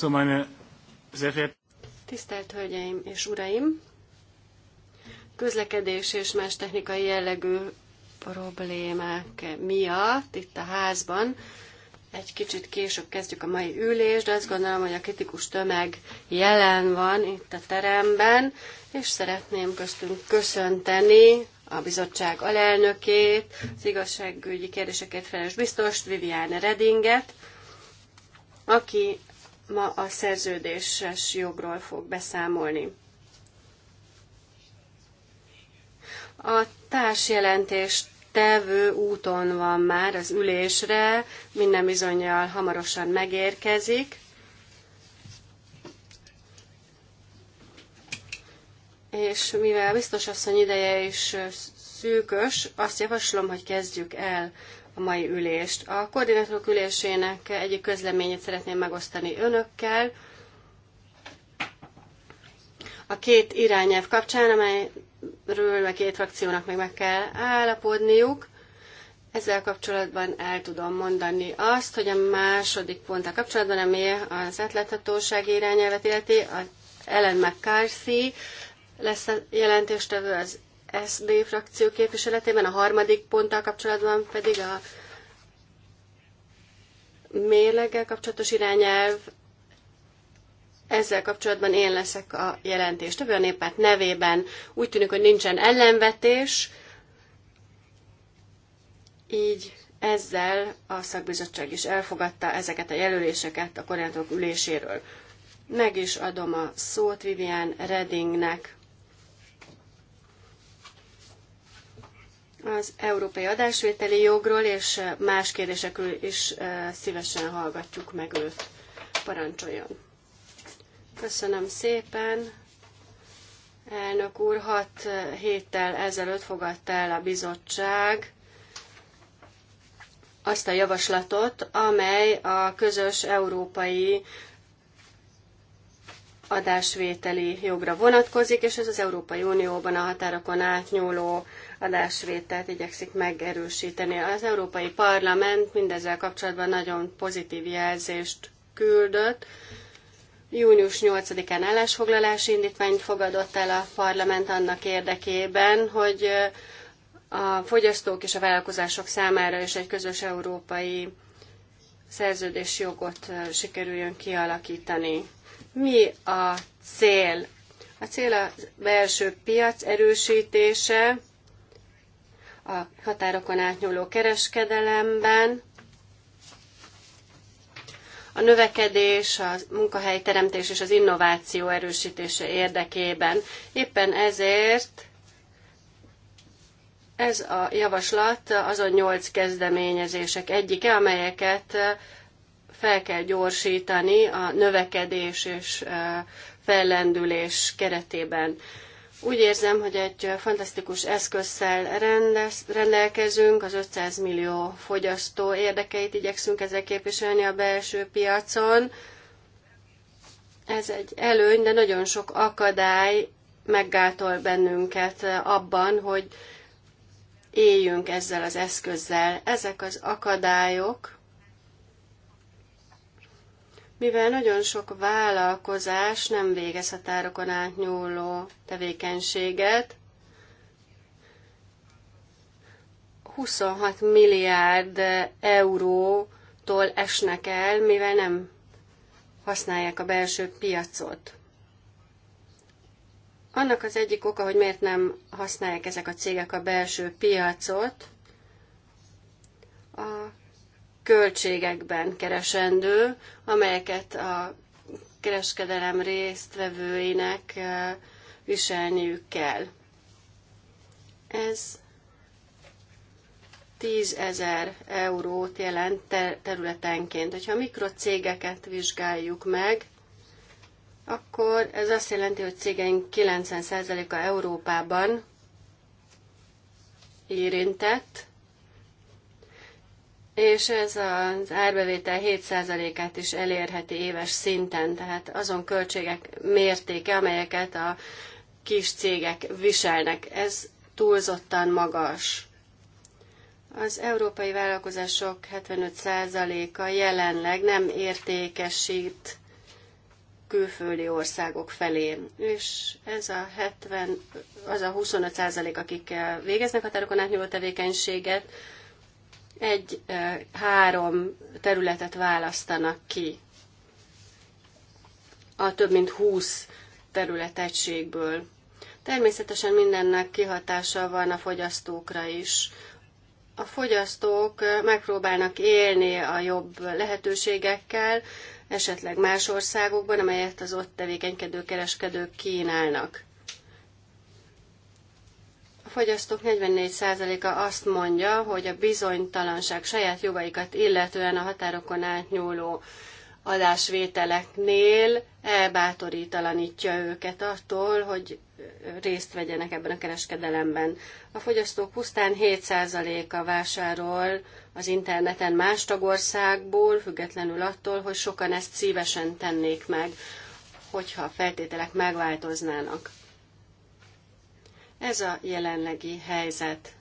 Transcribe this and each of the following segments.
So meine sehr Tisztelt Hölgyeim és Uraim! Közlekedés és más technikai jellegű problémák miatt itt a házban egy kicsit később kezdjük a mai ülést, de azt gondolom, hogy a kritikus tömeg jelen van itt a teremben, és szeretném köztünk köszönteni a bizottság alelnökét, az igazságügyi kérdéseket felelős biztos, Viviane Redinget, aki ma a szerződéses jogról fog beszámolni. A társjelentés tevő úton van már az ülésre, minden bizonyal hamarosan megérkezik. És mivel biztos asszony ideje is szűkös, azt javaslom, hogy kezdjük el a mai ülést. A koordinátorok ülésének egyik közleményét szeretném megosztani önökkel. A két irányelv kapcsán, amelyről a két frakciónak még meg kell állapodniuk, ezzel kapcsolatban el tudom mondani azt, hogy a második a kapcsolatban, ami az átláthatóság irányelvet illeti, az Ellen McCarthy lesz a jelentéstevő az SD frakció képviseletében, a harmadik ponttal kapcsolatban pedig a mérleggel kapcsolatos irányelv, ezzel kapcsolatban én leszek a jelentéstevő a néppárt nevében. Úgy tűnik, hogy nincsen ellenvetés, így ezzel a szakbizottság is elfogadta ezeket a jelöléseket a koordinátorok üléséről. Meg is adom a szót Vivian Redingnek. az európai adásvételi jogról és eh, más kérdésekről is eh, szívesen hallgatjuk meg őt. Parancsoljon! Köszönöm szépen! Elnök úr, hat eh, héttel ezelőtt fogadta el a bizottság azt a javaslatot, amely a közös európai adásvételi jogra vonatkozik, és ez az Európai Unióban a határokon átnyúló adásvételt igyekszik megerősíteni. Az Európai Parlament mindezzel kapcsolatban nagyon pozitív jelzést küldött. Június 8-án állásfoglalási indítványt fogadott el a parlament annak érdekében, hogy eh, a fogyasztók és a vállalkozások számára is egy közös európai jogot eh, sikerüljön kialakítani. Mi a cél? A cél a belső piac erősítése, a határokon átnyúló kereskedelemben, a növekedés, a munkahelyteremtés és az innováció erősítése érdekében. Éppen ezért ez a javaslat azon nyolc kezdeményezések egyike, amelyeket fel kell gyorsítani a növekedés és fellendülés keretében. Úgy érzem, hogy egy fantasztikus eszközzel rendelkezünk, az 500 millió fogyasztó érdekeit igyekszünk ezzel képviselni a belső piacon. Ez egy előny, de nagyon sok akadály meggátol bennünket abban, hogy éljünk ezzel az eszközzel. Ezek az akadályok mivel nagyon sok vállalkozás nem végez határokon átnyúló tevékenységet, 26 milliárd eurótól esnek el, mivel nem használják a belső piacot. Annak az egyik oka, hogy miért nem használják ezek a cégek a belső piacot, a költségekben keresendő, amelyeket a kereskedelem résztvevőinek eh, viselniük kell. Ez 10 ezer eurót jelent területenként. Hogyha mikrocégeket vizsgáljuk meg, akkor ez azt jelenti, hogy cégeink 90%-a Európában érintett, és ez az árbevétel 7%-át is elérheti éves szinten, tehát azon költségek mértéke, amelyeket a kis cégek viselnek. Ez túlzottan magas. Az európai vállalkozások 75%-a jelenleg nem értékesít külföldi országok felé. És ez a 70, az a 25 akik eh, végeznek határokon átnyúló tevékenységet, egy-három területet választanak ki a több mint 20 területegységből. Természetesen mindennek kihatása van a fogyasztókra is. A fogyasztók megpróbálnak élni a jobb lehetőségekkel, esetleg más országokban, amelyet az ott tevékenykedő kereskedők kínálnak. A fogyasztók 44%-a azt mondja, hogy a bizonytalanság saját jogaikat illetően a határokon átnyúló adásvételeknél elbátorítalanítja őket attól, hogy részt vegyenek ebben a kereskedelemben. A fogyasztók pusztán 7%-a vásárol az interneten más tagországból, függetlenül attól, hogy sokan ezt szívesen tennék meg, hogyha a feltételek megváltoznának. Ez a jelenlegi helyzet.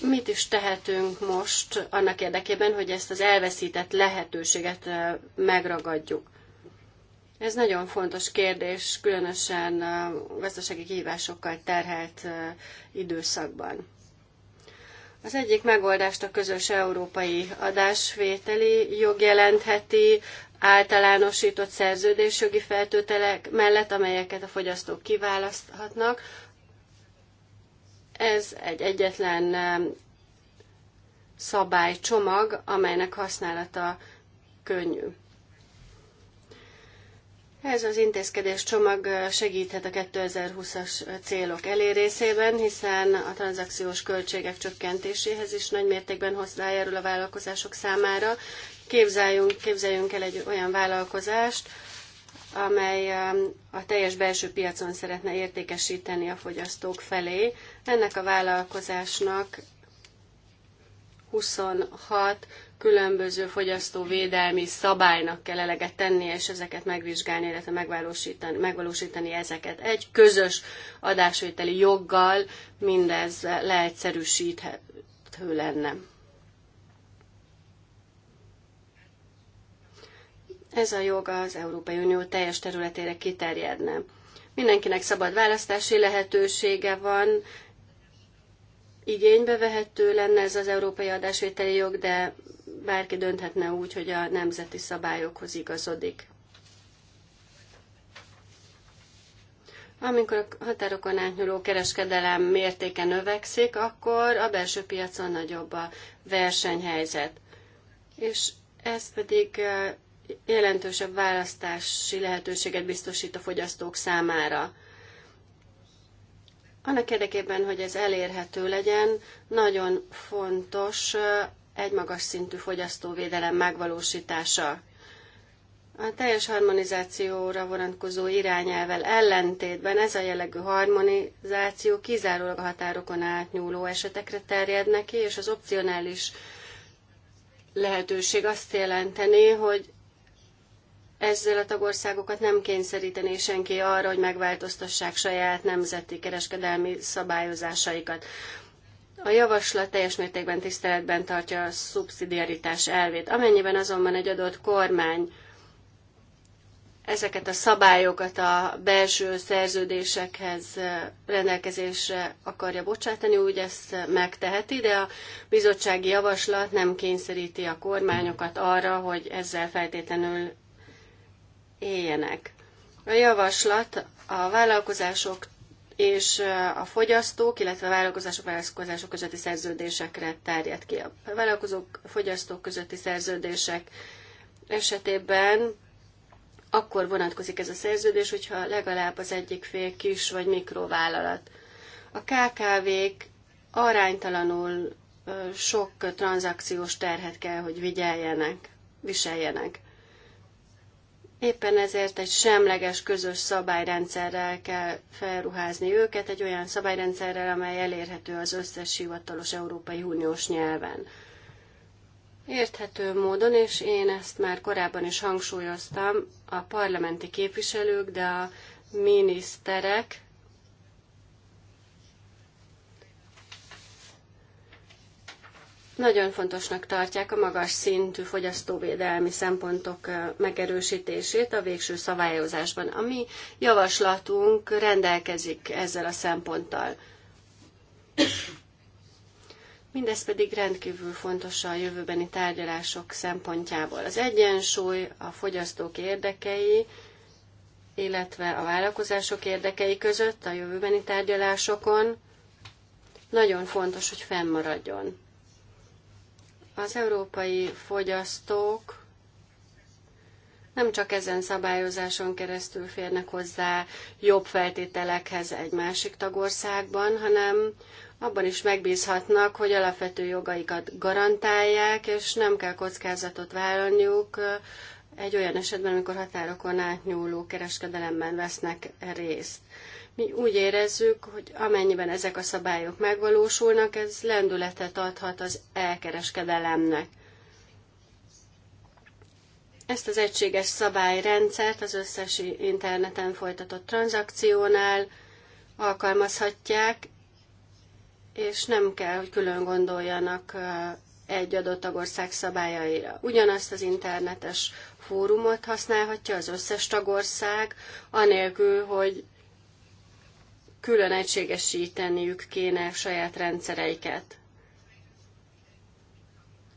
Mit is tehetünk most annak érdekében, hogy ezt az elveszített lehetőséget megragadjuk? Ez nagyon fontos kérdés, különösen a gazdasági kihívásokkal terhelt időszakban. Az egyik megoldást a közös európai adásvételi jog jelentheti, általánosított szerződésjogi feltételek mellett, amelyeket a fogyasztók kiválaszthatnak. Ez egy egyetlen um, szabálycsomag, amelynek használata könnyű. Ez az intézkedés csomag uh, segíthet a 2020-as célok elérésében, hiszen a tranzakciós költségek csökkentéséhez is nagy mértékben hozzájárul a vállalkozások számára, Képzeljünk, képzeljünk el egy olyan vállalkozást, amely um, a teljes belső piacon szeretne értékesíteni a fogyasztók felé. Ennek a vállalkozásnak 26 különböző fogyasztóvédelmi szabálynak kell eleget tenni, és ezeket megvizsgálni, illetve megvalósítani, megvalósítani ezeket. Egy közös adásvételi joggal mindez leegyszerűsíthető lenne. ez a jog az Európai Unió teljes területére kiterjedne. Mindenkinek szabad választási lehetősége van, igénybe vehető lenne ez az európai adásvételi jog, de bárki dönthetne úgy, hogy a nemzeti szabályokhoz igazodik. Amikor a határokon átnyúló kereskedelem mértéke növekszik, akkor a belső piacon nagyobb a versenyhelyzet. És ez pedig jelentősebb választási lehetőséget biztosít a fogyasztók számára. Annak érdekében, hogy ez elérhető legyen, nagyon fontos egy magas szintű fogyasztóvédelem megvalósítása. A teljes harmonizációra vonatkozó irányelvel ellentétben ez a jellegű harmonizáció kizárólag a határokon átnyúló esetekre terjed neki, és az opcionális lehetőség azt jelenteni, hogy ezzel a tagországokat nem kényszerítené senki arra, hogy megváltoztassák saját nemzeti kereskedelmi szabályozásaikat. A javaslat teljes mértékben tiszteletben tartja a szubszidiaritás elvét. Amennyiben azonban egy adott kormány ezeket a szabályokat a belső szerződésekhez eh, rendelkezésre akarja bocsátani, úgy ezt megteheti, de a bizottsági javaslat nem kényszeríti a kormányokat arra, hogy ezzel feltétlenül éljenek. A javaslat a vállalkozások és a fogyasztók, illetve a vállalkozások vállalkozások közötti szerződésekre terjed ki. A vállalkozók fogyasztók közötti szerződések esetében akkor vonatkozik ez a szerződés, hogyha legalább az egyik fél kis vagy mikrovállalat. A KKV-k aránytalanul sok tranzakciós terhet kell, hogy vigyeljenek, viseljenek. Éppen ezért egy semleges közös szabályrendszerrel kell felruházni őket, egy olyan szabályrendszerrel, amely elérhető az összes hivatalos Európai Uniós nyelven. Érthető módon, és én ezt már korábban is hangsúlyoztam, a parlamenti képviselők, de a miniszterek nagyon fontosnak tartják a magas szintű fogyasztóvédelmi szempontok megerősítését a végső szabályozásban. A mi javaslatunk rendelkezik ezzel a szemponttal. Mindez pedig rendkívül fontos a jövőbeni tárgyalások szempontjából. Az egyensúly a fogyasztók érdekei, illetve a vállalkozások érdekei között a jövőbeni tárgyalásokon nagyon fontos, hogy fennmaradjon. Az európai fogyasztók nem csak ezen szabályozáson keresztül férnek hozzá jobb feltételekhez egy másik tagországban, hanem abban is megbízhatnak, hogy alapvető jogaikat garantálják, és nem kell kockázatot vállalniuk egy olyan esetben, amikor határokon átnyúló kereskedelemben vesznek részt. Mi úgy érezzük, hogy amennyiben ezek a szabályok megvalósulnak, ez lendületet adhat az elkereskedelemnek. Ezt az egységes szabályrendszert az összes interneten folytatott tranzakciónál alkalmazhatják, és nem kell, hogy külön gondoljanak egy adott tagország szabályaira. Ugyanazt az internetes fórumot használhatja az összes tagország, anélkül, hogy külön egységesíteniük kéne saját rendszereiket.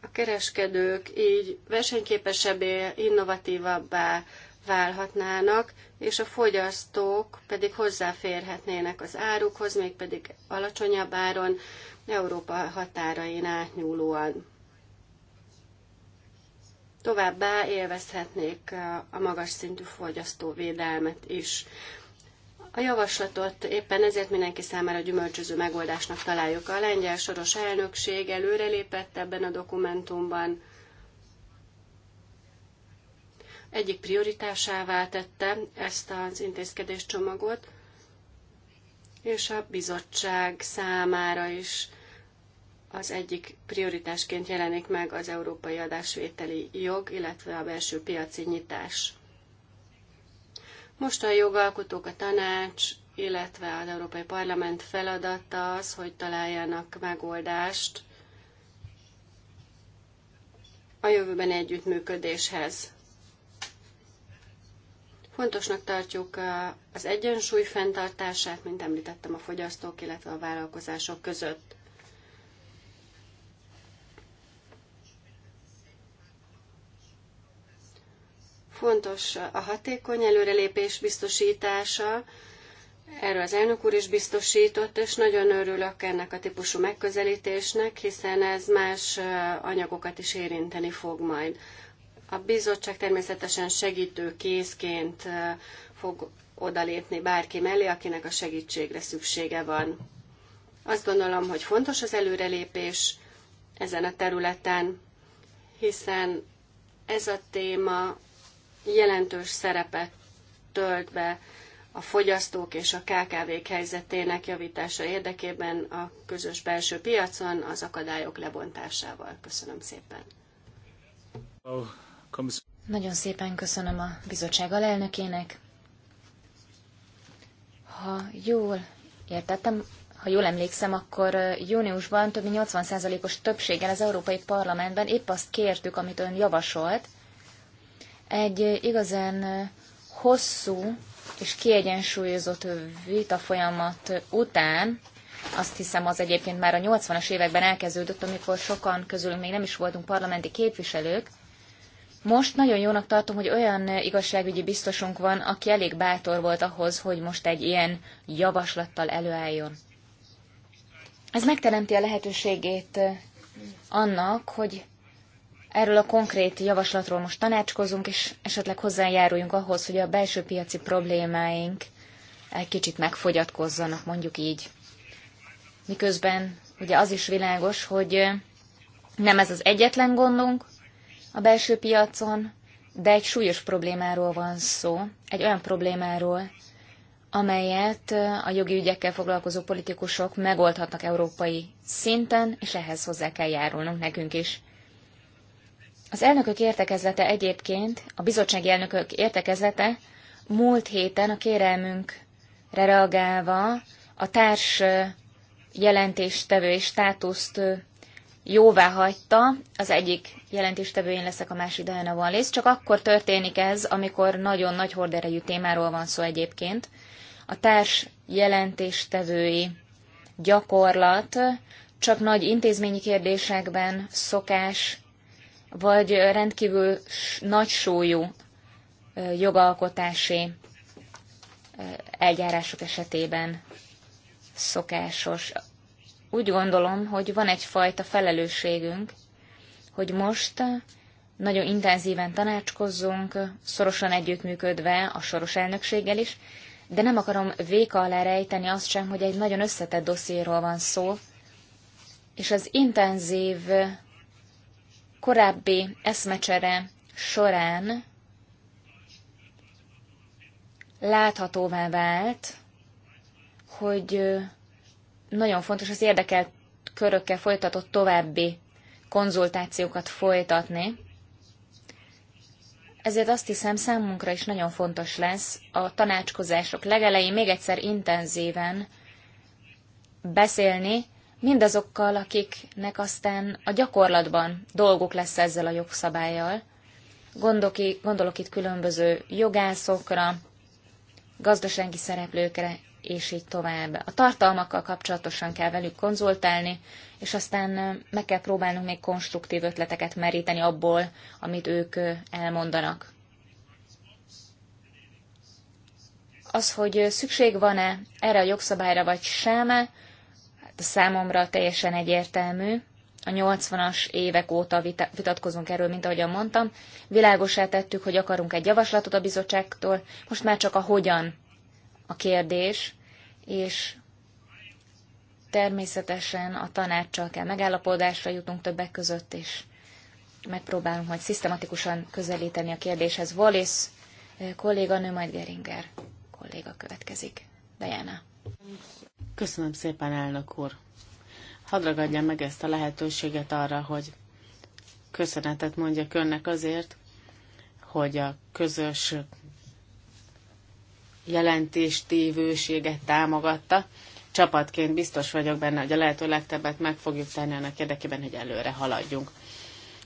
A kereskedők így versenyképesebbé, innovatívabbá válhatnának, és a fogyasztók pedig hozzáférhetnének az árukhoz, mégpedig alacsonyabb áron, Európa határain átnyúlóan. Továbbá élvezhetnék a magas szintű fogyasztóvédelmet is. A javaslatot éppen ezért mindenki számára gyümölcsöző megoldásnak találjuk. A lengyel soros elnökség előrelépett ebben a dokumentumban, egyik prioritásává tette ezt az csomagot, és a bizottság számára is az egyik prioritásként jelenik meg az európai adásvételi jog, illetve a belső piaci nyitás. Most a jogalkotók, a tanács, illetve az Európai Parlament feladata az, hogy találjanak megoldást a jövőben együttműködéshez. Fontosnak tartjuk az egyensúly fenntartását, mint említettem, a fogyasztók, illetve a vállalkozások között. Fontos a hatékony előrelépés biztosítása, erről az elnök úr is biztosított, és nagyon örülök ennek a típusú megközelítésnek, hiszen ez más anyagokat is érinteni fog majd. A bizottság természetesen segítő készként fog odalépni bárki mellé, akinek a segítségre szüksége van. Azt gondolom, hogy fontos az előrelépés ezen a területen, hiszen ez a téma jelentős szerepet tölt be a fogyasztók és a KKV-k helyzetének javítása érdekében a közös belső piacon az akadályok lebontásával. Köszönöm szépen. Nagyon szépen köszönöm a bizottság alelnökének. Ha jól értettem, ha jól emlékszem, akkor júniusban több mint 80%-os többséggel az Európai Parlamentben épp azt kértük, amit ön javasolt, egy igazán hosszú és kiegyensúlyozott vita folyamat után, azt hiszem az egyébként már a 80-as években elkezdődött, amikor sokan közülünk még nem is voltunk parlamenti képviselők, most nagyon jónak tartom, hogy olyan igazságügyi biztosunk van, aki elég bátor volt ahhoz, hogy most egy ilyen javaslattal előálljon. Ez megteremti a lehetőségét annak, hogy Erről a konkrét javaslatról most tanácskozunk, és esetleg hozzájáruljunk ahhoz, hogy a belső piaci problémáink egy kicsit megfogyatkozzanak, mondjuk így. Miközben ugye az is világos, hogy nem ez az egyetlen gondunk a belső piacon, de egy súlyos problémáról van szó, egy olyan problémáról, amelyet a jogi ügyekkel foglalkozó politikusok megoldhatnak európai szinten, és ehhez hozzá kell járulnunk nekünk is. Az elnökök értekezlete egyébként, a bizottsági elnökök értekezlete múlt héten a kérelmünkre reagálva a társ jelentéstevői státuszt jóvá hagyta, az egyik jelentéstevő én leszek, a másik Diana Wallace, csak akkor történik ez, amikor nagyon nagy horderejű témáról van szó egyébként. A társ jelentéstevői gyakorlat csak nagy intézményi kérdésekben szokás, vagy rendkívül nagy súlyú jogalkotási eljárások esetében szokásos. Úgy gondolom, hogy van egyfajta felelősségünk, hogy most nagyon intenzíven tanácskozzunk, szorosan együttműködve a soros elnökséggel is, de nem akarom véka alá rejteni azt sem, hogy egy nagyon összetett dossziéról van szó, és az intenzív korábbi eszmecsere során láthatóvá vált, hogy nagyon fontos az érdekelt körökkel folytatott további konzultációkat folytatni. Ezért azt hiszem számunkra is nagyon fontos lesz a tanácskozások legelején még egyszer intenzíven beszélni mindazokkal, akiknek aztán a gyakorlatban dolguk lesz ezzel a jogszabályjal. Gondolki, gondolok itt különböző jogászokra, gazdasági szereplőkre, és így tovább. A tartalmakkal kapcsolatosan kell velük konzultálni, és aztán meg kell próbálnunk még konstruktív ötleteket meríteni abból, amit ők elmondanak. Az, hogy szükség van-e erre a jogszabályra vagy sem, számomra teljesen egyértelmű. A 80-as évek óta vitatkozunk erről, mint ahogyan mondtam. Világosá tettük, hogy akarunk egy javaslatot a bizottságtól. Most már csak a hogyan a kérdés, és természetesen a tanácssal kell megállapodásra jutunk többek között, és megpróbálunk majd szisztematikusan közelíteni a kérdéshez. Wallis eh, kolléganő, majd Geringer kolléga következik. Diana. Köszönöm szépen, elnök úr. Hadd ragadjam meg ezt a lehetőséget arra, hogy köszönetet mondjak önnek azért, hogy a közös jelentéstévőséget támogatta. Csapatként biztos vagyok benne, hogy a lehető legtöbbet meg fogjuk tenni annak érdekében, hogy előre haladjunk.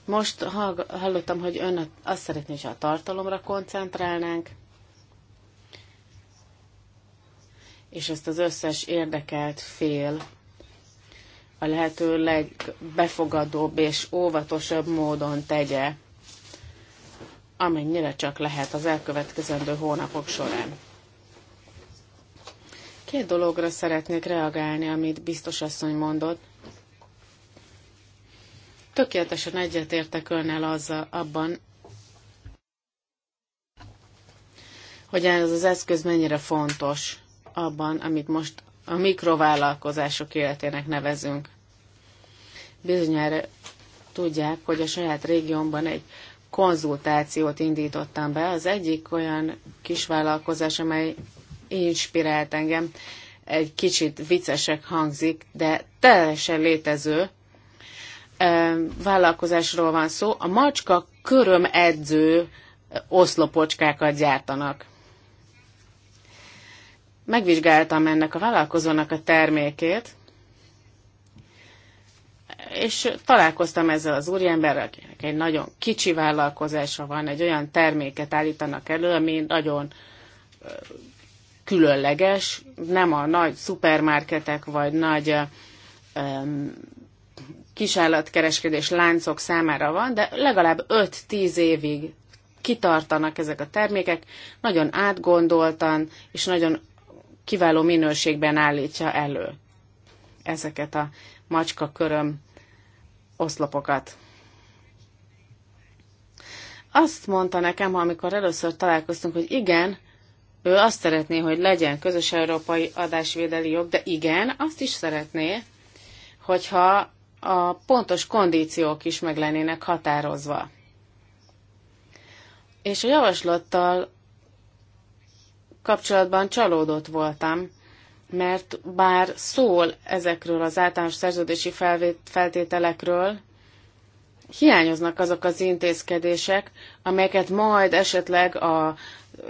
Most hallottam, hogy ön azt szeretné, hogy a tartalomra koncentrálnánk, és ezt az összes érdekelt fél a lehető legbefogadóbb és óvatosabb módon tegye, amennyire csak lehet az elkövetkezendő hónapok során. Két dologra szeretnék reagálni, amit biztos asszony mondott. Tökéletesen egyetértek önnel azzal abban, hogy ez az eszköz mennyire fontos abban, amit most a mikrovállalkozások életének nevezünk. Bizonyára tudják, hogy a saját régiómban egy konzultációt indítottam be. Az egyik olyan kisvállalkozás, amely inspirált engem, egy kicsit viccesek hangzik, de teljesen létező vállalkozásról van szó. A macska köröm edző oszlopocskákat gyártanak megvizsgáltam ennek a vállalkozónak a termékét, és találkoztam ezzel az úriemberrel, akinek egy nagyon kicsi vállalkozása van, egy olyan terméket állítanak elő, ami nagyon különleges, nem a nagy szupermarketek vagy nagy um, kisállatkereskedés láncok számára van, de legalább 5-10 évig kitartanak ezek a termékek, nagyon átgondoltan és nagyon kiváló minőségben állítja elő ezeket a macska köröm oszlopokat. Azt mondta nekem, amikor először találkoztunk, hogy igen, ő azt szeretné, hogy legyen közös európai adásvédeli jog, de igen, azt is szeretné, hogyha a pontos kondíciók is meg lennének határozva. És a javaslattal kapcsolatban csalódott voltam, mert bár szól ezekről az általános szerződési feltételekről, hiányoznak azok az intézkedések, amelyeket majd esetleg a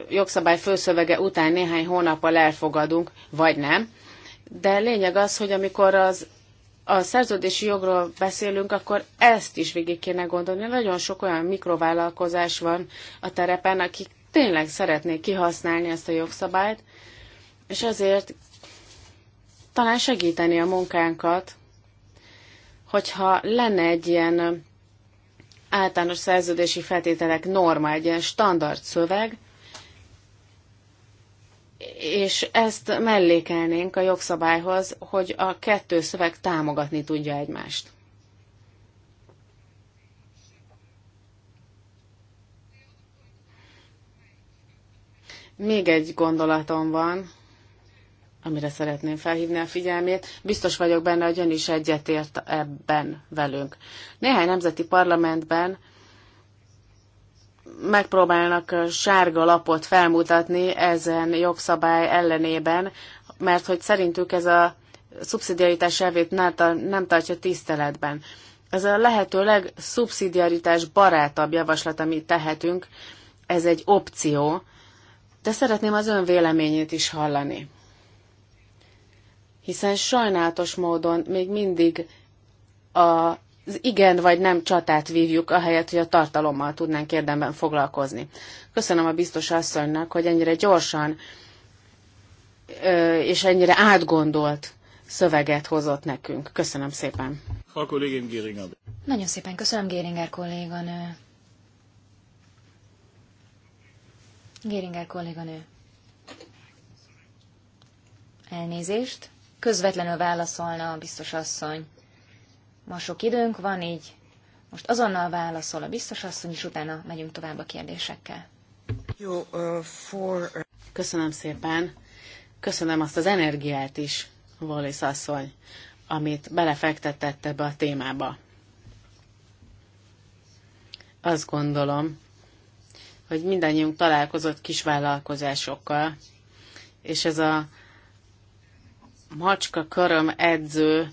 jogszabály főszövege után néhány hónappal elfogadunk, vagy nem. De lényeg az, hogy amikor az a szerződési jogról beszélünk, akkor ezt is végig kéne gondolni. Nagyon sok olyan mikrovállalkozás van a terepen, akik tényleg szeretnék kihasználni ezt a jogszabályt, és azért talán segíteni a munkánkat, hogyha lenne egy ilyen általános szerződési feltételek norma, egy ilyen standard szöveg, és ezt mellékelnénk a jogszabályhoz, hogy a kettő szöveg támogatni tudja egymást. Még egy gondolatom van, amire szeretném felhívni a figyelmét. Biztos vagyok benne, hogy ön is egyetért ebben velünk. Néhány nemzeti parlamentben megpróbálnak sárga lapot felmutatni ezen jogszabály ellenében, mert hogy szerintük ez a szubszidiaritás elvét nem tartja tiszteletben. Ez a lehető legszubszidiaritás barátabb javaslat, amit tehetünk, ez egy opció, de szeretném az ön véleményét is hallani. Hiszen sajnálatos módon még mindig a, az igen vagy nem csatát vívjuk, ahelyett, hogy a tartalommal tudnánk érdemben foglalkozni. Köszönöm a biztos asszonynak, hogy ennyire gyorsan és ennyire átgondolt szöveget hozott nekünk. Köszönöm szépen. Nagyon szépen köszönöm, Géringer kolléganő. Géringer kolléganő. Elnézést. Közvetlenül válaszolna a biztos asszony. Ma sok időnk van, így most azonnal válaszol a biztos asszony, és utána megyünk tovább a kérdésekkel. Jó, uh, for... Köszönöm szépen. Köszönöm azt az energiát is, Wallis asszony, amit belefektetett ebbe a témába. Azt gondolom, hogy mindannyiunk találkozott kisvállalkozásokkal, és ez a macska köröm edző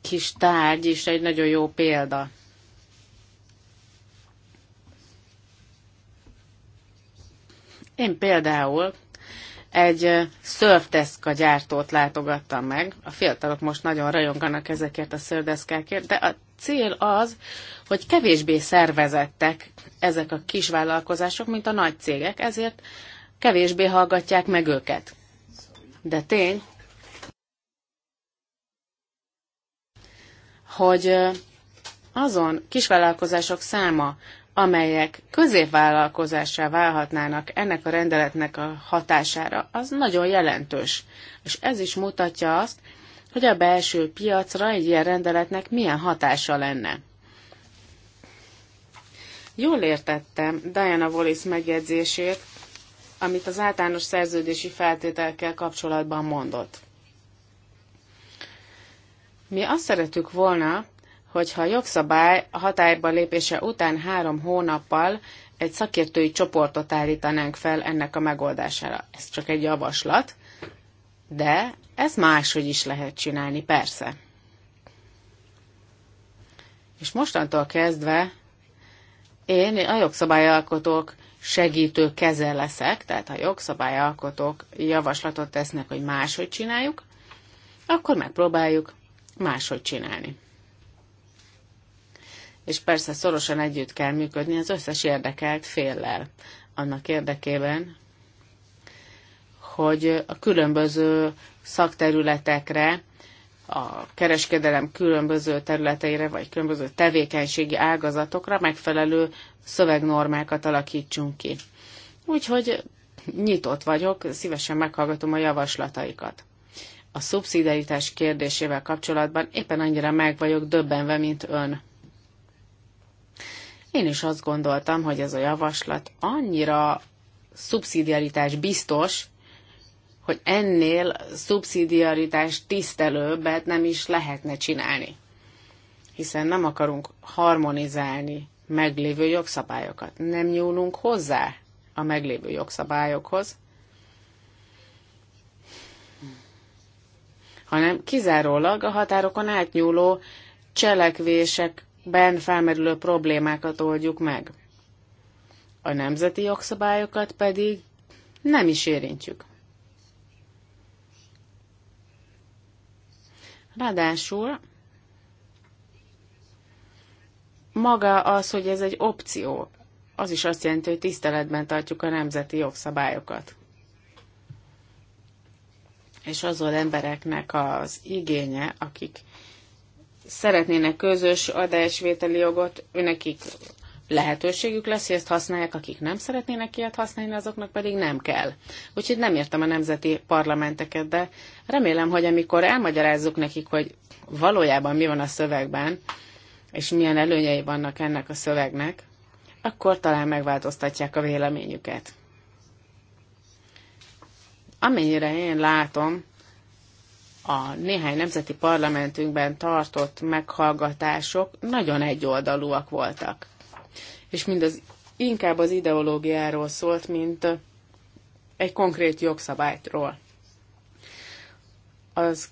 kis tárgy is egy nagyon jó példa. Én például egy szörfdeszka gyártót látogattam meg. A fiatalok most nagyon rajonganak ezekért a szörfdeszkákért, de a cél az, hogy kevésbé szervezettek ezek a kisvállalkozások, mint a nagy cégek, ezért kevésbé hallgatják meg őket. De tény, hogy azon kisvállalkozások száma, amelyek középvállalkozássá válhatnának ennek a rendeletnek a hatására, az nagyon jelentős. És ez is mutatja azt, hogy a belső piacra egy ilyen rendeletnek milyen hatása lenne. Jól értettem Diana Wallis megjegyzését, amit az általános szerződési feltételekkel kapcsolatban mondott. Mi azt szeretük volna, hogyha a jogszabály hatályba lépése után három hónappal egy szakértői csoportot állítanánk fel ennek a megoldására. Ez csak egy javaslat, de ez máshogy is lehet csinálni, persze. És mostantól kezdve én a jogszabályalkotók segítő keze leszek, tehát ha jogszabályalkotók javaslatot tesznek, hogy máshogy csináljuk, akkor megpróbáljuk máshogy csinálni. És persze szorosan együtt kell működni az összes érdekelt féllel, annak érdekében, hogy a különböző szakterületekre a kereskedelem különböző területeire, vagy különböző tevékenységi ágazatokra megfelelő szövegnormákat alakítsunk ki. Úgyhogy nyitott vagyok, szívesen meghallgatom a javaslataikat. A szubszidiaritás kérdésével kapcsolatban éppen annyira meg vagyok döbbenve, mint ön. Én is azt gondoltam, hogy ez a javaslat annyira szubszidiaritás biztos, hogy ennél szubszidiaritás tisztelőbbet nem is lehetne csinálni. Hiszen nem akarunk harmonizálni meglévő jogszabályokat. Nem nyúlunk hozzá a meglévő jogszabályokhoz, hanem kizárólag a határokon átnyúló cselekvésekben felmerülő problémákat oldjuk meg. A nemzeti jogszabályokat pedig nem is érintjük. Ráadásul maga az, hogy ez egy opció, az is azt jelenti, hogy tiszteletben tartjuk a nemzeti jogszabályokat. És azon embereknek az igénye, akik szeretnének közös adásvételi jogot, nekik lehetőségük lesz, hogy ezt használják, akik nem szeretnének ilyet használni, azoknak pedig nem kell. Úgyhogy nem értem a nemzeti parlamenteket, de remélem, hogy amikor elmagyarázzuk nekik, hogy valójában mi van a szövegben, és milyen előnyei vannak ennek a szövegnek, akkor talán megváltoztatják a véleményüket. Amennyire én látom, a néhány nemzeti parlamentünkben tartott meghallgatások nagyon egyoldalúak voltak és mindez inkább az ideológiáról szólt, mint egy konkrét jogszabályról. Az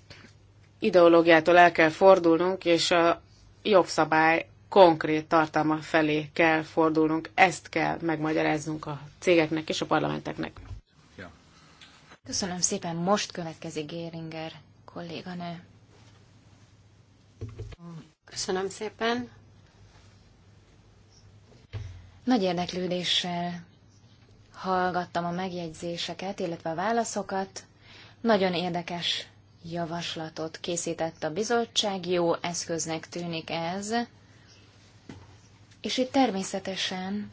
ideológiától el kell fordulnunk, és a jogszabály konkrét tartalma felé kell fordulnunk, ezt kell megmagyaráznunk a cégeknek és a parlamenteknek. Köszönöm szépen, most következik Géringer kolléganő. Köszönöm szépen. Nagy érdeklődéssel hallgattam a megjegyzéseket, illetve a válaszokat. Nagyon érdekes javaslatot készített a bizottság, jó eszköznek tűnik ez, és itt természetesen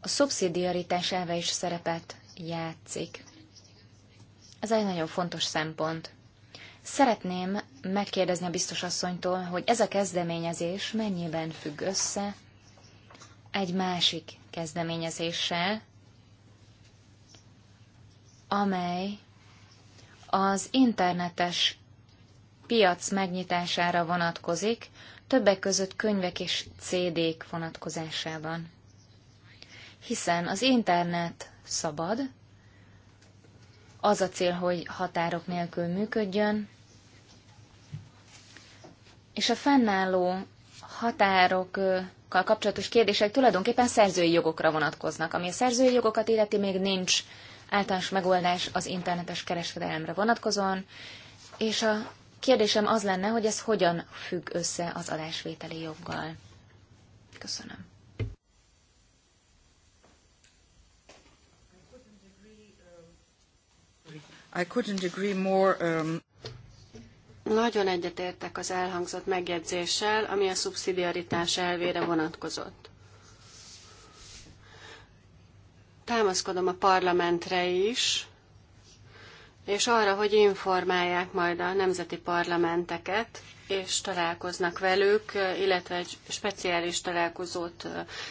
a szubszidiaritás elve is szerepet játszik. Ez egy nagyon fontos szempont. Szeretném megkérdezni a biztos asszonytól, hogy ez a kezdeményezés mennyiben függ össze egy másik kezdeményezéssel, amely az internetes piac megnyitására vonatkozik, többek között könyvek és CD-k vonatkozásában. Hiszen az internet szabad, az a cél, hogy határok nélkül működjön, és a fennálló határokkal kapcsolatos kérdések tulajdonképpen szerzői jogokra vonatkoznak. Ami a szerzői jogokat illeti, még nincs általános megoldás az internetes kereskedelemre vonatkozóan, és a kérdésem az lenne, hogy ez hogyan függ össze az adásvételi joggal. Köszönöm. I couldn't agree more. Um... Nagyon egyetértek az elhangzott megjegyzéssel, ami a szubszidiaritás elvére vonatkozott. Támaszkodom a parlamentre is, és arra, hogy informálják majd a nemzeti parlamenteket, és találkoznak velük, illetve egy speciális találkozót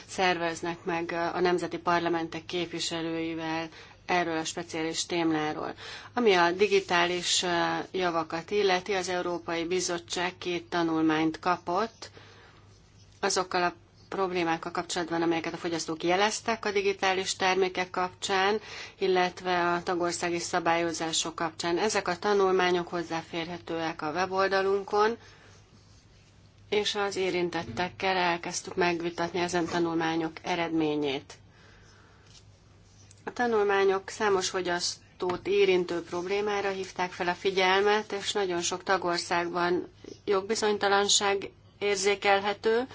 szerveznek meg a nemzeti parlamentek képviselőivel erről a speciális témláról. Ami a digitális javakat illeti, az Európai Bizottság két tanulmányt kapott azokkal a problémákkal kapcsolatban, amelyeket a fogyasztók jeleztek a digitális termékek kapcsán, illetve a tagországi szabályozások kapcsán. Ezek a tanulmányok hozzáférhetőek a weboldalunkon, és az érintettekkel elkezdtük megvitatni ezen tanulmányok eredményét. A tanulmányok számos fogyasztót érintő problémára hívták fel a figyelmet, és nagyon sok tagországban jogbizonytalanság érzékelhető.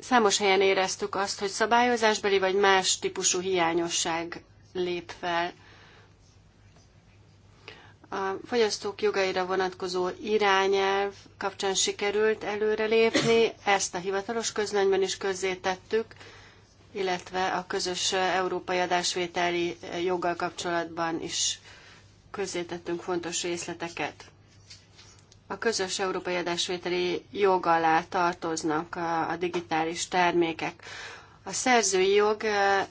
Számos helyen éreztük azt, hogy szabályozásbeli vagy más típusú hiányosság lép fel. A fogyasztók jogaira vonatkozó irányelv kapcsán sikerült előrelépni, ezt a hivatalos közlönyben is közzétettük. tettük illetve a közös európai adásvételi joggal kapcsolatban is közzétettünk fontos részleteket. A közös európai adásvételi jog alá tartoznak a, digitális termékek. A szerzői jog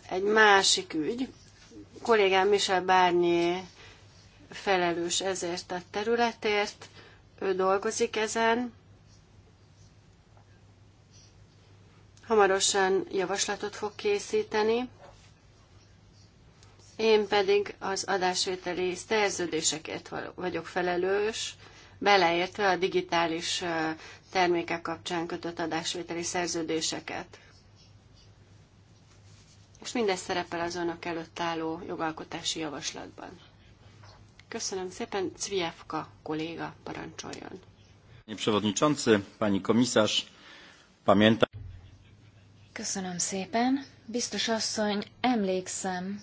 egy másik ügy. A kollégám Michel Bárnyi felelős ezért a területért, ő dolgozik ezen, hamarosan javaslatot fog készíteni, én pedig az adásvételi szerződéseket vagyok felelős, beleértve a digitális termékek kapcsán kötött adásvételi szerződéseket. És mindez szerepel az önök előtt álló jogalkotási javaslatban. Köszönöm szépen, Cviefka kolléga parancsoljon. Panie Przewodniczący, Pani Komisarz, pamiętam... Köszönöm szépen. Biztos asszony, emlékszem,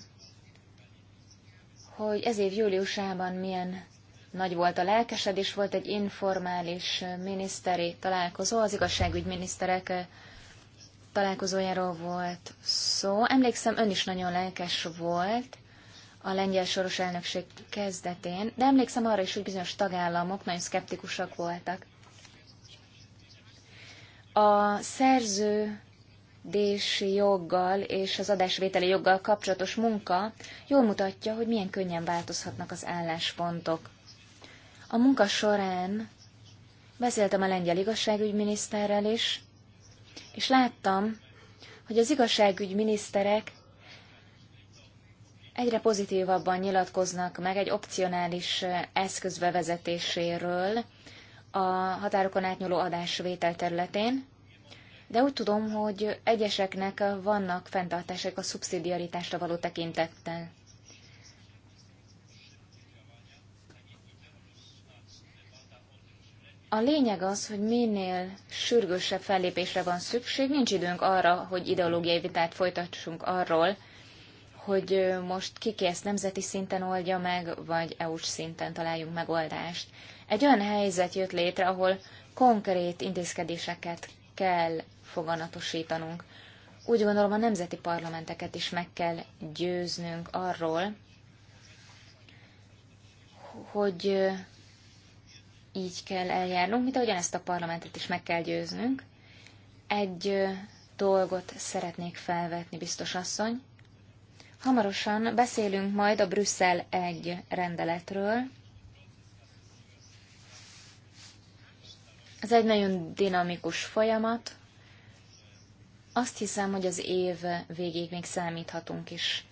hogy ez év júliusában milyen nagy volt a lelkesedés, volt egy informális miniszteri találkozó, az igazságügyminiszterek találkozójáról volt szó. Emlékszem, ön is nagyon lelkes volt a lengyel soros elnökség kezdetén, de emlékszem arra is, hogy bizonyos tagállamok nagyon szkeptikusak voltak. A szerző szerződési joggal és az adásvételi joggal kapcsolatos munka jól mutatja, hogy milyen könnyen változhatnak az álláspontok. A munka során beszéltem a lengyel igazságügyminiszterrel is, és láttam, hogy az igazságügyminiszterek egyre pozitívabban nyilatkoznak meg egy opcionális eszközbevezetéséről a határokon átnyúló adásvétel területén, de úgy tudom, hogy egyeseknek vannak fenntartásaik a szubszidiaritásra való tekintettel. A lényeg az, hogy minél sürgősebb fellépésre van szükség, nincs időnk arra, hogy ideológiai vitát folytassunk arról, hogy most ki ezt nemzeti szinten oldja meg, vagy EU-s szinten találjunk megoldást. Egy olyan helyzet jött létre, ahol konkrét intézkedéseket kell foganatosítanunk. Úgy gondolom a nemzeti parlamenteket is meg kell győznünk arról, hogy így kell eljárnunk, mint ahogyan ezt a parlamentet is meg kell győznünk. Egy dolgot szeretnék felvetni, biztos asszony. Hamarosan beszélünk majd a Brüsszel egy rendeletről. Ez egy nagyon dinamikus folyamat. Azt hiszem, hogy az év végéig még számíthatunk is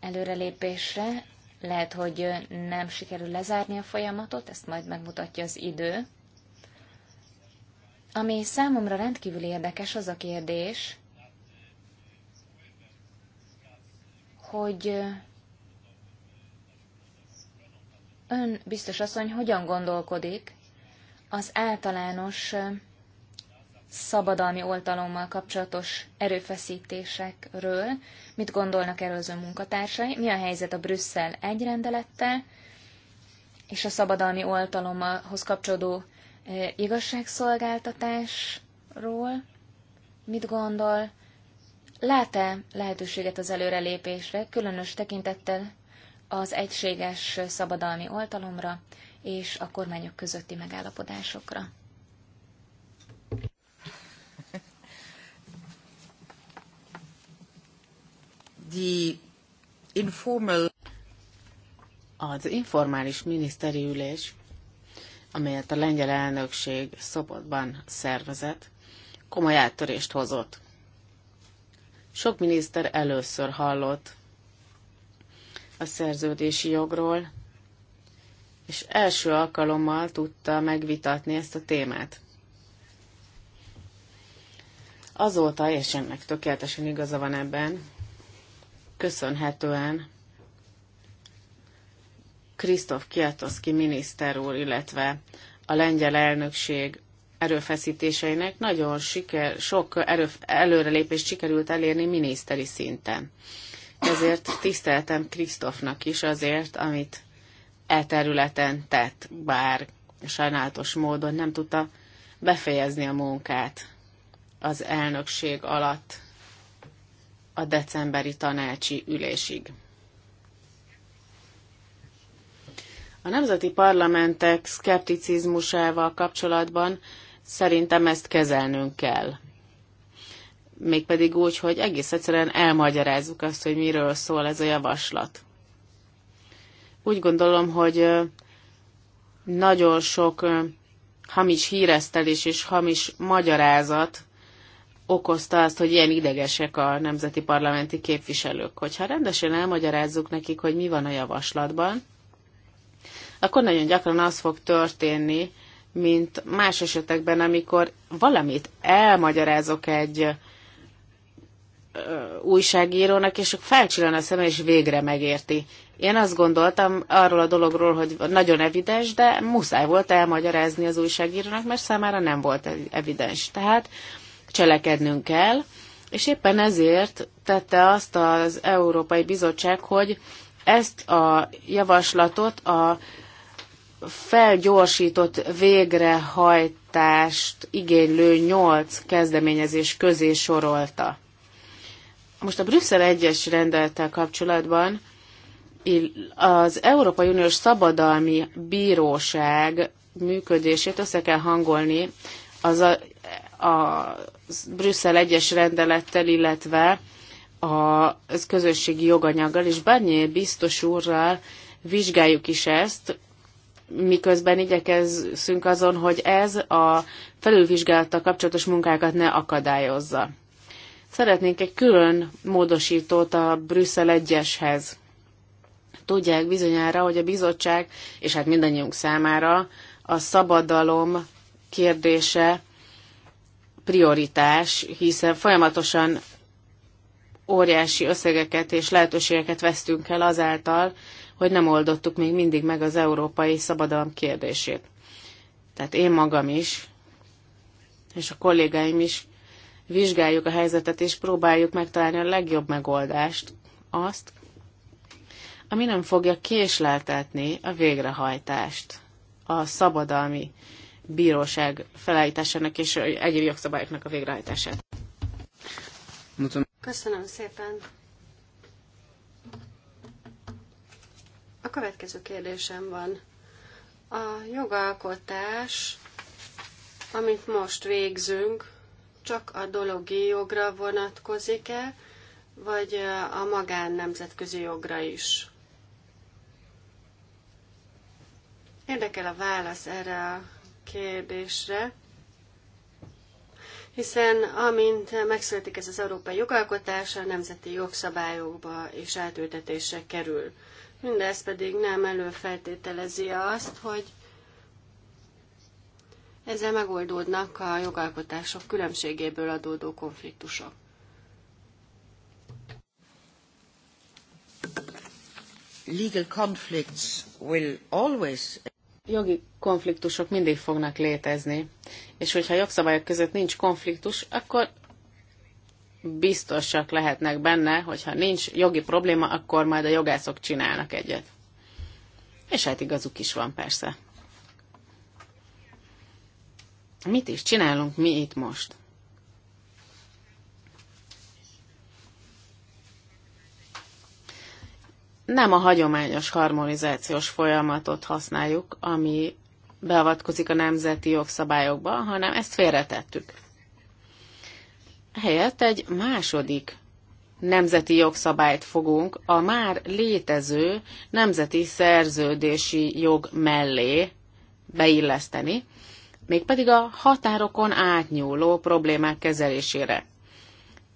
előrelépésre. Lehet, hogy nem sikerül lezárni a folyamatot, ezt majd megmutatja az idő. Ami számomra rendkívül érdekes, az a kérdés, hogy ön biztos asszony hogyan gondolkodik az általános szabadalmi oltalommal kapcsolatos erőfeszítésekről. Mit gondolnak erről az ön munkatársai? Mi a helyzet a Brüsszel egy rendelettel és a szabadalmi oltalomhoz kapcsolódó e, igazságszolgáltatásról? Mit gondol? Lát-e lehetőséget az előrelépésre, különös tekintettel az egységes szabadalmi oltalomra és a kormányok közötti megállapodásokra? the informal az informális miniszteri ülés, amelyet a lengyel elnökség Szobotban szervezett, komoly áttörést hozott. Sok miniszter először hallott a szerződési jogról, és első alkalommal tudta megvitatni ezt a témát. Azóta, és ennek tökéletesen igaza van ebben, köszönhetően Krisztof Kiatoszki miniszter úr, illetve a lengyel elnökség erőfeszítéseinek nagyon siker, sok erőf, előrelépést sikerült elérni miniszteri szinten. Ezért tiszteltem Krisztofnak is azért, amit e területen tett, bár sajnálatos módon nem tudta befejezni a munkát az elnökség alatt a decemberi tanácsi ülésig. A nemzeti parlamentek szkepticizmusával kapcsolatban szerintem ezt kezelnünk kell. Mégpedig úgy, hogy egész egyszerűen elmagyarázzuk azt, hogy miről szól ez a javaslat. Úgy gondolom, hogy nagyon sok hamis híresztelés és hamis magyarázat okozta azt, hogy ilyen idegesek a nemzeti parlamenti képviselők. Hogyha rendesen elmagyarázzuk nekik, hogy mi van a javaslatban, akkor nagyon gyakran az fog történni, mint más esetekben, amikor valamit elmagyarázok egy újságírónak, és felcsillan a szeme, és végre megérti. Én azt gondoltam arról a dologról, hogy nagyon evidens, de muszáj volt elmagyarázni az újságírónak, mert számára nem volt evidens. Tehát cselekednünk kell, és éppen ezért tette azt az Európai Bizottság, hogy ezt a javaslatot a felgyorsított végrehajtást igénylő nyolc kezdeményezés közé sorolta. Most a Brüsszel egyes rendelettel kapcsolatban az Európai Uniós Szabadalmi Bíróság működését össze kell hangolni az a, a Brüsszel egyes rendelettel, illetve a közösségi joganyaggal, és Barnier biztos úrral vizsgáljuk is ezt, miközben igyekezzünk azon, hogy ez a felülvizsgálattal kapcsolatos munkákat ne akadályozza. Szeretnénk egy külön módosítót a Brüsszel egyeshez. Tudják bizonyára, hogy a bizottság, és hát mindannyiunk számára a szabadalom kérdése prioritás, hiszen folyamatosan óriási összegeket és lehetőségeket vesztünk el azáltal, hogy nem oldottuk még mindig meg az európai szabadalom kérdését. Tehát én magam is, és a kollégáim is vizsgáljuk a helyzetet, és próbáljuk megtalálni a legjobb megoldást, azt, ami nem fogja késleltetni a végrehajtást, a szabadalmi bíróság felállításának és egyéb jogszabályoknak a végrehajtását. Köszönöm szépen. A következő kérdésem van. A jogalkotás, amit most végzünk, csak a dologi jogra vonatkozik-e, vagy a magán nemzetközi jogra is? Érdekel a válasz erre a kérdésre, hiszen amint megszületik ez az európai jogalkotás, a nemzeti jogszabályokba és átültetésre kerül. Mindez pedig nem előfeltételezi azt, hogy ezzel megoldódnak a jogalkotások különbségéből adódó konfliktusok. Legal conflicts will always Jogi konfliktusok mindig fognak létezni, és hogyha jogszabályok között nincs konfliktus, akkor biztosak lehetnek benne, hogyha nincs jogi probléma, akkor majd a jogászok csinálnak egyet. És hát igazuk is van persze. Mit is csinálunk mi itt most? nem a hagyományos harmonizációs folyamatot használjuk, ami beavatkozik a nemzeti jogszabályokba, hanem ezt félretettük. Helyett egy második nemzeti jogszabályt fogunk a már létező nemzeti szerződési jog mellé beilleszteni, mégpedig a határokon átnyúló problémák kezelésére.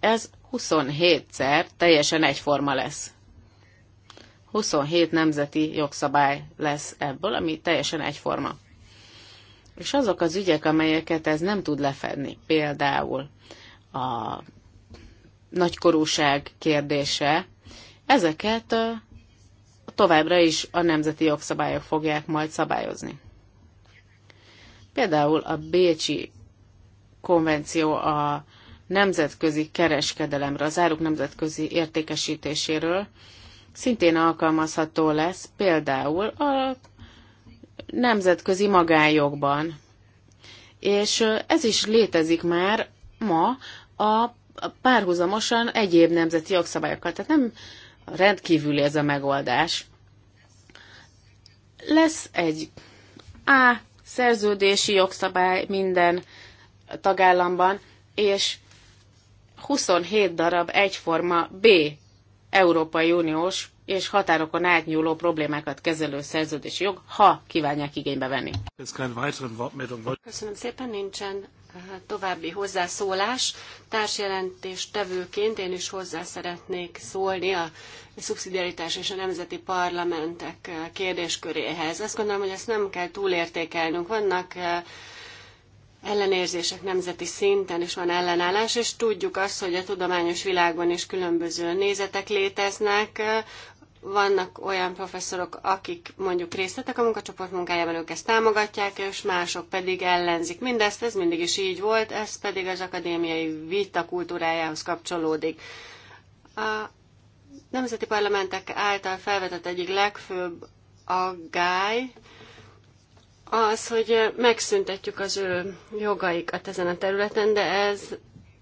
Ez 27-szer teljesen egyforma lesz. 27 nemzeti jogszabály lesz ebből, ami teljesen egyforma. És azok az ügyek, amelyeket ez nem tud lefedni, például a nagykorúság kérdése, ezeket továbbra is a nemzeti jogszabályok fogják majd szabályozni. Például a Bécsi konvenció a nemzetközi kereskedelemre, az áruk nemzetközi értékesítéséről, szintén alkalmazható lesz például a nemzetközi magánjogban. És ez is létezik már ma a párhuzamosan egyéb nemzeti jogszabályokkal. Tehát nem rendkívüli ez a megoldás. Lesz egy A szerződési jogszabály minden tagállamban, és 27 darab egyforma B Európai Uniós és határokon átnyúló problémákat kezelő szerződési jog, ha kívánják igénybe venni. Köszönöm szépen, nincsen eh, további hozzászólás. Társjelentés tevőként én is hozzá szeretnék szólni a szubszidiaritás és a nemzeti parlamentek eh, kérdésköréhez. Azt gondolom, hogy ezt nem kell túlértékelnünk. Vannak eh, ellenérzések nemzeti szinten is van ellenállás, és tudjuk azt, hogy a tudományos világban is különböző nézetek léteznek. Vannak olyan professzorok, akik mondjuk részt vettek a munkacsoport munkájában, ők ezt támogatják, és mások pedig ellenzik mindezt, ez mindig is így volt, ez pedig az akadémiai vita kultúrájához kapcsolódik. A nemzeti parlamentek által felvetett egyik legfőbb aggály, az, hogy megszüntetjük az ő jogaikat ezen a területen, de ez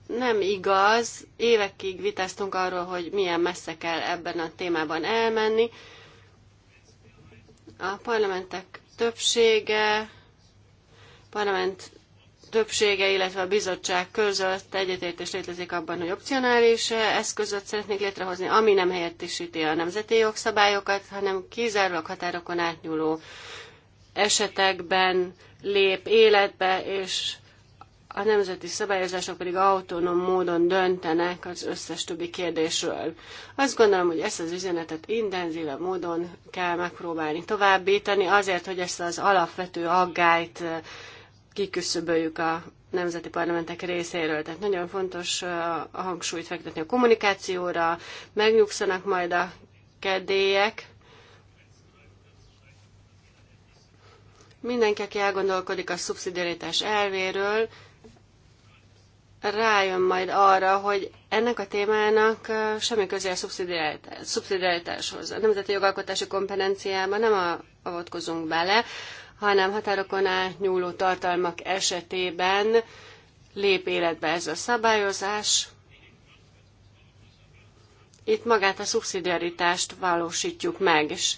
nem igaz. Évekig vitáztunk arról, hogy milyen messze kell ebben a témában elmenni. A parlamentek többsége, parlament többsége, illetve a bizottság között egyetértés létezik abban, hogy opcionális eszközöt szeretnék létrehozni, ami nem helyettesíti a nemzeti jogszabályokat, hanem kizárólag határokon átnyúló esetekben lép életbe, és a nemzeti szabályozások pedig autonóm módon döntenek az összes többi kérdésről. Azt gondolom, hogy ezt az üzenetet intenzíve módon kell megpróbálni továbbítani, azért, hogy ezt az alapvető aggályt eh, kiküszöböljük a nemzeti parlamentek részéről. Tehát nagyon fontos eh, a hangsúlyt fektetni a kommunikációra, megnyugszanak majd a kedélyek, Mindenki, aki elgondolkodik a szubszidiaritás elvéről, rájön majd arra, hogy ennek a témának semmi köze a szubszidiaritáshoz. A nemzeti jogalkotási kompetenciába nem avatkozunk bele, hanem határokon átnyúló tartalmak esetében lép életbe ez a szabályozás. Itt magát a szubszidiaritást valósítjuk meg, és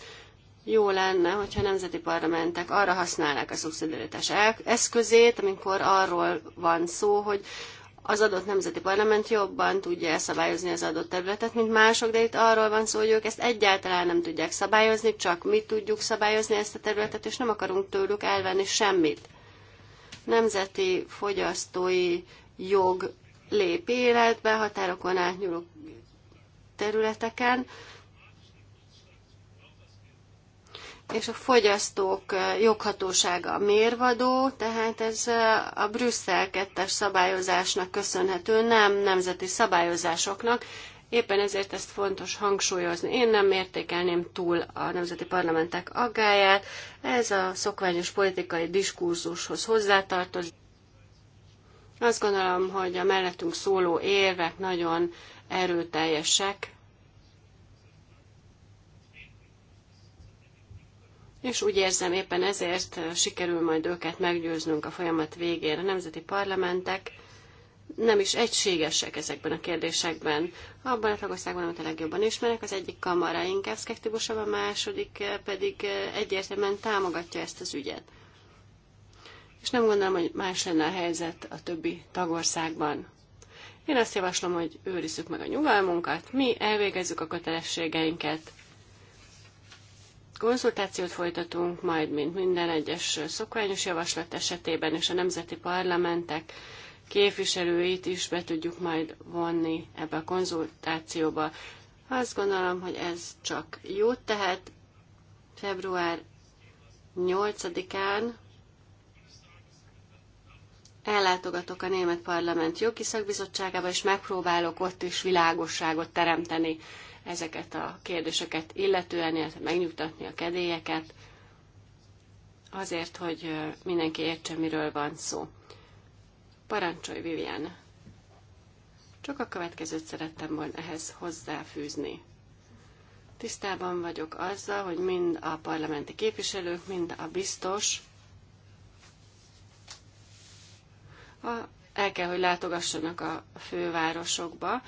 jó lenne, hogyha a nemzeti parlamentek arra használnák a szubszidiaritás eszközét, amikor arról van szó, hogy az adott nemzeti parlament jobban tudja szabályozni az adott területet, mint mások, de itt arról van szó, hogy ők ezt egyáltalán nem tudják szabályozni, csak mi tudjuk szabályozni ezt a területet, és nem akarunk tőlük elvenni semmit. Nemzeti fogyasztói jog lép életbe határokon átnyúló területeken, és a fogyasztók joghatósága mérvadó, tehát ez a Brüsszel 2 szabályozásnak köszönhető, nem nemzeti szabályozásoknak. Éppen ezért ezt fontos hangsúlyozni. Én nem értékelném túl a nemzeti parlamentek aggáját. Ez a szokványos politikai diskurzushoz hozzátartozik. Azt gondolom, hogy a mellettünk szóló érvek nagyon erőteljesek, és úgy érzem éppen ezért sikerül majd őket meggyőznünk a folyamat végére. A nemzeti parlamentek nem is egységesek ezekben a kérdésekben. Abban a tagországban, amit a legjobban ismerek, az egyik kamara inkább szkeptikusabb, a második pedig egyértelműen támogatja ezt az ügyet. És nem gondolom, hogy más lenne a helyzet a többi tagországban. Én azt javaslom, hogy őrizzük meg a nyugalmunkat, mi elvégezzük a kötelességeinket, Konzultációt folytatunk majd, mint minden egyes szokványos javaslat esetében, és a nemzeti parlamentek képviselőit is be tudjuk majd vonni ebbe a konzultációba. Azt gondolom, hogy ez csak jót tehet. Február 8-án ellátogatok a Német Parlament Jogi Szakbizottságába, és megpróbálok ott is világosságot teremteni ezeket a kérdéseket illetően, illetve megnyugtatni a kedélyeket, azért, hogy mindenki értse, miről van szó. Parancsolj, Vivian! Csak a következőt szerettem volna ehhez hozzáfűzni. Tisztában vagyok azzal, hogy mind a parlamenti képviselők, mind a biztos a, el kell, hogy látogassanak a fővárosokba,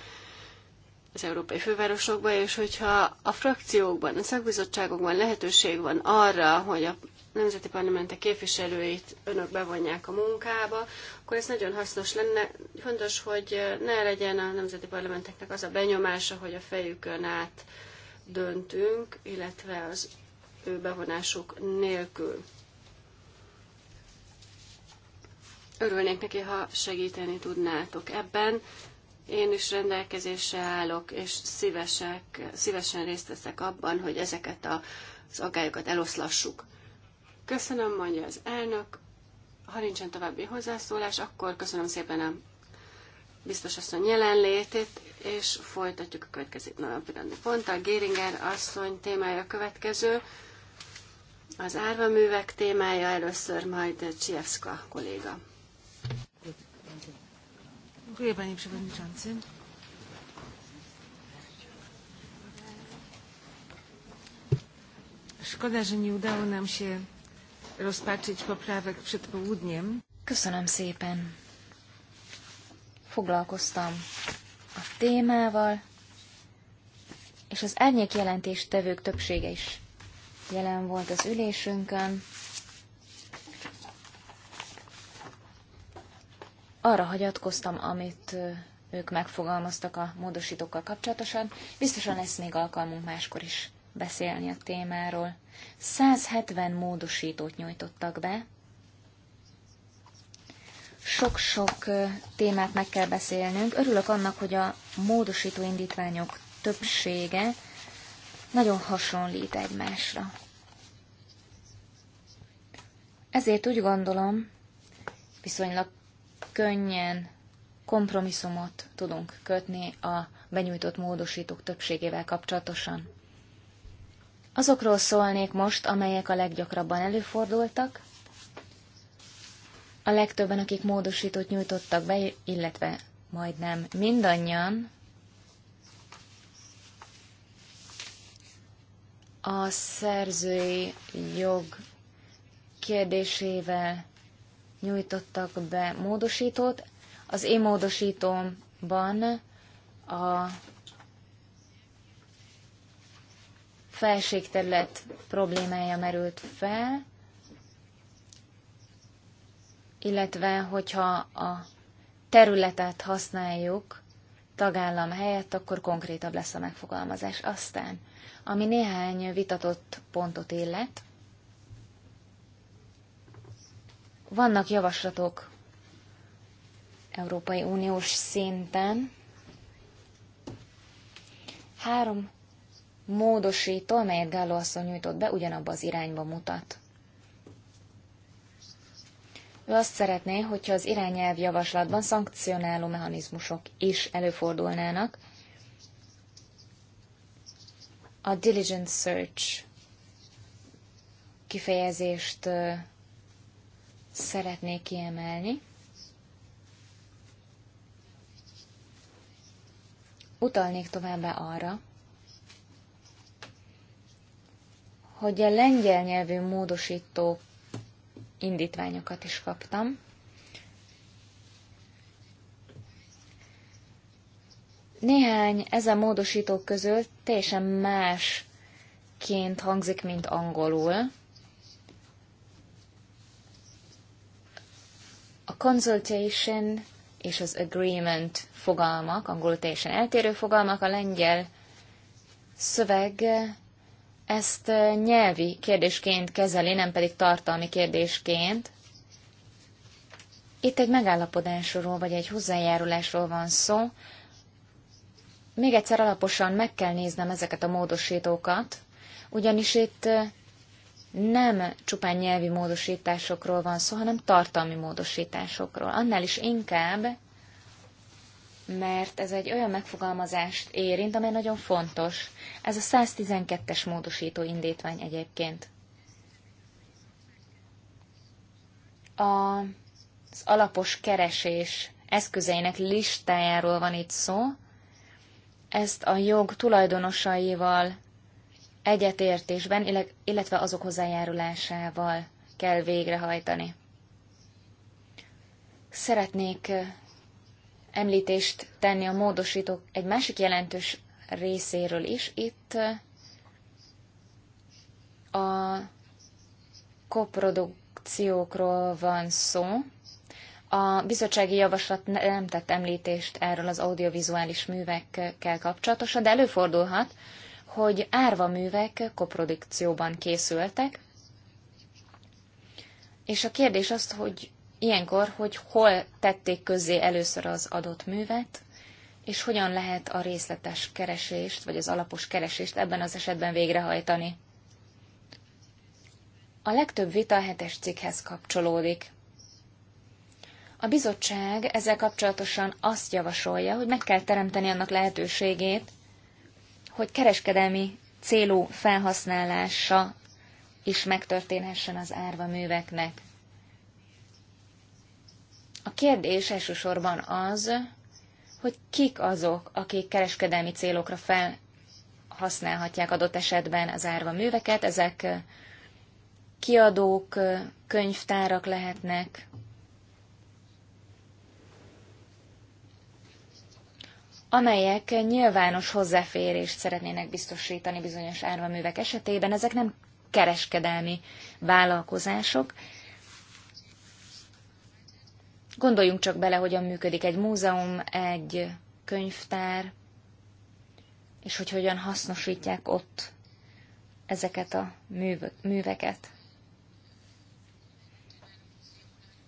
az európai fővárosokba, és hogyha a frakciókban, a szakbizottságokban lehetőség van arra, hogy a nemzeti parlamentek képviselőit önök bevonják a munkába, akkor ez nagyon hasznos lenne. Fontos, hogy ne legyen a nemzeti parlamenteknek az a benyomása, hogy a fejükön át döntünk, illetve az ő bevonásuk nélkül. Örülnék neki, ha segíteni tudnátok ebben, én is rendelkezésre állok, és szívesek, szívesen részt veszek abban, hogy ezeket a, az aggályokat eloszlassuk. Köszönöm, mondja az elnök. Ha nincsen további hozzászólás, akkor köszönöm szépen a biztos asszony jelenlétét, és folytatjuk a következő napirendi ponttal. Géringer asszony témája a következő, az árvaművek témája, először majd Csievszka kolléga. Dziękuję Panie Przewodniczący. Szkoda, że nie udało nam się rozpatrzyć poprawek przed południem. Köszönöm szépen. Foglalkoztam a témával, és az árnyék jelentés tevők többsége is jelen volt az ülésünkön. arra hagyatkoztam, amit ők megfogalmaztak a módosítókkal kapcsolatosan. Biztosan lesz még alkalmunk máskor is beszélni a témáról. 170 módosítót nyújtottak be. Sok-sok témát meg kell beszélnünk. Örülök annak, hogy a módosító indítványok többsége nagyon hasonlít egymásra. Ezért úgy gondolom, viszonylag könnyen kompromisszumot tudunk kötni a benyújtott módosítók többségével kapcsolatosan. Azokról szólnék most, amelyek a leggyakrabban előfordultak, a legtöbben, akik módosítót nyújtottak be, illetve majdnem mindannyian, a szerzői jog kérdésével nyújtottak be módosítót. Az én módosítómban a felségterület problémája merült fel, illetve hogyha a területet használjuk tagállam helyett, akkor konkrétabb lesz a megfogalmazás. Aztán, ami néhány vitatott pontot illet, Vannak javaslatok Európai Uniós szinten. Három módosító, amelyet Gálló asszony nyújtott be, ugyanabba az irányba mutat. Ő azt szeretné, hogyha az irányelv javaslatban szankcionáló mechanizmusok is előfordulnának. A diligent search kifejezést szeretnék kiemelni. Utalnék továbbá arra, hogy a lengyel nyelvű módosító indítványokat is kaptam. Néhány ezen módosítók közül teljesen másként hangzik, mint angolul. consultation és az agreement fogalmak, angolul teljesen eltérő fogalmak, a lengyel szöveg ezt eh, nyelvi kérdésként kezeli, nem pedig tartalmi kérdésként. Itt egy megállapodásról vagy egy hozzájárulásról van szó. Még egyszer alaposan meg kell néznem ezeket a módosítókat, ugyanis itt eh, nem csupán nyelvi módosításokról van szó, hanem tartalmi módosításokról. Annál is inkább, mert ez egy olyan megfogalmazást érint, amely nagyon fontos. Ez a 112-es módosító indítvány egyébként. A, az alapos keresés eszközeinek listájáról van itt szó. Ezt a jog tulajdonosaival egyetértésben, illetve azok hozzájárulásával kell végrehajtani. Szeretnék említést tenni a módosítók egy másik jelentős részéről is. Itt a koprodukciókról van szó. A bizottsági javaslat nem tett említést erről az audiovizuális művekkel kapcsolatosan, de előfordulhat, hogy árva művek koprodukcióban készültek, és a kérdés az, hogy ilyenkor, hogy hol tették közzé először az adott művet, és hogyan lehet a részletes keresést, vagy az alapos keresést ebben az esetben végrehajtani. A legtöbb vita a hetes cikkhez kapcsolódik. A bizottság ezzel kapcsolatosan azt javasolja, hogy meg kell teremteni annak lehetőségét, hogy kereskedelmi célú felhasználása is megtörténhessen az árva műveknek. A kérdés elsősorban az, hogy kik azok, akik kereskedelmi célokra felhasználhatják adott esetben az árva műveket. Ezek kiadók, könyvtárak lehetnek, amelyek nyilvános hozzáférést szeretnének biztosítani bizonyos árvaművek esetében. Ezek nem kereskedelmi vállalkozások. Gondoljunk csak bele, hogyan működik egy múzeum, egy könyvtár, és hogy hogyan hasznosítják ott ezeket a műveket.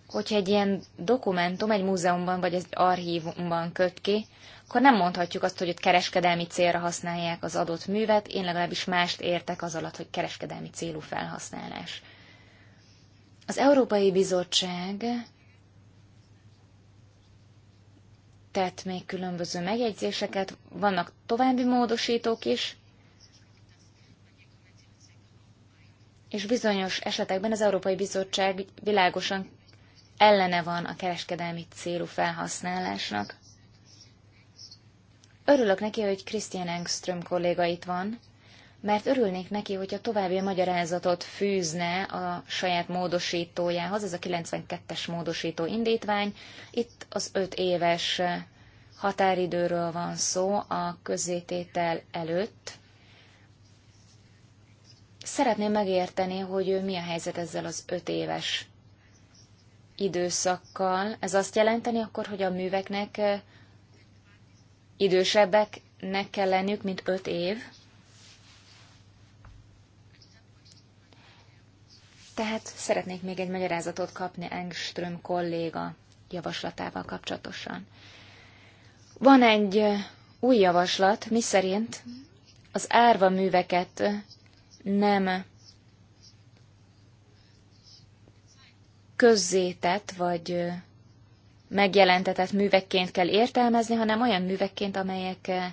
Hogyha egy ilyen dokumentum egy múzeumban vagy egy archívumban köt ki, akkor nem mondhatjuk azt, hogy ott kereskedelmi célra használják az adott művet, én legalábbis mást értek az alatt, hogy kereskedelmi célú felhasználás. Az Európai Bizottság tett még különböző megjegyzéseket, vannak további módosítók is, és bizonyos esetekben az Európai Bizottság világosan ellene van a kereskedelmi célú felhasználásnak. Örülök neki, hogy Christian Engström kolléga itt van, mert örülnék neki, hogyha további magyarázatot fűzne a saját módosítójához, ez a 92-es módosító indítvány. Itt az 5 éves határidőről van szó a közzététel előtt. Szeretném megérteni, hogy mi a helyzet ezzel az öt éves időszakkal. Ez azt jelenteni akkor, hogy a műveknek idősebbeknek kell lenniük, mint öt év. Tehát szeretnék még egy magyarázatot kapni Engström kolléga javaslatával kapcsolatosan. Van egy új javaslat, miszerint az árva műveket nem közzétett vagy megjelentetett művekként kell értelmezni, hanem olyan művekként, amelyek eh,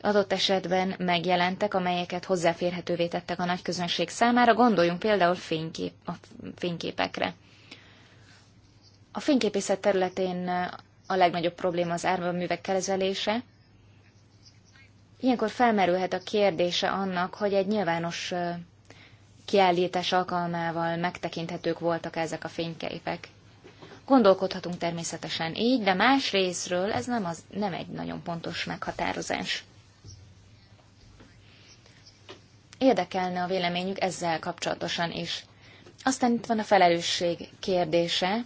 adott esetben megjelentek, amelyeket hozzáférhetővé tettek a nagy közönség számára. Gondoljunk például fénykép, a fényképekre. A fényképészet területén eh, a legnagyobb probléma az művek kezelése. Ilyenkor felmerülhet a kérdése annak, hogy egy nyilvános eh, kiállítás alkalmával megtekinthetők voltak ezek a fényképek. Gondolkodhatunk természetesen így, de más részről ez nem, az, nem egy nagyon pontos meghatározás. Érdekelne a véleményük ezzel kapcsolatosan is. Aztán itt van a felelősség kérdése,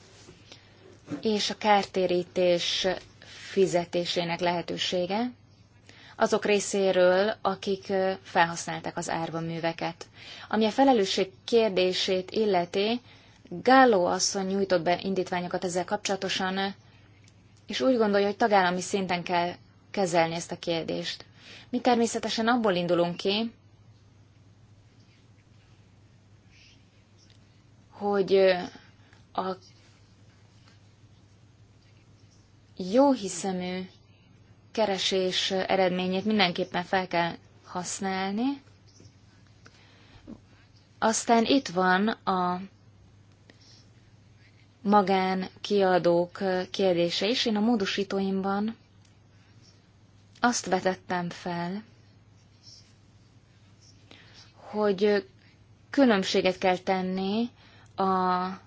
és a kártérítés fizetésének lehetősége azok részéről, akik felhasználták az árva műveket. Ami a felelősség kérdését illeti, Gáló asszony nyújtott be indítványokat ezzel kapcsolatosan, és úgy gondolja, hogy tagállami szinten kell kezelni ezt a kérdést. Mi természetesen abból indulunk ki, hogy a jó hiszemű keresés eredményét mindenképpen fel kell használni. Aztán itt van a magán kiadók kérdése is. Én a módosítóimban azt vetettem fel, hogy különbséget kell tenni a, az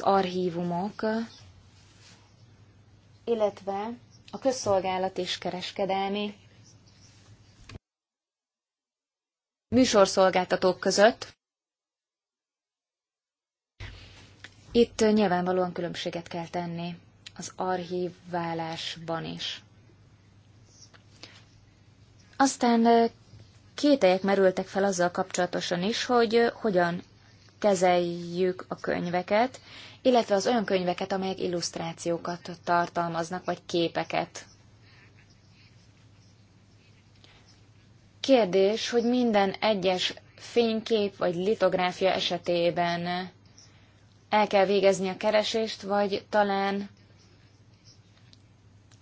archívumok, illetve a közszolgálat és kereskedelmi műsorszolgáltatók között, Itt nyilvánvalóan különbséget kell tenni az archiválásban is. Aztán kételyek merültek fel azzal kapcsolatosan is, hogy hogyan kezeljük a könyveket, illetve az olyan könyveket, amelyek illusztrációkat tartalmaznak, vagy képeket. Kérdés, hogy minden egyes fénykép vagy litográfia esetében el kell végezni a keresést, vagy talán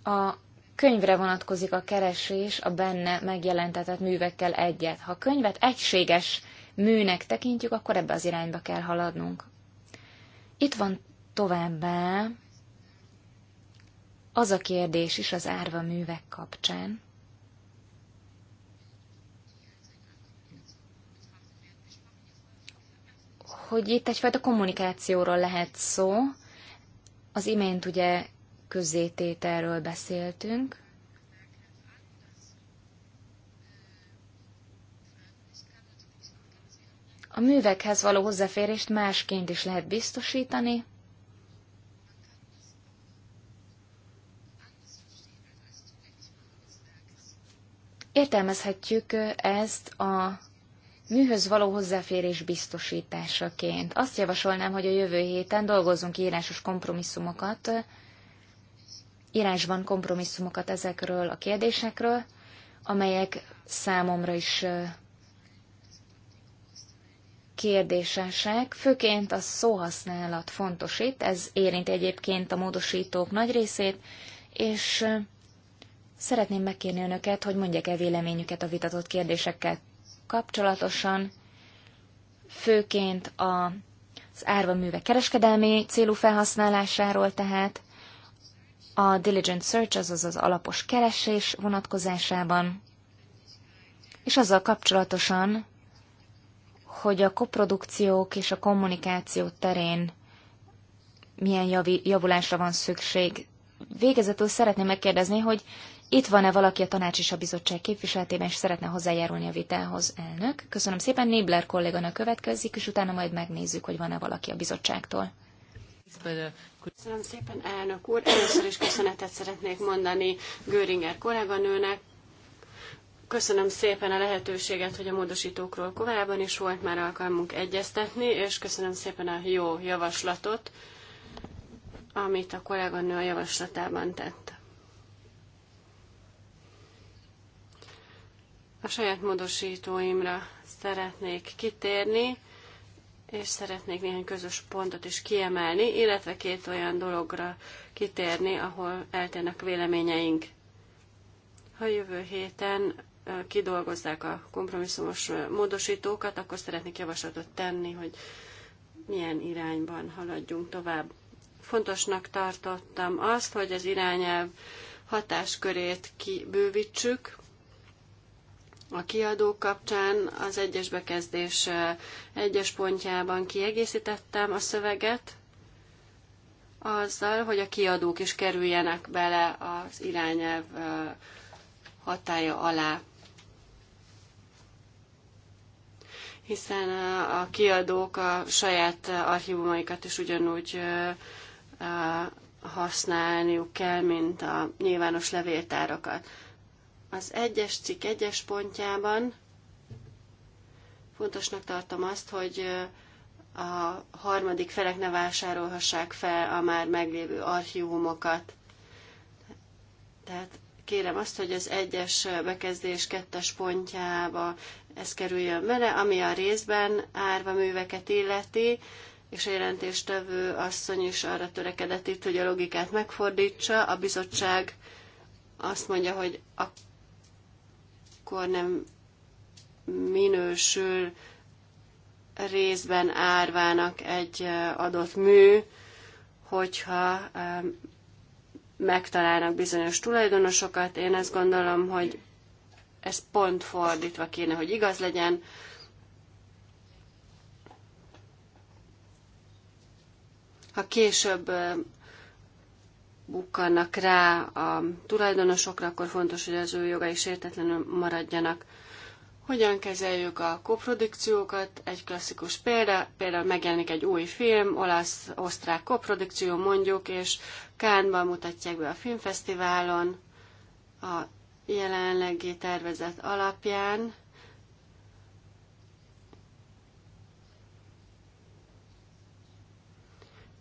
a könyvre vonatkozik a keresés a benne megjelentetett művekkel egyet. Ha a könyvet egységes műnek tekintjük, akkor ebbe az irányba kell haladnunk. Itt van továbbá az a kérdés is az árva művek kapcsán, hogy itt egyfajta kommunikációról lehet szó. Az imént ugye közzétételről beszéltünk. A művekhez való hozzáférést másként is lehet biztosítani. Értelmezhetjük ezt a műhöz való hozzáférés biztosításaként. Azt javasolnám, hogy a jövő héten dolgozzunk írásos kompromisszumokat, írásban kompromisszumokat ezekről a kérdésekről, amelyek számomra is kérdésesek, főként a szóhasználat fontos itt, ez érint egyébként a módosítók nagy részét, és szeretném megkérni önöket, hogy mondják el véleményüket a vitatott kérdésekkel kapcsolatosan, főként a, az árva művek kereskedelmi célú felhasználásáról tehát, a diligent search, azaz az alapos keresés vonatkozásában, és azzal kapcsolatosan, hogy a koprodukciók és a kommunikáció terén milyen javi, javulásra van szükség. Végezetül szeretném megkérdezni, hogy itt van-e valaki a tanács és a bizottság képviseletében, és szeretne hozzájárulni a vitához, elnök? Köszönöm szépen, Nébler kolléganő következik, és utána majd megnézzük, hogy van-e valaki a bizottságtól. Köszönöm szépen, elnök úr. Először is köszönetet szeretnék mondani Göringer kolléganőnek. Köszönöm szépen a lehetőséget, hogy a módosítókról korábban is volt már alkalmunk egyeztetni, és köszönöm szépen a jó javaslatot, amit a kolléganő a javaslatában tett. A saját módosítóimra szeretnék kitérni, és szeretnék néhány közös pontot is kiemelni, illetve két olyan dologra kitérni, ahol eltérnek véleményeink. Ha jövő héten kidolgozzák a kompromisszumos módosítókat, akkor szeretnék javaslatot tenni, hogy milyen irányban haladjunk tovább. Fontosnak tartottam azt, hogy az irányelv hatáskörét kibővítsük, a kiadók kapcsán az egyes bekezdés egyes pontjában kiegészítettem a szöveget, azzal, hogy a kiadók is kerüljenek bele az irányelv hatája alá. Hiszen a kiadók a saját archívumaikat is ugyanúgy használniuk kell, mint a nyilvános levéltárakat. Az egyes cikk egyes pontjában fontosnak tartom azt, hogy a harmadik felek ne vásárolhassák fel a már meglévő archívumokat. Tehát kérem azt, hogy az egyes bekezdés kettes pontjába ez kerüljön bele, ami a részben árva műveket illeti, és a jelentéstevő asszony is arra törekedett itt, hogy a logikát megfordítsa. A bizottság azt mondja, hogy a akkor nem minősül részben árvának egy adott mű, hogyha megtalálnak bizonyos tulajdonosokat. Én ezt gondolom, hogy ez pont fordítva kéne, hogy igaz legyen. Ha később bukkannak rá a tulajdonosokra, akkor fontos, hogy az ő jogai sértetlenül maradjanak. Hogyan kezeljük a koprodukciókat? Egy klasszikus példa, például megjelenik egy új film, olasz-osztrák koprodukció mondjuk, és Kánban mutatják be a filmfesztiválon a jelenlegi tervezet alapján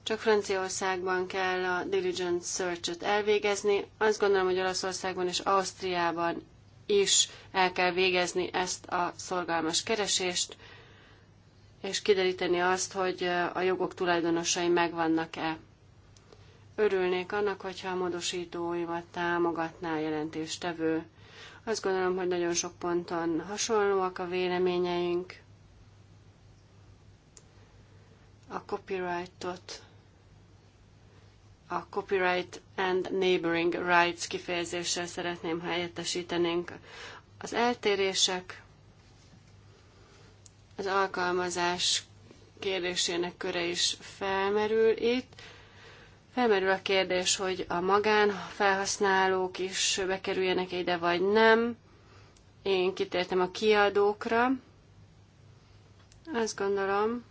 Csak Franciaországban kell a diligence search elvégezni. Azt gondolom, hogy Olaszországban és Ausztriában is el kell végezni ezt a szorgalmas keresést, és kideríteni azt, hogy a jogok tulajdonosai megvannak-e. Örülnék annak, hogyha a módosítóimat támogatná a jelentéstevő. Azt gondolom, hogy nagyon sok ponton hasonlóak a véleményeink. A copyrightot a copyright and neighboring rights kifejezéssel szeretném, ha helyettesítenénk az eltérések, az alkalmazás kérdésének köre is felmerül itt. Felmerül a kérdés, hogy a magánfelhasználók is bekerüljenek ide, vagy nem. Én kitértem a kiadókra. Azt gondolom,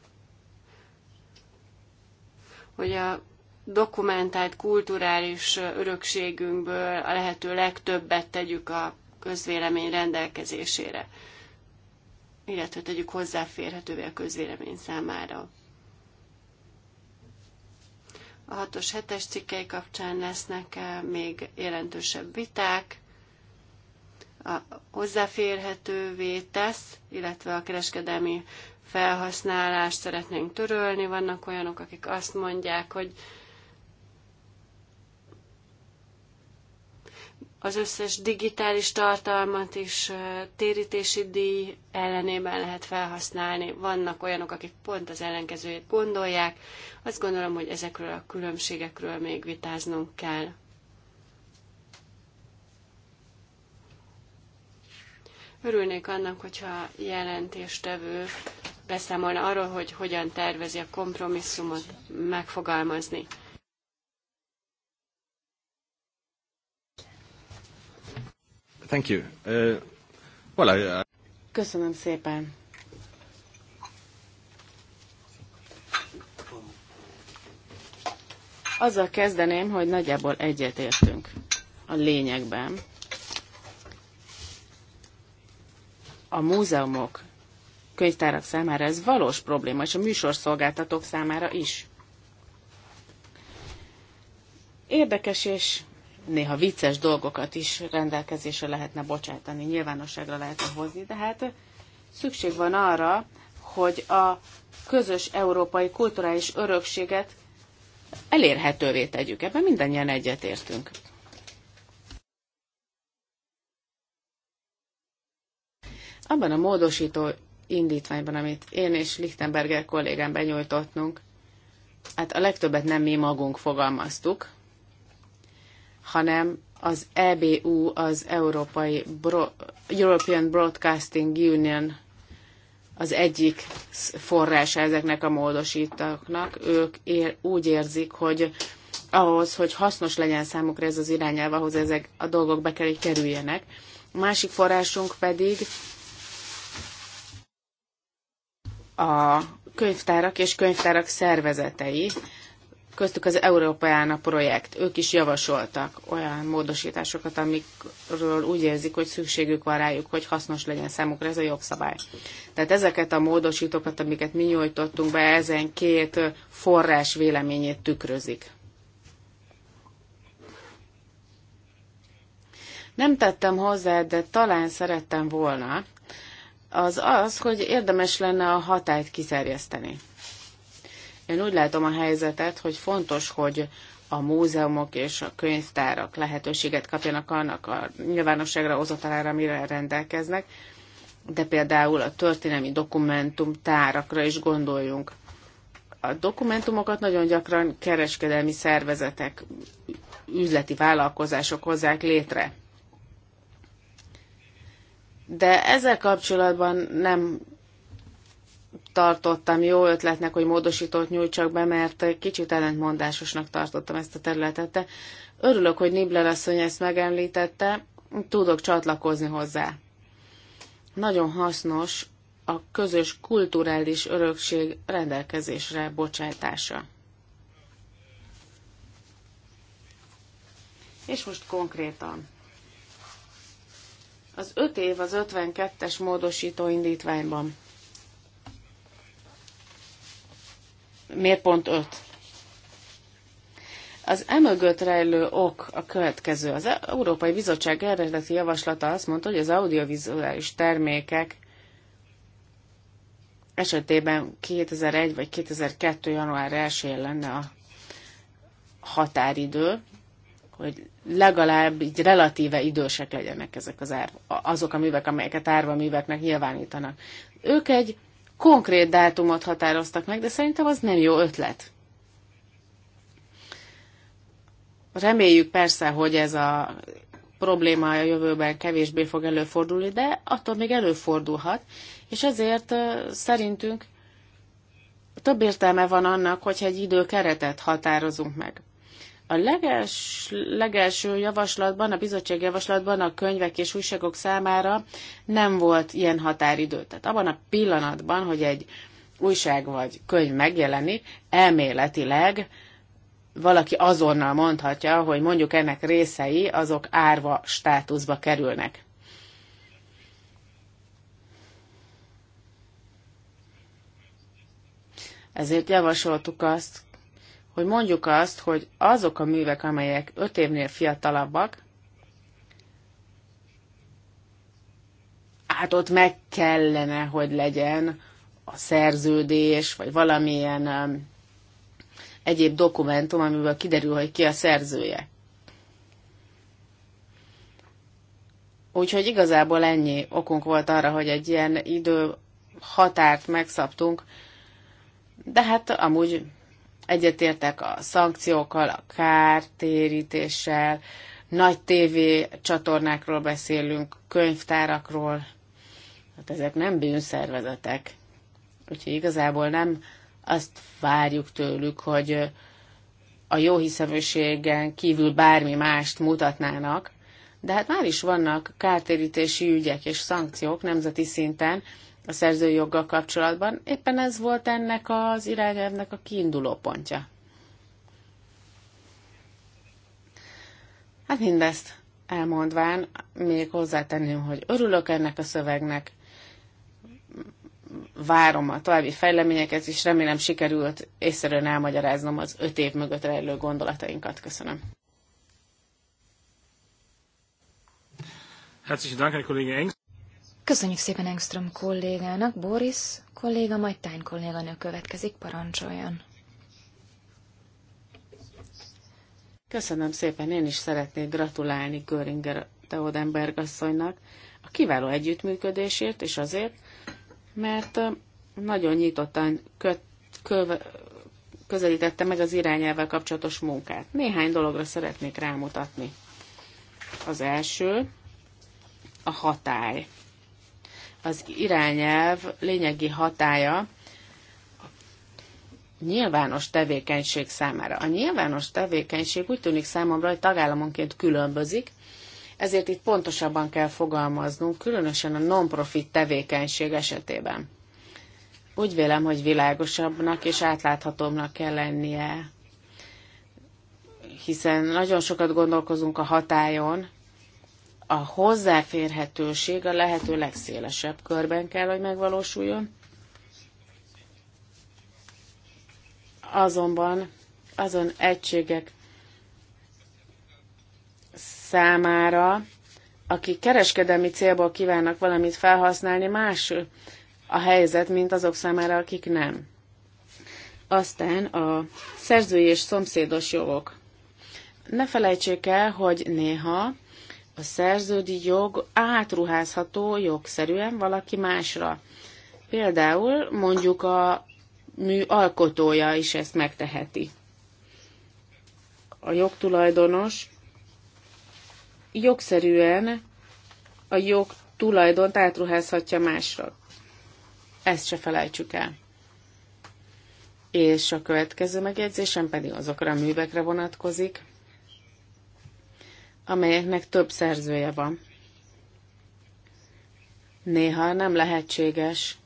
hogy a dokumentált kulturális örökségünkből a lehető legtöbbet tegyük a közvélemény rendelkezésére, illetve tegyük hozzáférhetővé a közvélemény számára. A 6-os, 7-es cikkei kapcsán lesznek még jelentősebb viták, a hozzáférhetővé tesz, illetve a kereskedelmi felhasználást szeretnénk törölni. Vannak olyanok, akik azt mondják, hogy az összes digitális tartalmat is térítési díj ellenében lehet felhasználni. Vannak olyanok, akik pont az ellenkezőjét gondolják. Azt gondolom, hogy ezekről a különbségekről még vitáznunk kell. Örülnék annak, hogyha jelentéstevő beszámolna arról, hogy hogyan tervezi a kompromisszumot megfogalmazni. Thank you. Uh, well, I, uh... Köszönöm szépen. Azzal kezdeném, hogy nagyjából egyetértünk a lényegben. A múzeumok, könyvtárak számára ez valós probléma, és a műsorszolgáltatók számára is. Érdekes és néha vicces dolgokat is rendelkezésre lehetne bocsátani, nyilvánosságra lehetne hozni, de hát szükség van arra, hogy a közös európai kulturális örökséget elérhetővé tegyük. Ebben mindannyian egyetértünk. Abban a módosító indítványban, amit én és Lichtenberger kollégám benyújtottunk, hát a legtöbbet nem mi magunk fogalmaztuk, hanem az EBU, az Európai Bro- European Broadcasting Union az egyik forrása ezeknek a módosítaknak. Ők ér, úgy érzik, hogy ahhoz, hogy hasznos legyen számukra ez az irányelv, ahhoz ezek a dolgok be kell, hogy kerüljenek. A másik forrásunk pedig a könyvtárak és könyvtárak szervezetei, köztük az Európájána projekt. Ők is javasoltak olyan módosításokat, amikről úgy érzik, hogy szükségük van rájuk, hogy hasznos legyen számukra ez a jogszabály. Tehát ezeket a módosítókat, amiket mi nyújtottunk be, ezen két forrás véleményét tükrözik. Nem tettem hozzá, de talán szerettem volna, az az, hogy érdemes lenne a hatályt kiterjeszteni. Én úgy látom a helyzetet, hogy fontos, hogy a múzeumok és a könyvtárak lehetőséget kapjanak annak a nyilvánosságra ozatalára, mire rendelkeznek, de például a történelmi dokumentumtárakra is gondoljunk. A dokumentumokat nagyon gyakran kereskedelmi szervezetek, üzleti vállalkozások hozzák létre. De ezzel kapcsolatban nem tartottam jó ötletnek, hogy módosítót nyújtsak be, mert kicsit ellentmondásosnak tartottam ezt a területet, de örülök, hogy Nibler asszony ezt megemlítette, tudok csatlakozni hozzá. Nagyon hasznos a közös kulturális örökség rendelkezésre bocsátása. És most konkrétan. Az öt év az 52-es módosító indítványban. miért pont 5? Az emögött rejlő ok a következő. Az Európai Bizottság eredeti javaslata azt mondta, hogy az audiovizuális termékek esetében 2001 vagy 2002. január 1 lenne a határidő, hogy legalább így relatíve idősek legyenek ezek az ár, azok a művek, amelyeket árva műveknek nyilvánítanak. Ők egy konkrét dátumot határoztak meg, de szerintem az nem jó ötlet. Reméljük persze, hogy ez a probléma a jövőben kevésbé fog előfordulni, de attól még előfordulhat, és ezért szerintünk több értelme van annak, hogyha egy időkeretet határozunk meg. A leges, legelső javaslatban, a bizottság javaslatban a könyvek és újságok számára nem volt ilyen határidő. Tehát abban a pillanatban, hogy egy újság vagy könyv megjelenik, elméletileg valaki azonnal mondhatja, hogy mondjuk ennek részei azok árva státuszba kerülnek. Ezért javasoltuk azt hogy mondjuk azt, hogy azok a művek, amelyek öt évnél fiatalabbak, hát ott meg kellene, hogy legyen a szerződés, vagy valamilyen um, egyéb dokumentum, amiből kiderül, hogy ki a szerzője. Úgyhogy igazából ennyi okunk volt arra, hogy egy ilyen idő határt megszabtunk, de hát amúgy Egyetértek a szankciókkal, a kártérítéssel, nagy tévé csatornákról beszélünk, könyvtárakról, hát ezek nem bűnszervezetek. Úgyhogy igazából nem azt várjuk tőlük, hogy a jó hiszeműségen kívül bármi mást mutatnának, de hát már is vannak kártérítési ügyek és szankciók nemzeti szinten, a szerzői joggal kapcsolatban. Éppen ez volt ennek az irányelvnek a kiinduló pontja. Hát mindezt elmondván még hozzátenném, hogy örülök ennek a szövegnek, várom a további fejleményeket, és remélem sikerült észszerűen elmagyaráznom az öt év mögött rejlő gondolatainkat. Köszönöm. Herzlichen Dank, Herr Kollege Engst. Köszönjük szépen Engström kollégának, Boris kolléga, majd Tány kolléganő következik, parancsoljon. Köszönöm szépen, én is szeretnék gratulálni Göringer Teodenberg asszonynak a kiváló együttműködésért, és azért, mert nagyon nyitottan kö- kö, közelítette meg az irányával kapcsolatos munkát. Néhány dologra szeretnék rámutatni. Az első a hatály az irányelv lényegi hatája nyilvános tevékenység számára. A nyilvános tevékenység úgy tűnik számomra, hogy tagállamonként különbözik, ezért itt pontosabban kell fogalmaznunk, különösen a non-profit tevékenység esetében. Úgy vélem, hogy világosabbnak és átláthatóbbnak kell lennie, hiszen nagyon sokat gondolkozunk a hatájon, a hozzáférhetőség a lehető legszélesebb körben kell, hogy megvalósuljon. Azonban azon egységek számára, akik kereskedelmi célból kívánnak valamit felhasználni, más a helyzet, mint azok számára, akik nem. Aztán a szerzői és szomszédos jogok. Ne felejtsék el, hogy néha a szerződi jog átruházható jogszerűen valaki másra. Például mondjuk a mű alkotója is ezt megteheti. A jogtulajdonos jogszerűen a jogtulajdont átruházhatja másra. Ezt se felejtsük el. És a következő megjegyzésem pedig azokra a művekre vonatkozik, amelyeknek több szerzője van. Néha nem lehetséges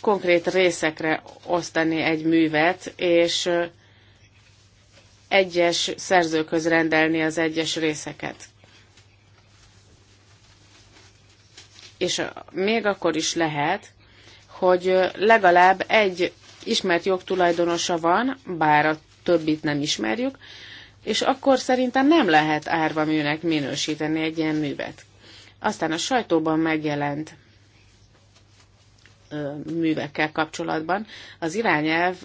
konkrét részekre osztani egy művet, és egyes szerzőköz rendelni az egyes részeket. És még akkor is lehet, hogy legalább egy ismert jogtulajdonosa van, bár a többit nem ismerjük, és akkor szerintem nem lehet árva műnek minősíteni egy ilyen művet. Aztán a sajtóban megjelent ö, művekkel kapcsolatban az irányelv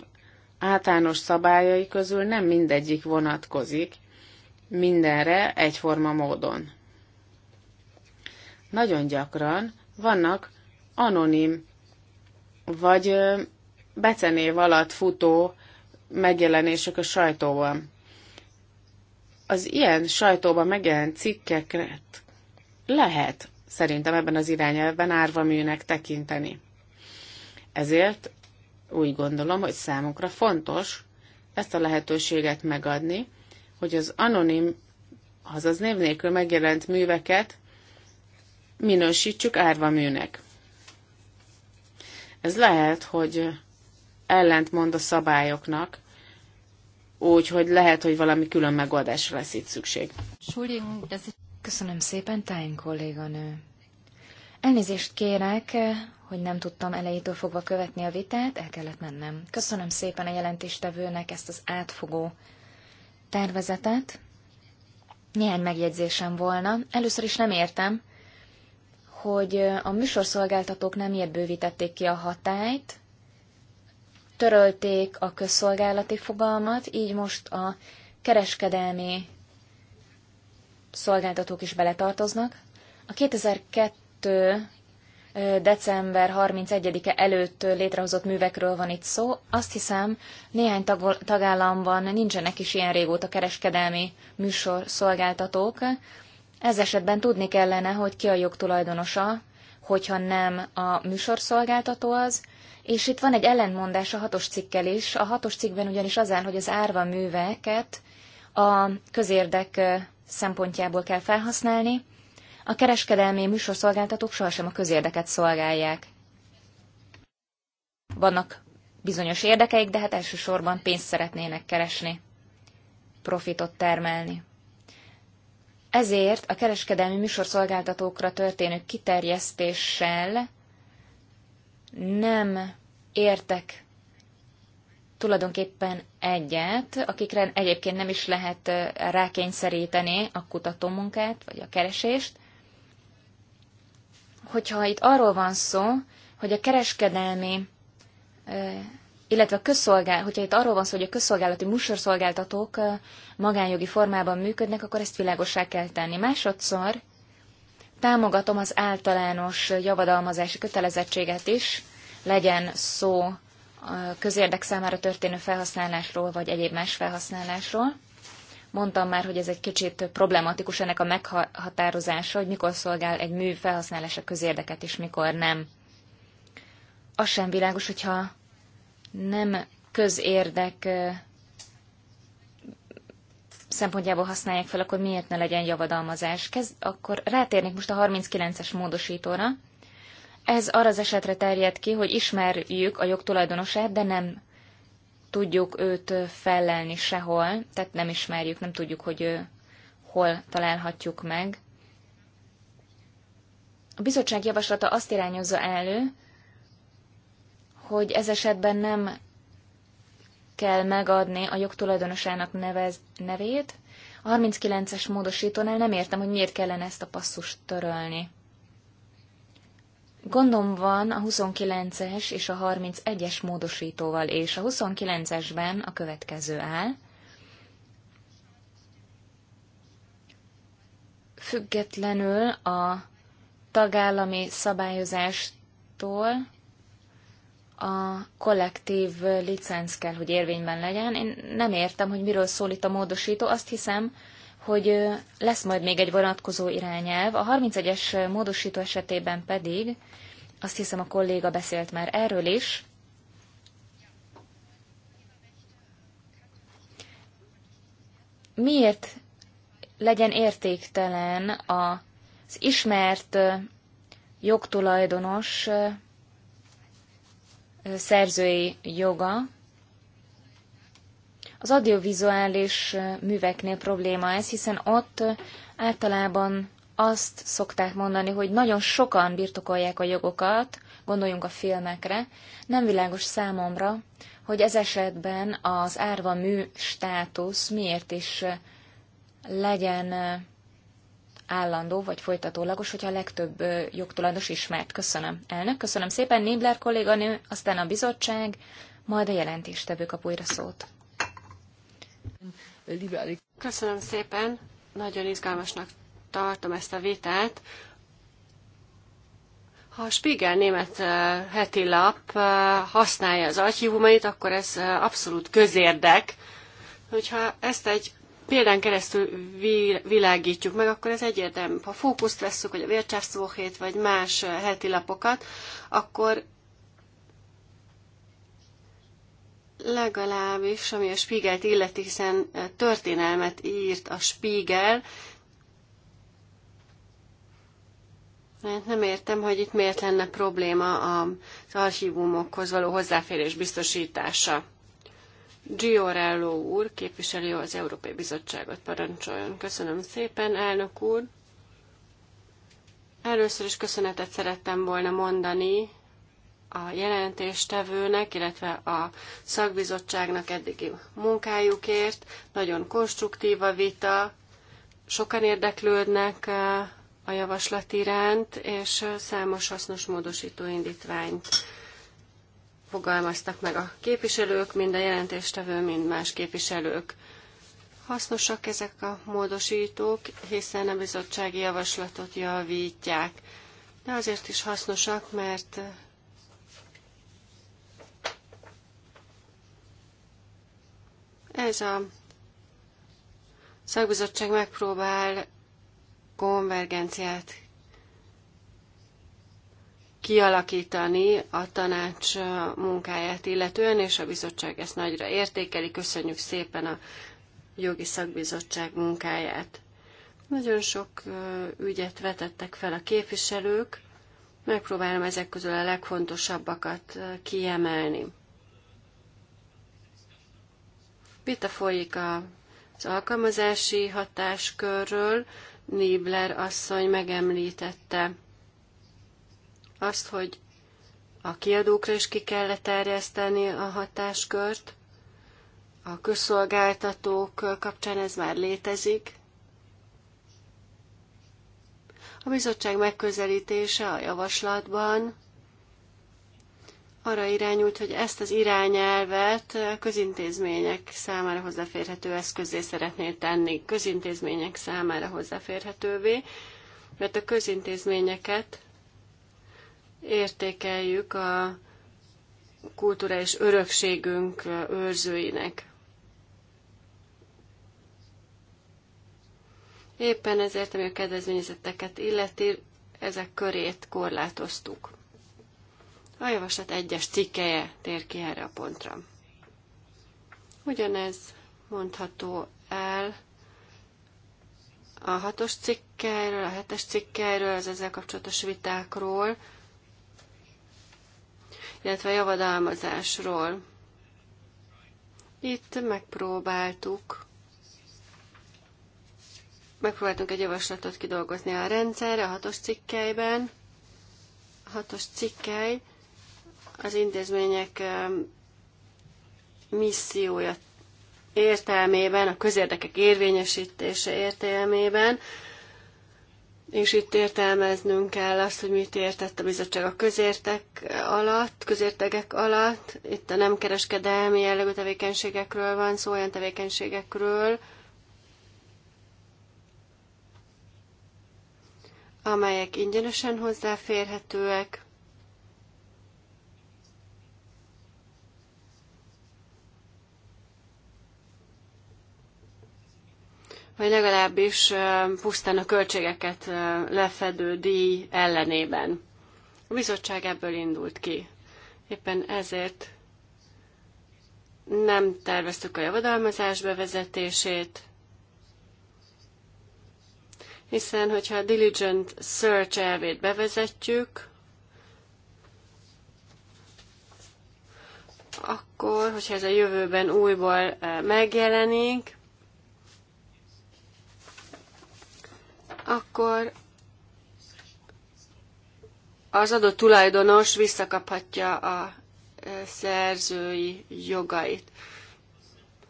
általános szabályai közül nem mindegyik vonatkozik mindenre egyforma módon. Nagyon gyakran vannak anonim vagy becenév alatt futó megjelenések a sajtóban. Az ilyen sajtóban megjelent cikkeket lehet szerintem ebben az irányelvben műnek tekinteni. Ezért úgy gondolom, hogy számunkra fontos ezt a lehetőséget megadni, hogy az anonim, azaz név nélkül megjelent műveket minősítsük árva műnek. Ez lehet, hogy ellentmond a szabályoknak, úgyhogy lehet, hogy valami külön megoldásra lesz itt szükség. Köszönöm szépen, Tájn kolléganő. Elnézést kérek, hogy nem tudtam elejétől fogva követni a vitát, el kellett mennem. Köszönöm szépen a jelentéstevőnek ezt az átfogó tervezetet. Néhány megjegyzésem volna. Először is nem értem, hogy a műsorszolgáltatók nem miért bővítették ki a hatályt, törölték a közszolgálati fogalmat, így most a kereskedelmi szolgáltatók is beletartoznak. A 2002 december 31-e előtt létrehozott művekről van itt szó. Azt hiszem, néhány tagállamban nincsenek is ilyen régóta kereskedelmi műsor szolgáltatók. Ez esetben tudni kellene, hogy ki a jogtulajdonosa, hogyha nem a műsorszolgáltató az, és itt van egy ellentmondás a hatos cikkel is. A hatos cikkben ugyanis áll, hogy az árva műveket a közérdek szempontjából kell felhasználni, a kereskedelmi műsorszolgáltatók sohasem a közérdeket szolgálják. Vannak bizonyos érdekeik, de hát elsősorban pénzt szeretnének keresni, profitot termelni. Ezért a kereskedelmi műsorszolgáltatókra történő kiterjesztéssel nem értek tulajdonképpen egyet, akikre egyébként nem is lehet rákényszeríteni a munkát, vagy a keresést. Hogyha itt arról van szó, hogy a kereskedelmi, illetve a közszolgál, hogyha itt arról van szó, hogy a közszolgálati musorszolgáltatók magánjogi formában működnek, akkor ezt világosá kell tenni. Másodszor Támogatom az általános javadalmazási kötelezettséget is, legyen szó közérdek számára történő felhasználásról, vagy egyéb más felhasználásról. Mondtam már, hogy ez egy kicsit problematikus ennek a meghatározása, hogy mikor szolgál egy mű felhasználása közérdeket, és mikor nem. Az sem világos, hogyha nem közérdek szempontjából használják fel, akkor miért ne legyen javadalmazás? Kezd, akkor rátérnék most a 39-es módosítóra. Ez arra az esetre terjed ki, hogy ismerjük a jogtulajdonosát, de nem tudjuk őt fellelni sehol, tehát nem ismerjük, nem tudjuk, hogy ő hol találhatjuk meg. A bizottság javaslata azt irányozza elő, hogy ez esetben nem kell megadni a jogtulajdonosának nevez, nevét. A 39-es módosítónál nem értem, hogy miért kellene ezt a passzust törölni. Gondom van a 29-es és a 31-es módosítóval, és a 29-esben a következő áll. Függetlenül a tagállami szabályozástól a kollektív licenc kell, hogy érvényben legyen. Én nem értem, hogy miről szól itt a módosító. Azt hiszem, hogy lesz majd még egy vonatkozó irányelv. A 31-es módosító esetében pedig, azt hiszem a kolléga beszélt már erről is, miért legyen értéktelen az ismert jogtulajdonos szerzői joga. Az audiovizuális műveknél probléma ez, hiszen ott általában azt szokták mondani, hogy nagyon sokan birtokolják a jogokat, gondoljunk a filmekre, nem világos számomra, hogy ez esetben az árva mű státusz miért is legyen állandó vagy folytatólagos, hogyha a legtöbb jogtulajdonos ismert. Köszönöm. Elnök, köszönöm szépen. Nébler kolléganő, aztán a bizottság, majd a jelentéstevő kap újra szót. Köszönöm szépen. Nagyon izgalmasnak tartom ezt a vitát. Ha a Spiegel német heti lap használja az archívumait, akkor ez abszolút közérdek. Hogyha ezt egy példán keresztül világítjuk meg, akkor ez egyértelmű. Ha fókuszt vesszük, vagy a vércsászóhét, vagy más eh, heti lapokat, akkor legalábbis, ami a Spiegelt illeti, hiszen eh, történelmet írt a Spiegel, mert nem értem, hogy itt miért lenne probléma az archívumokhoz való hozzáférés biztosítása. Giorello úr képviseli az Európai Bizottságot, parancsoljon. Köszönöm szépen, elnök úr. Először is köszönetet szerettem volna mondani a jelentéstevőnek, illetve a szakbizottságnak eddigi munkájukért. Nagyon konstruktív a vita, sokan érdeklődnek a javaslat iránt, és számos hasznos módosító indítványt fogalmaztak meg a képviselők, mind a jelentéstevő, mind más képviselők. Hasznosak ezek a módosítók, hiszen a bizottsági javaslatot javítják. De azért is hasznosak, mert ez a szakbizottság megpróbál konvergenciát kialakítani a tanács munkáját illetően, és a bizottság ezt nagyra értékeli. Köszönjük szépen a jogi szakbizottság munkáját. Nagyon sok ügyet vetettek fel a képviselők, megpróbálom ezek közül a legfontosabbakat kiemelni. Vita folyik az alkalmazási hatáskörről, Nibler asszony megemlítette azt, hogy a kiadókra is ki kell terjeszteni a hatáskört, a közszolgáltatók kapcsán ez már létezik. A bizottság megközelítése a javaslatban arra irányult, hogy ezt az irányelvet közintézmények számára hozzáférhető eszközé szeretnél tenni, közintézmények számára hozzáférhetővé, mert a közintézményeket értékeljük a kulturális örökségünk őrzőinek. Éppen ezért, ami a kedvezményezetteket illeti, ezek körét korlátoztuk. A javaslat egyes cikkeje tér ki erre a pontra. Ugyanez mondható el a hatos cikkeiről, a hetes cikkeiről, az ezzel kapcsolatos vitákról, illetve a javadalmazásról. Itt megpróbáltuk megpróbáltunk egy javaslatot kidolgozni a rendszerre, a hatos cikkelyben. A hatos cikkely az intézmények missziója értelmében, a közérdekek érvényesítése értelmében, és itt értelmeznünk kell azt, hogy mit értett a bizottság a közértek alatt, közértegek alatt. Itt a nem kereskedelmi jellegű tevékenységekről van szó, olyan tevékenységekről, amelyek ingyenesen hozzáférhetőek, vagy legalábbis pusztán a költségeket lefedő díj ellenében. A bizottság ebből indult ki. Éppen ezért nem terveztük a javadalmazás bevezetését, hiszen hogyha a diligent search elvét bevezetjük, akkor, hogyha ez a jövőben újból megjelenik, akkor az adott tulajdonos visszakaphatja a e, szerzői jogait.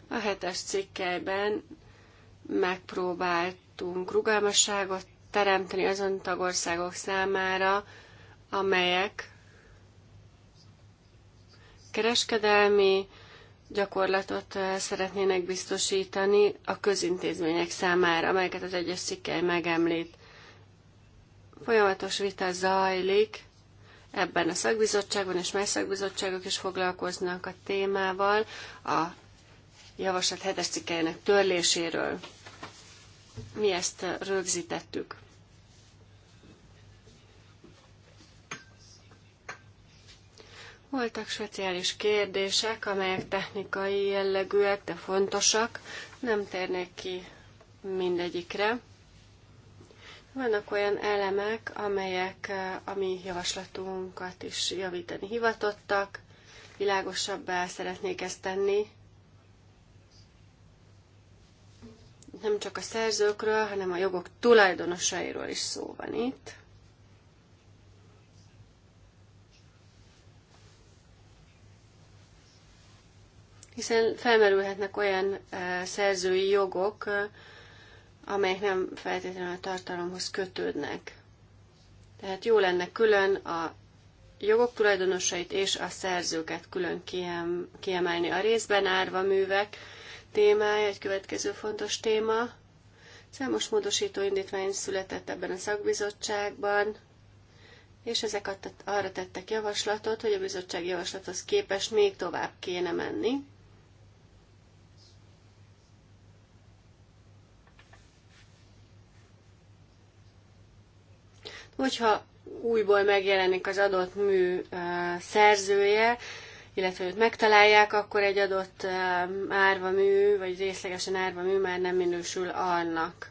A hetes cikkelyben megpróbáltunk rugalmasságot teremteni azon tagországok számára, amelyek kereskedelmi gyakorlatot eh, szeretnének biztosítani a közintézmények számára, amelyeket az egyes cikkely megemlít. Folyamatos vita zajlik ebben a szakbizottságban, és más szakbizottságok is foglalkoznak a témával, a javaslat hetes cikkelyének törléséről. Mi ezt eh, rögzítettük. Voltak speciális kérdések, amelyek technikai jellegűek, de fontosak. Nem térnék ki mindegyikre. Vannak olyan elemek, amelyek eh, a mi javaslatunkat is javítani hivatottak, világosabbá szeretnék ezt tenni. Nem csak a szerzőkről, hanem a jogok tulajdonosairól is szó van itt. hiszen felmerülhetnek olyan szerzői jogok, amelyek nem feltétlenül a tartalomhoz kötődnek. Tehát jó lenne külön a jogok tulajdonosait és a szerzőket külön kiemelni. A részben árva művek témája egy következő fontos téma. Számos módosító indítvány született ebben a szakbizottságban, és ezek arra tettek javaslatot, hogy a bizottság javaslathoz képest még tovább kéne menni. Hogyha újból megjelenik az adott mű szerzője, illetve őt megtalálják, akkor egy adott árva mű, vagy részlegesen árva mű már nem minősül annak.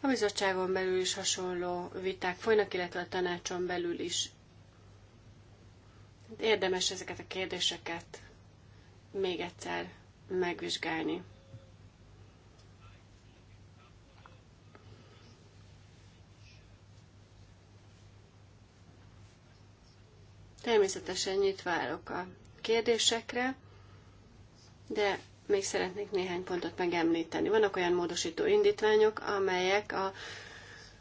A bizottságon belül is hasonló viták folynak, illetve a tanácson belül is. Hát érdemes ezeket a kérdéseket még egyszer megvizsgálni. Természetesen nyitva állok a kérdésekre, de még szeretnék néhány pontot megemlíteni. Vannak olyan módosító indítványok, amelyek a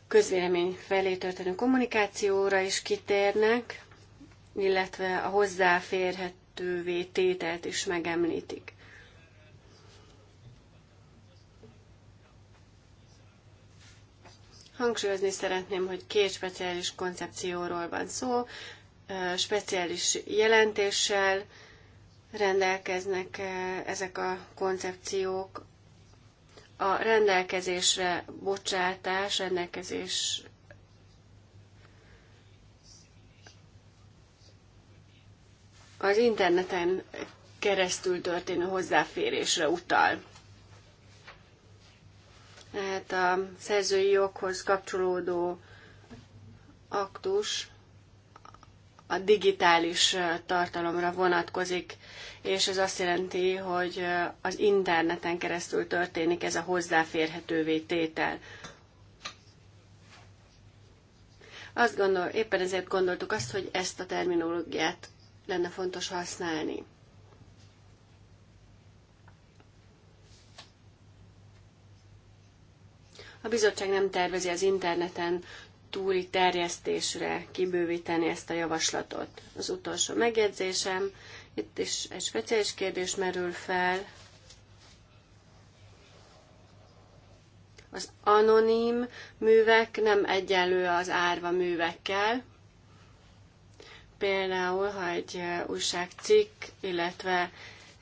közvélemény felé történő kommunikációra is kitérnek, illetve a hozzáférhetővé tételt is megemlítik. Hangsúlyozni szeretném, hogy két speciális koncepcióról van szó, speciális jelentéssel rendelkeznek ezek a koncepciók. A rendelkezésre bocsátás, rendelkezés az interneten keresztül történő hozzáférésre utal. Tehát a szerzői joghoz kapcsolódó aktus a digitális tartalomra vonatkozik, és ez azt jelenti, hogy az interneten keresztül történik ez a hozzáférhetővé tétel. Azt gondol, éppen ezért gondoltuk azt, hogy ezt a terminológiát lenne fontos használni. A bizottság nem tervezi az interneten túli terjesztésre kibővíteni ezt a javaslatot. Az utolsó megjegyzésem, itt is egy speciális kérdés merül fel. Az anonim művek nem egyenlő az árva művekkel. Például, ha egy újságcikk, illetve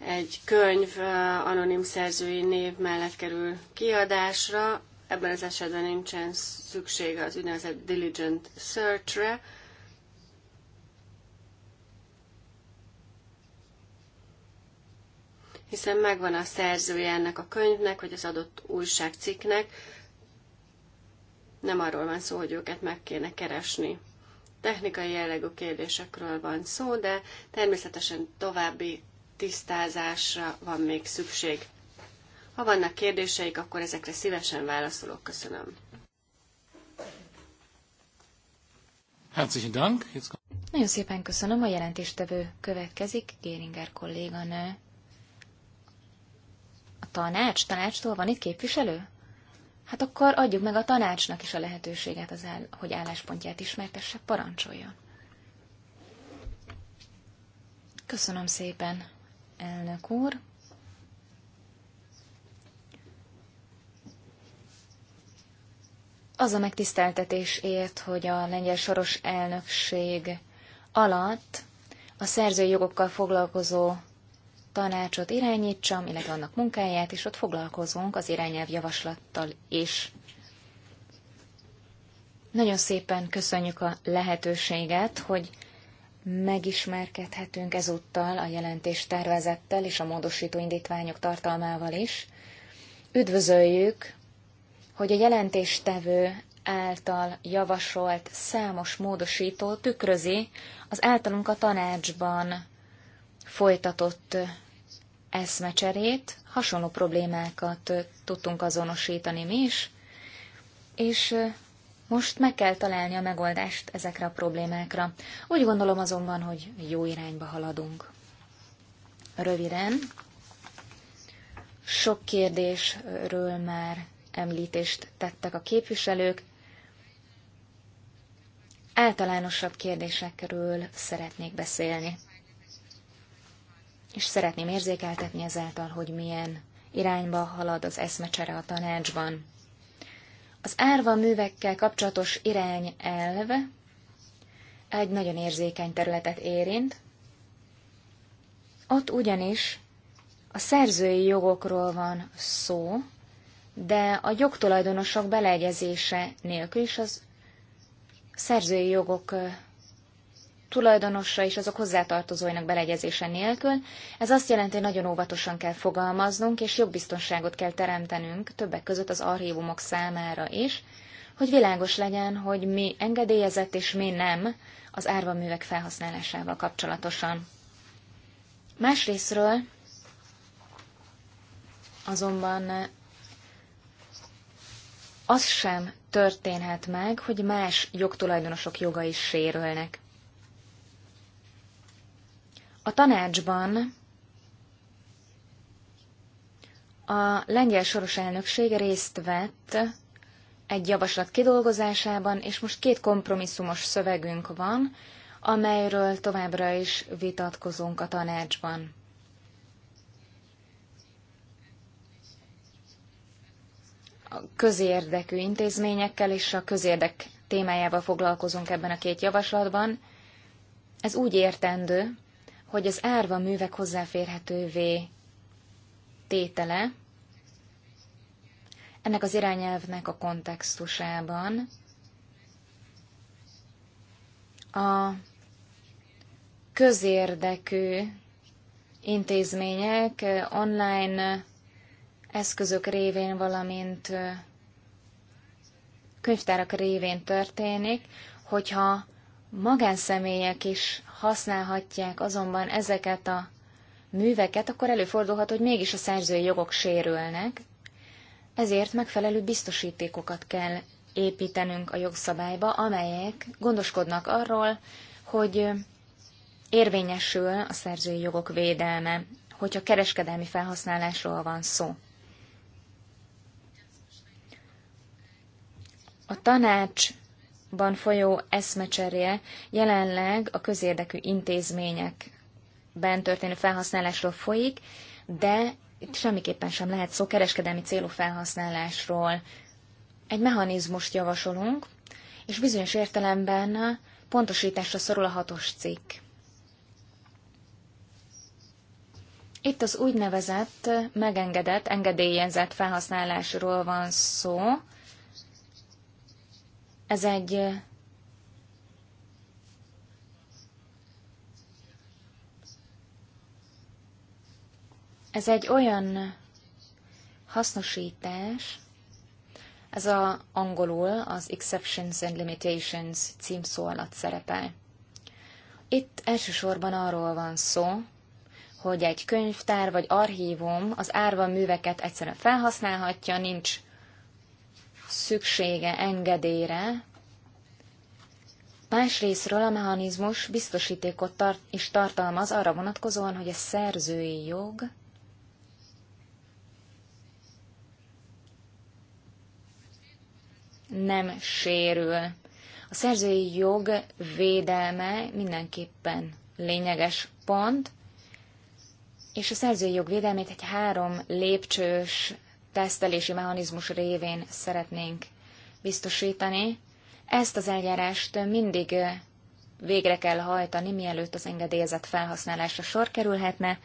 egy könyv anonim szerzői név mellett kerül kiadásra, Ebben az esetben nincsen szüksége az úgynevezett diligent search-re, hiszen megvan a szerzője ennek a könyvnek, vagy az adott újságcikknek. Nem arról van szó, hogy őket meg kéne keresni. Technikai jellegű kérdésekről van szó, de természetesen további tisztázásra van még szükség. Ha vannak kérdéseik, akkor ezekre szívesen válaszolok. Köszönöm. Herzlichen Dank. Nagyon szépen köszönöm. A jelentéstevő következik, Géringer kolléganő. A tanács? Tanácstól van itt képviselő? Hát akkor adjuk meg a tanácsnak is a lehetőséget, az áll, hogy álláspontját ismertesse, parancsoljon. Köszönöm szépen, elnök úr. az a megtiszteltetés ért, hogy a lengyel soros elnökség alatt a szerzői jogokkal foglalkozó tanácsot irányítsam, illetve annak munkáját, és ott foglalkozunk az irányelv javaslattal is. Nagyon szépen köszönjük a lehetőséget, hogy megismerkedhetünk ezúttal a jelentés tervezettel és a módosító indítványok tartalmával is. Üdvözöljük hogy a jelentéstevő által javasolt számos módosító tükrözi az általunk a tanácsban folytatott eszmecserét, hasonló problémákat tudtunk azonosítani mi is, és most meg kell találni a megoldást ezekre a problémákra. Úgy gondolom azonban, hogy jó irányba haladunk. Röviden, sok kérdésről már említést tettek a képviselők. Általánosabb kérdésekről szeretnék beszélni, és szeretném érzékeltetni ezáltal, hogy milyen irányba halad az eszmecsere a tanácsban. Az árva művekkel kapcsolatos irányelv egy nagyon érzékeny területet érint. Ott ugyanis a szerzői jogokról van szó, de a jogtulajdonosok beleegyezése nélkül is az szerzői jogok tulajdonosra és azok hozzátartozóinak beleegyezése nélkül. Ez azt jelenti, hogy nagyon óvatosan kell fogalmaznunk, és jogbiztonságot kell teremtenünk többek között az archívumok számára is, hogy világos legyen, hogy mi engedélyezett és mi nem az árva művek felhasználásával kapcsolatosan. Másrésztről azonban az sem történhet meg, hogy más jogtulajdonosok jogai sérülnek. A tanácsban a lengyel soros elnökség részt vett egy javaslat kidolgozásában, és most két kompromisszumos szövegünk van, amelyről továbbra is vitatkozunk a tanácsban. közérdekű intézményekkel és a közérdek témájával foglalkozunk ebben a két javaslatban. Ez úgy értendő, hogy az árva művek hozzáférhetővé tétele ennek az irányelvnek a kontextusában a közérdekű intézmények online eszközök révén, valamint könyvtárak révén történik, hogyha magánszemélyek is használhatják azonban ezeket a műveket, akkor előfordulhat, hogy mégis a szerzői jogok sérülnek, ezért megfelelő biztosítékokat kell építenünk a jogszabályba, amelyek gondoskodnak arról, hogy érvényesül a szerzői jogok védelme, hogyha kereskedelmi felhasználásról van szó. A tanácsban folyó eszmecserje jelenleg a közérdekű intézményekben történő felhasználásról folyik, de itt semmiképpen sem lehet szó kereskedelmi célú felhasználásról. Egy mechanizmust javasolunk, és bizonyos értelemben pontosításra szorul a hatos cikk. Itt az úgynevezett, megengedett, engedélyezett felhasználásról van szó, ez egy ez egy olyan hasznosítás, ez a angolul az Exceptions and Limitations címszó alatt szerepel. Itt elsősorban arról van szó, hogy egy könyvtár vagy archívum az árva műveket egyszerűen felhasználhatja, nincs szüksége engedélyre, másrésztről a mechanizmus biztosítékot tart, is tartalmaz arra vonatkozóan, hogy a szerzői jog nem sérül. A szerzői jog védelme mindenképpen lényeges pont, és a szerzői jog védelmét egy három lépcsős tesztelési mechanizmus révén szeretnénk biztosítani. Ezt az eljárást mindig végre kell hajtani, mielőtt az engedélyezett felhasználásra sor kerülhetne.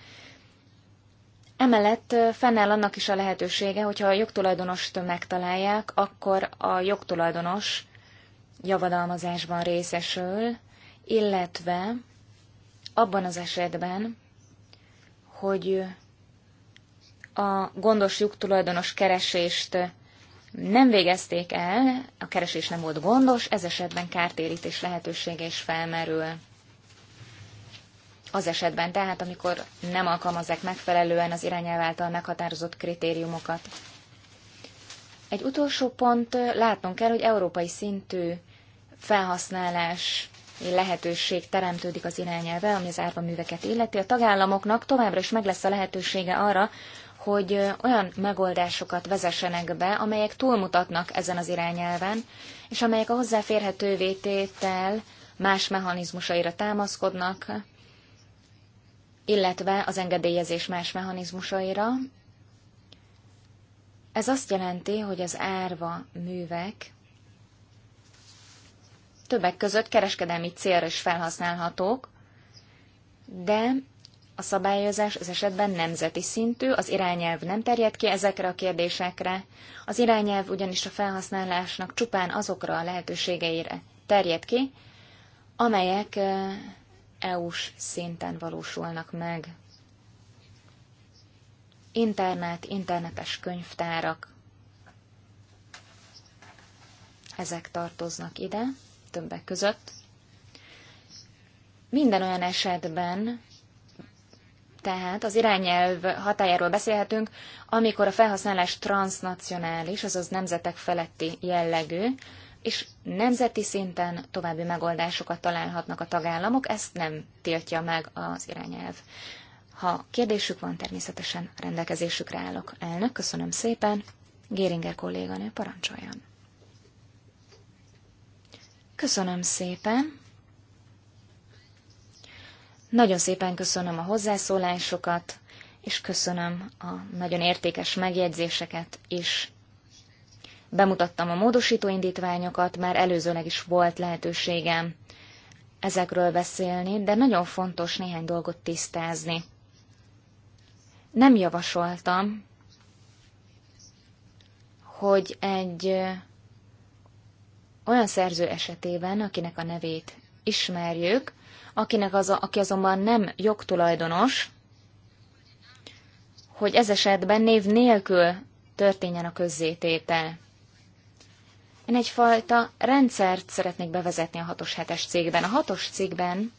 Emellett fennáll annak is a lehetősége, hogyha a jogtulajdonost megtalálják, akkor a jogtulajdonos javadalmazásban részesül, illetve abban az esetben, hogy a gondos jogtulajdonos keresést nem végezték el, a keresés nem volt gondos, ez esetben kártérítés lehetősége is felmerül. Az esetben tehát, amikor nem alkalmazzák megfelelően az irányelv által meghatározott kritériumokat. Egy utolsó pont, látnunk kell, hogy európai szintű felhasználás lehetőség teremtődik az irányelve, ami az árva műveket illeti. A tagállamoknak továbbra is meg lesz a lehetősége arra, hogy olyan megoldásokat vezessenek be, amelyek túlmutatnak ezen az irányelven, és amelyek a hozzáférhető vététel más mechanizmusaira támaszkodnak, illetve az engedélyezés más mechanizmusaira. Ez azt jelenti, hogy az árva művek többek között kereskedelmi célra is felhasználhatók, de a szabályozás az esetben nemzeti szintű, az irányelv nem terjed ki ezekre a kérdésekre, az irányelv ugyanis a felhasználásnak csupán azokra a lehetőségeire terjed ki, amelyek EU-s szinten valósulnak meg. Internet, internetes könyvtárak, ezek tartoznak ide, többek között. Minden olyan esetben, tehát az irányelv hatájáról beszélhetünk, amikor a felhasználás transnacionális, azaz nemzetek feletti jellegű, és nemzeti szinten további megoldásokat találhatnak a tagállamok, ezt nem tiltja meg az irányelv. Ha kérdésük van, természetesen rendelkezésükre állok. Elnök, köszönöm szépen. Géringer kolléganő, parancsoljon. Köszönöm szépen. Nagyon szépen köszönöm a hozzászólásokat, és köszönöm a nagyon értékes megjegyzéseket is. Bemutattam a módosító indítványokat, már előzőleg is volt lehetőségem ezekről beszélni, de nagyon fontos néhány dolgot tisztázni. Nem javasoltam, hogy egy olyan szerző esetében, akinek a nevét ismerjük, akinek az, aki azonban nem jogtulajdonos, hogy ez esetben név nélkül történjen a közzététel. Én egyfajta rendszert szeretnék bevezetni a 6-os 7-es cégben. A 6-os cégben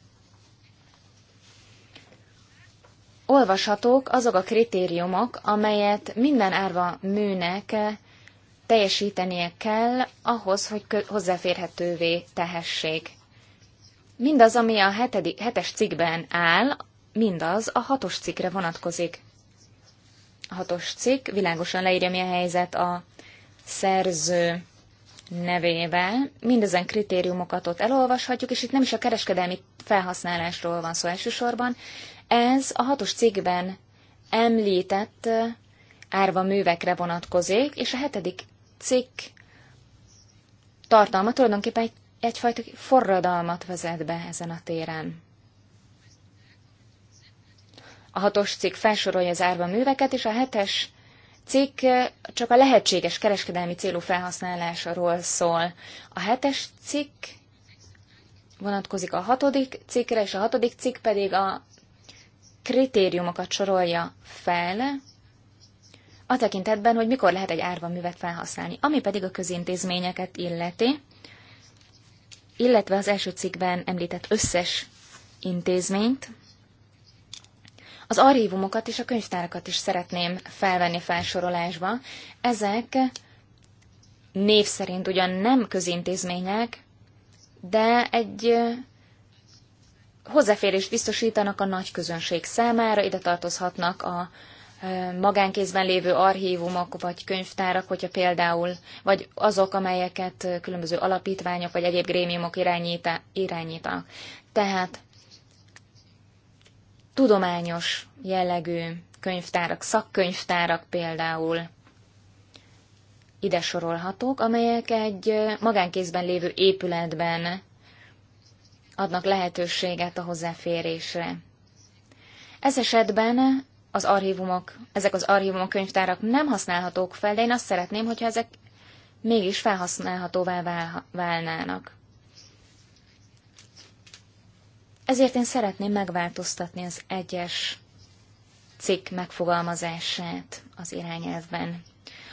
olvashatók azok a kritériumok, amelyet minden árva műnek teljesítenie kell ahhoz, hogy hozzáférhetővé tehessék. Mindaz, ami a hetedik, hetes cikkben áll, mindaz a hatos cikkre vonatkozik. A hatos cikk világosan leírja, mi a helyzet a szerző nevével. Mindezen kritériumokat ott elolvashatjuk, és itt nem is a kereskedelmi felhasználásról van szó elsősorban. Ez a hatos cikkben említett árva művekre vonatkozik, és a hetedik cikk tartalma tulajdonképpen egy egyfajta forradalmat vezet be ezen a téren. A hatos cikk felsorolja az árva műveket, és a hetes cikk csak a lehetséges kereskedelmi célú felhasználásról szól. A hetes cikk vonatkozik a hatodik cikkre, és a hatodik cikk pedig a kritériumokat sorolja fel, a tekintetben, hogy mikor lehet egy árva művet felhasználni. Ami pedig a közintézményeket illeti, illetve az első cikkben említett összes intézményt, az archívumokat és a könyvtárakat is szeretném felvenni felsorolásba. Ezek név szerint ugyan nem közintézmények, de egy hozzáférést biztosítanak a nagy közönség számára, ide tartozhatnak a magánkézben lévő archívumok vagy könyvtárak, hogyha például, vagy azok, amelyeket különböző alapítványok vagy egyéb grémiumok irányítanak. Tehát tudományos jellegű könyvtárak, szakkönyvtárak például ide sorolhatók, amelyek egy magánkézben lévő épületben adnak lehetőséget a hozzáférésre. Ez esetben az archívumok, ezek az archívumok, könyvtárak nem használhatók fel, de én azt szeretném, hogyha ezek mégis felhasználhatóvá válnának. Ezért én szeretném megváltoztatni az egyes cikk megfogalmazását az irányelvben.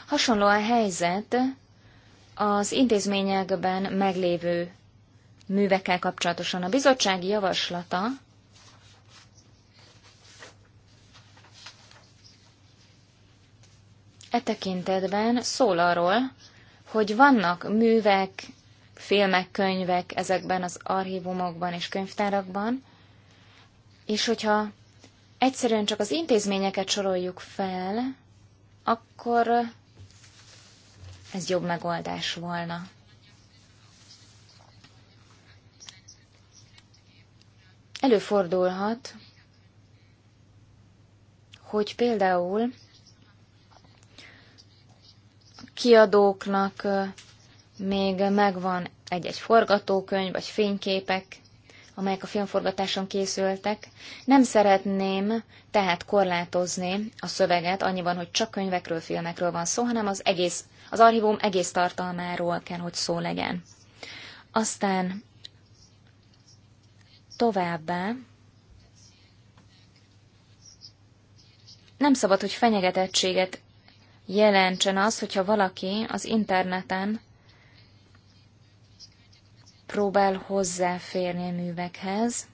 Hasonló a helyzet az intézményekben meglévő művekkel kapcsolatosan. A bizottsági javaslata e tekintetben szól arról, hogy vannak művek, filmek, könyvek ezekben az archívumokban és könyvtárakban, és hogyha egyszerűen csak az intézményeket soroljuk fel, akkor ez jobb megoldás volna. Előfordulhat, hogy például kiadóknak még megvan egy-egy forgatókönyv vagy fényképek, amelyek a filmforgatáson készültek. Nem szeretném tehát korlátozni a szöveget annyiban, hogy csak könyvekről, filmekről van szó, hanem az egész, az archívum egész tartalmáról kell, hogy szó legyen. Aztán továbbá nem szabad, hogy fenyegetettséget jelentsen az, hogyha valaki az interneten próbál hozzáférni a művekhez.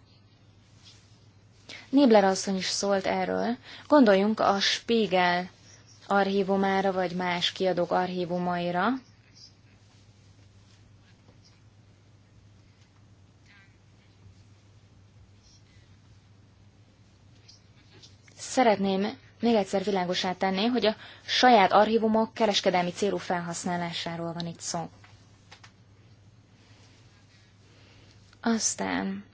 Nibler asszony is szólt erről. Gondoljunk a Spiegel archívumára, vagy más kiadók archívumaira. Szeretném még egyszer világosá tenné, hogy a saját archívumok kereskedelmi célú felhasználásáról van itt szó. Aztán,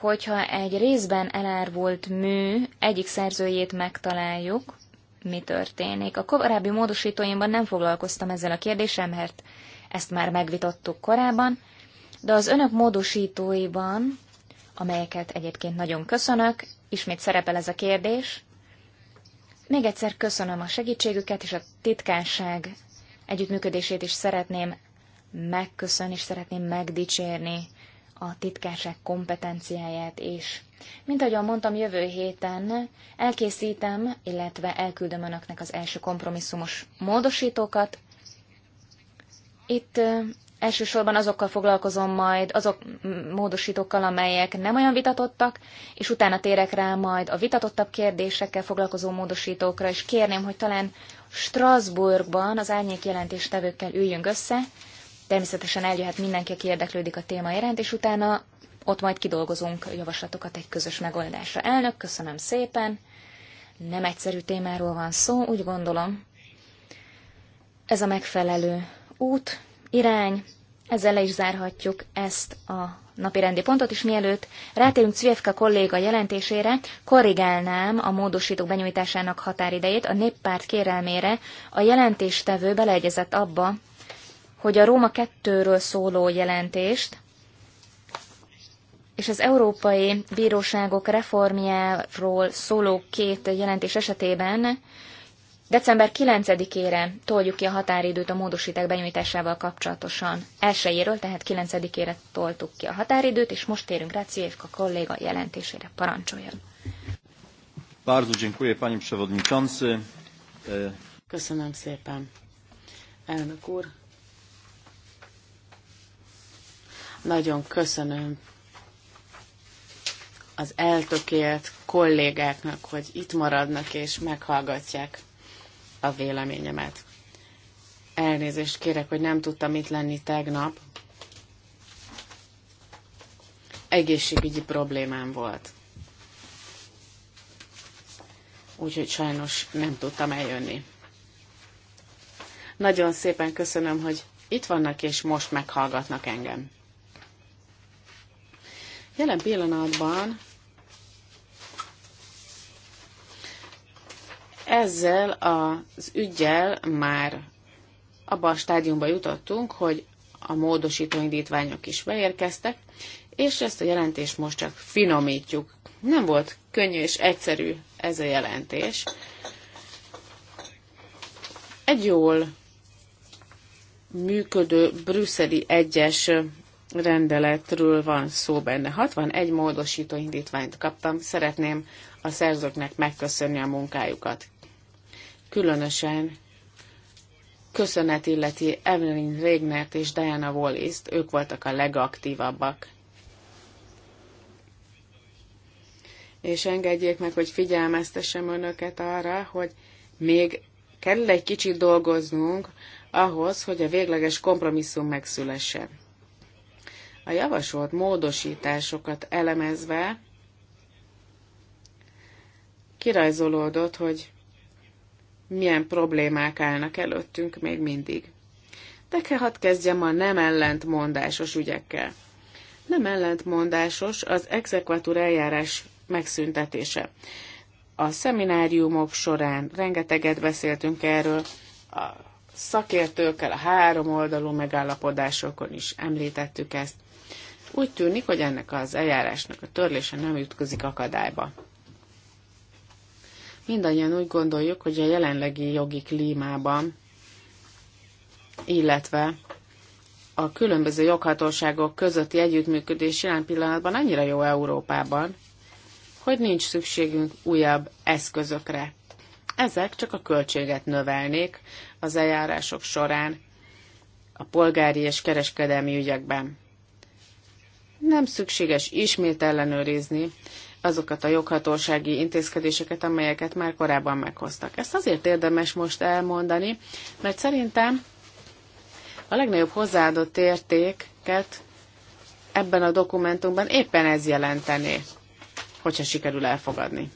hogyha egy részben elárvult mű egyik szerzőjét megtaláljuk, mi történik? A korábbi módosítóimban nem foglalkoztam ezzel a kérdéssel, mert ezt már megvitattuk korábban, de az önök módosítóiban amelyeket egyébként nagyon köszönök, ismét szerepel ez a kérdés. Még egyszer köszönöm a segítségüket, és a titkánság együttműködését is szeretném megköszönni, és szeretném megdicsérni a titkárság kompetenciáját is. Mint ahogy mondtam, jövő héten elkészítem, illetve elküldöm önöknek az első kompromisszumos módosítókat. Itt Elsősorban azokkal foglalkozom majd, azok módosítókkal, amelyek nem olyan vitatottak, és utána térek rá majd a vitatottabb kérdésekkel foglalkozó módosítókra, és kérném, hogy talán Strasbourgban az árnyék jelentéstevőkkel üljünk össze, természetesen eljöhet mindenki, aki érdeklődik a téma iránt, és utána ott majd kidolgozunk javaslatokat egy közös megoldásra. Elnök, köszönöm szépen. Nem egyszerű témáról van szó, úgy gondolom. Ez a megfelelő út irány. Ezzel le is zárhatjuk ezt a napi rendi pontot, és mielőtt rátérünk Cvjevka kolléga jelentésére, korrigálnám a módosítók benyújtásának határidejét a néppárt kérelmére. A jelentéstevő beleegyezett abba, hogy a Róma 2-ről szóló jelentést és az európai bíróságok reformjáról szóló két jelentés esetében December 9-ére toljuk ki a határidőt a módosíták benyújtásával kapcsolatosan. Elsőjéről, tehát 9-ére toltuk ki a határidőt, és most térünk rá Cievka kolléga jelentésére. Parancsoljon! Bardzo dziękuję, panie przewodniczący. E, köszönöm szépen, elnök úr. Nagyon köszönöm az eltökélt kollégáknak, hogy itt maradnak és meghallgatják a véleményemet. Elnézést kérek, hogy nem tudtam itt lenni tegnap. Egészségügyi problémám volt. Úgyhogy sajnos nem tudtam eljönni. Nagyon szépen köszönöm, hogy itt vannak és most meghallgatnak engem. Jelen pillanatban Ezzel az ügyel már abban a stádiumba jutottunk, hogy a módosító indítványok is beérkeztek, és ezt a jelentést most csak finomítjuk. Nem volt könnyű és egyszerű ez a jelentés. Egy jól működő brüsszeli egyes rendeletről van szó benne. 61 módosító indítványt kaptam, szeretném a szerzőknek megköszönni a munkájukat. Különösen köszönet illeti Evelyn Regnert és Diana wallis -t. ők voltak a legaktívabbak. És engedjék meg, hogy figyelmeztessem önöket arra, hogy még kell egy kicsit dolgoznunk ahhoz, hogy a végleges kompromisszum megszülessen. A javasolt módosításokat elemezve kirajzolódott, hogy milyen problémák állnak előttünk még mindig. De kell hadd kezdjem a nem ellentmondásos ügyekkel. Nem ellentmondásos az exekvatúr eljárás megszüntetése. A szemináriumok során rengeteget beszéltünk erről, a szakértőkkel, a három oldalú megállapodásokon is említettük ezt. Úgy tűnik, hogy ennek az eljárásnak a törlése nem ütközik akadályba. Mindannyian úgy gondoljuk, hogy a jelenlegi jogi klímában, illetve a különböző joghatóságok közötti együttműködés jelen pillanatban annyira jó Európában, hogy nincs szükségünk újabb eszközökre. Ezek csak a költséget növelnék az eljárások során a polgári és kereskedelmi ügyekben. Nem szükséges ismét ellenőrizni, azokat a joghatósági intézkedéseket, amelyeket már korábban meghoztak. Ezt azért érdemes most elmondani, mert szerintem a legnagyobb hozzáadott értéket ebben a dokumentumban éppen ez jelentené, hogyha sikerül elfogadni.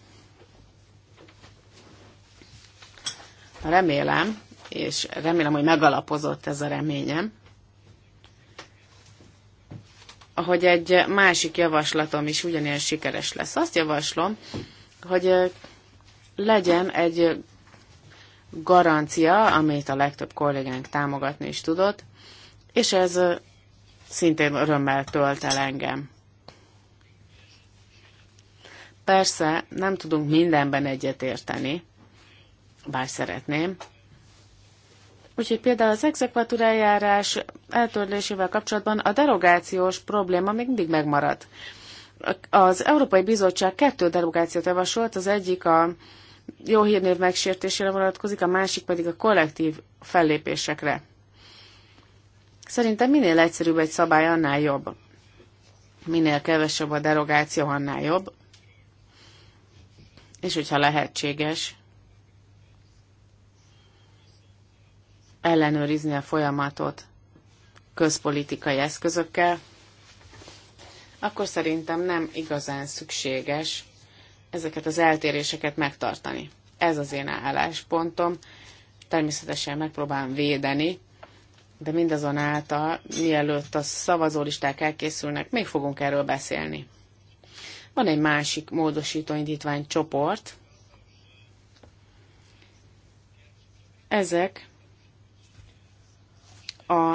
Remélem, és remélem, hogy megalapozott ez a reményem, hogy egy másik javaslatom is ugyanilyen sikeres lesz. Azt javaslom, hogy legyen egy garancia, amit a legtöbb kollégánk támogatni is tudott, és ez szintén örömmel tölt el engem. Persze nem tudunk mindenben egyetérteni, bár szeretném, Úgyhogy például az exekvatúra eljárás eltörlésével kapcsolatban a derogációs probléma még mindig megmarad. Az Európai Bizottság kettő derogációt javasolt, az egyik a jó hírnév megsértésére vonatkozik, a másik pedig a kollektív fellépésekre. Szerintem minél egyszerűbb egy szabály, annál jobb. Minél kevesebb a derogáció, annál jobb. És hogyha lehetséges, ellenőrizni a folyamatot közpolitikai eszközökkel, akkor szerintem nem igazán szükséges ezeket az eltéréseket megtartani. Ez az én álláspontom. Természetesen megpróbálom védeni, de mindazonáltal, mielőtt a szavazólisták elkészülnek, még fogunk erről beszélni. Van egy másik módosítóindítvány csoport. Ezek a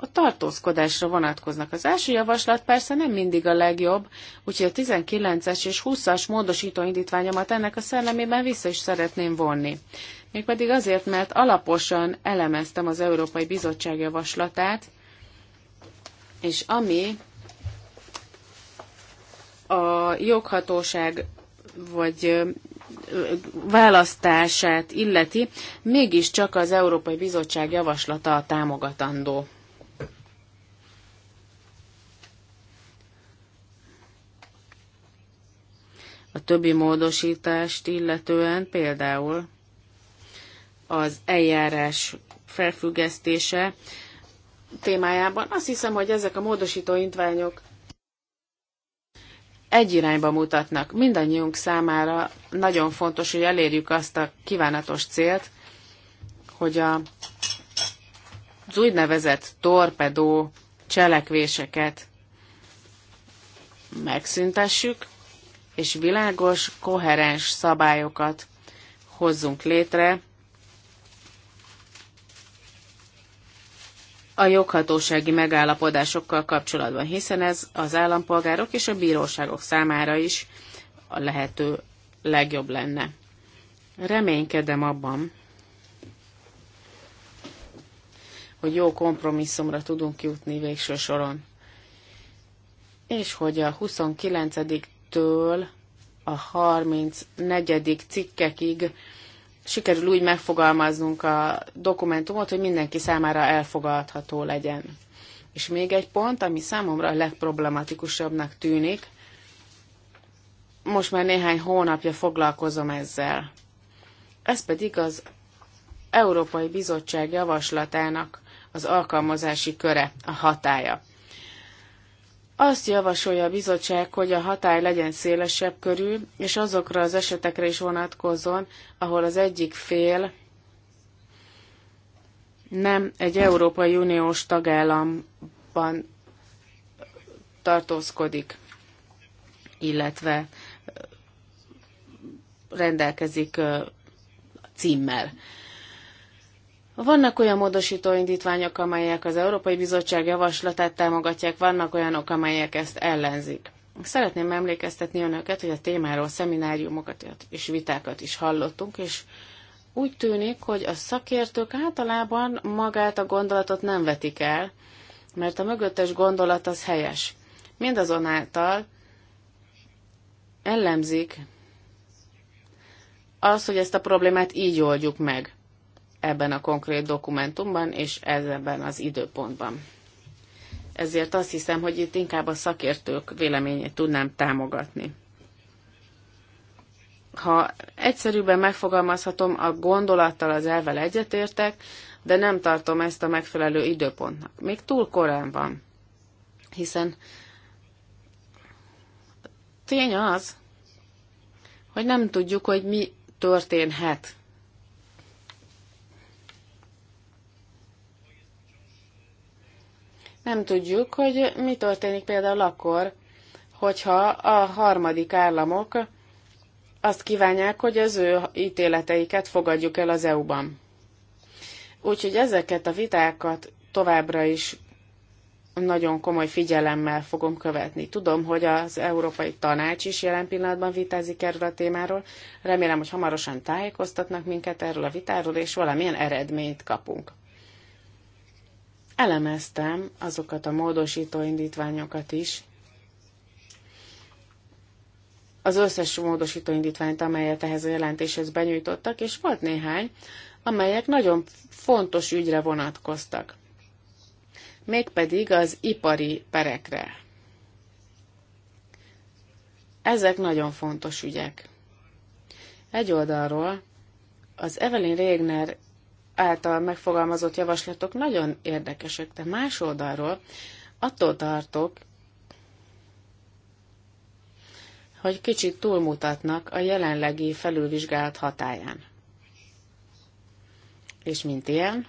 a tartózkodásra vonatkoznak. Az első javaslat persze nem mindig a legjobb, úgyhogy a 19-es és 20-as módosító indítványomat ennek a szellemében vissza is szeretném vonni. Mégpedig azért, mert alaposan elemeztem az Európai Bizottság javaslatát, és ami a joghatóság vagy választását illeti, mégiscsak az Európai Bizottság javaslata a támogatandó. A többi módosítást illetően például az eljárás felfüggesztése témájában azt hiszem, hogy ezek a módosító intványok egy irányba mutatnak. Mindannyiunk számára nagyon fontos, hogy elérjük azt a kívánatos célt, hogy a, az úgynevezett torpedó cselekvéseket megszüntessük, és világos, koherens szabályokat hozzunk létre a joghatósági megállapodásokkal kapcsolatban, hiszen ez az állampolgárok és a bíróságok számára is a lehető legjobb lenne. Reménykedem abban, hogy jó kompromisszumra tudunk jutni végső soron. És hogy a 29-től a 34. cikkekig sikerül úgy megfogalmaznunk a dokumentumot, hogy mindenki számára elfogadható legyen. És még egy pont, ami számomra a legproblematikusabbnak tűnik, most már néhány hónapja foglalkozom ezzel. Ez pedig az Európai Bizottság javaslatának az alkalmazási köre, a hatája. Azt javasolja a bizottság, hogy a hatály legyen szélesebb körül, és azokra az esetekre is vonatkozzon, ahol az egyik fél nem egy Európai Uniós tagállamban tartózkodik, illetve rendelkezik címmel. Vannak olyan módosító indítványok, amelyek az Európai Bizottság javaslatát támogatják, vannak olyanok, amelyek ezt ellenzik. Szeretném emlékeztetni önöket, hogy a témáról szemináriumokat és vitákat is hallottunk, és úgy tűnik, hogy a szakértők általában magát a gondolatot nem vetik el, mert a mögöttes gondolat az helyes. Mindazonáltal ellenzik az, hogy ezt a problémát így oldjuk meg ebben a konkrét dokumentumban és ebben az időpontban. Ezért azt hiszem, hogy itt inkább a szakértők véleményét tudnám támogatni. Ha egyszerűbben megfogalmazhatom, a gondolattal az elvel egyetértek, de nem tartom ezt a megfelelő időpontnak. Még túl korán van, hiszen tény az, hogy nem tudjuk, hogy mi történhet nem tudjuk, hogy mi történik például akkor, hogyha a harmadik államok azt kívánják, hogy az ő ítéleteiket fogadjuk el az EU-ban. Úgyhogy ezeket a vitákat továbbra is nagyon komoly figyelemmel fogom követni. Tudom, hogy az Európai Tanács is jelen pillanatban vitázik erről a témáról. Remélem, hogy hamarosan tájékoztatnak minket erről a vitáról, és valamilyen eredményt kapunk elemeztem azokat a módosító indítványokat is, az összes módosító indítványt, amelyet ehhez a jelentéshez benyújtottak, és volt néhány, amelyek nagyon fontos ügyre vonatkoztak. Mégpedig az ipari perekre. Ezek nagyon fontos ügyek. Egy oldalról az Evelyn Régner által megfogalmazott javaslatok nagyon érdekesek, de más oldalról attól tartok, hogy kicsit túlmutatnak a jelenlegi felülvizsgálat hatáján. És mint ilyen,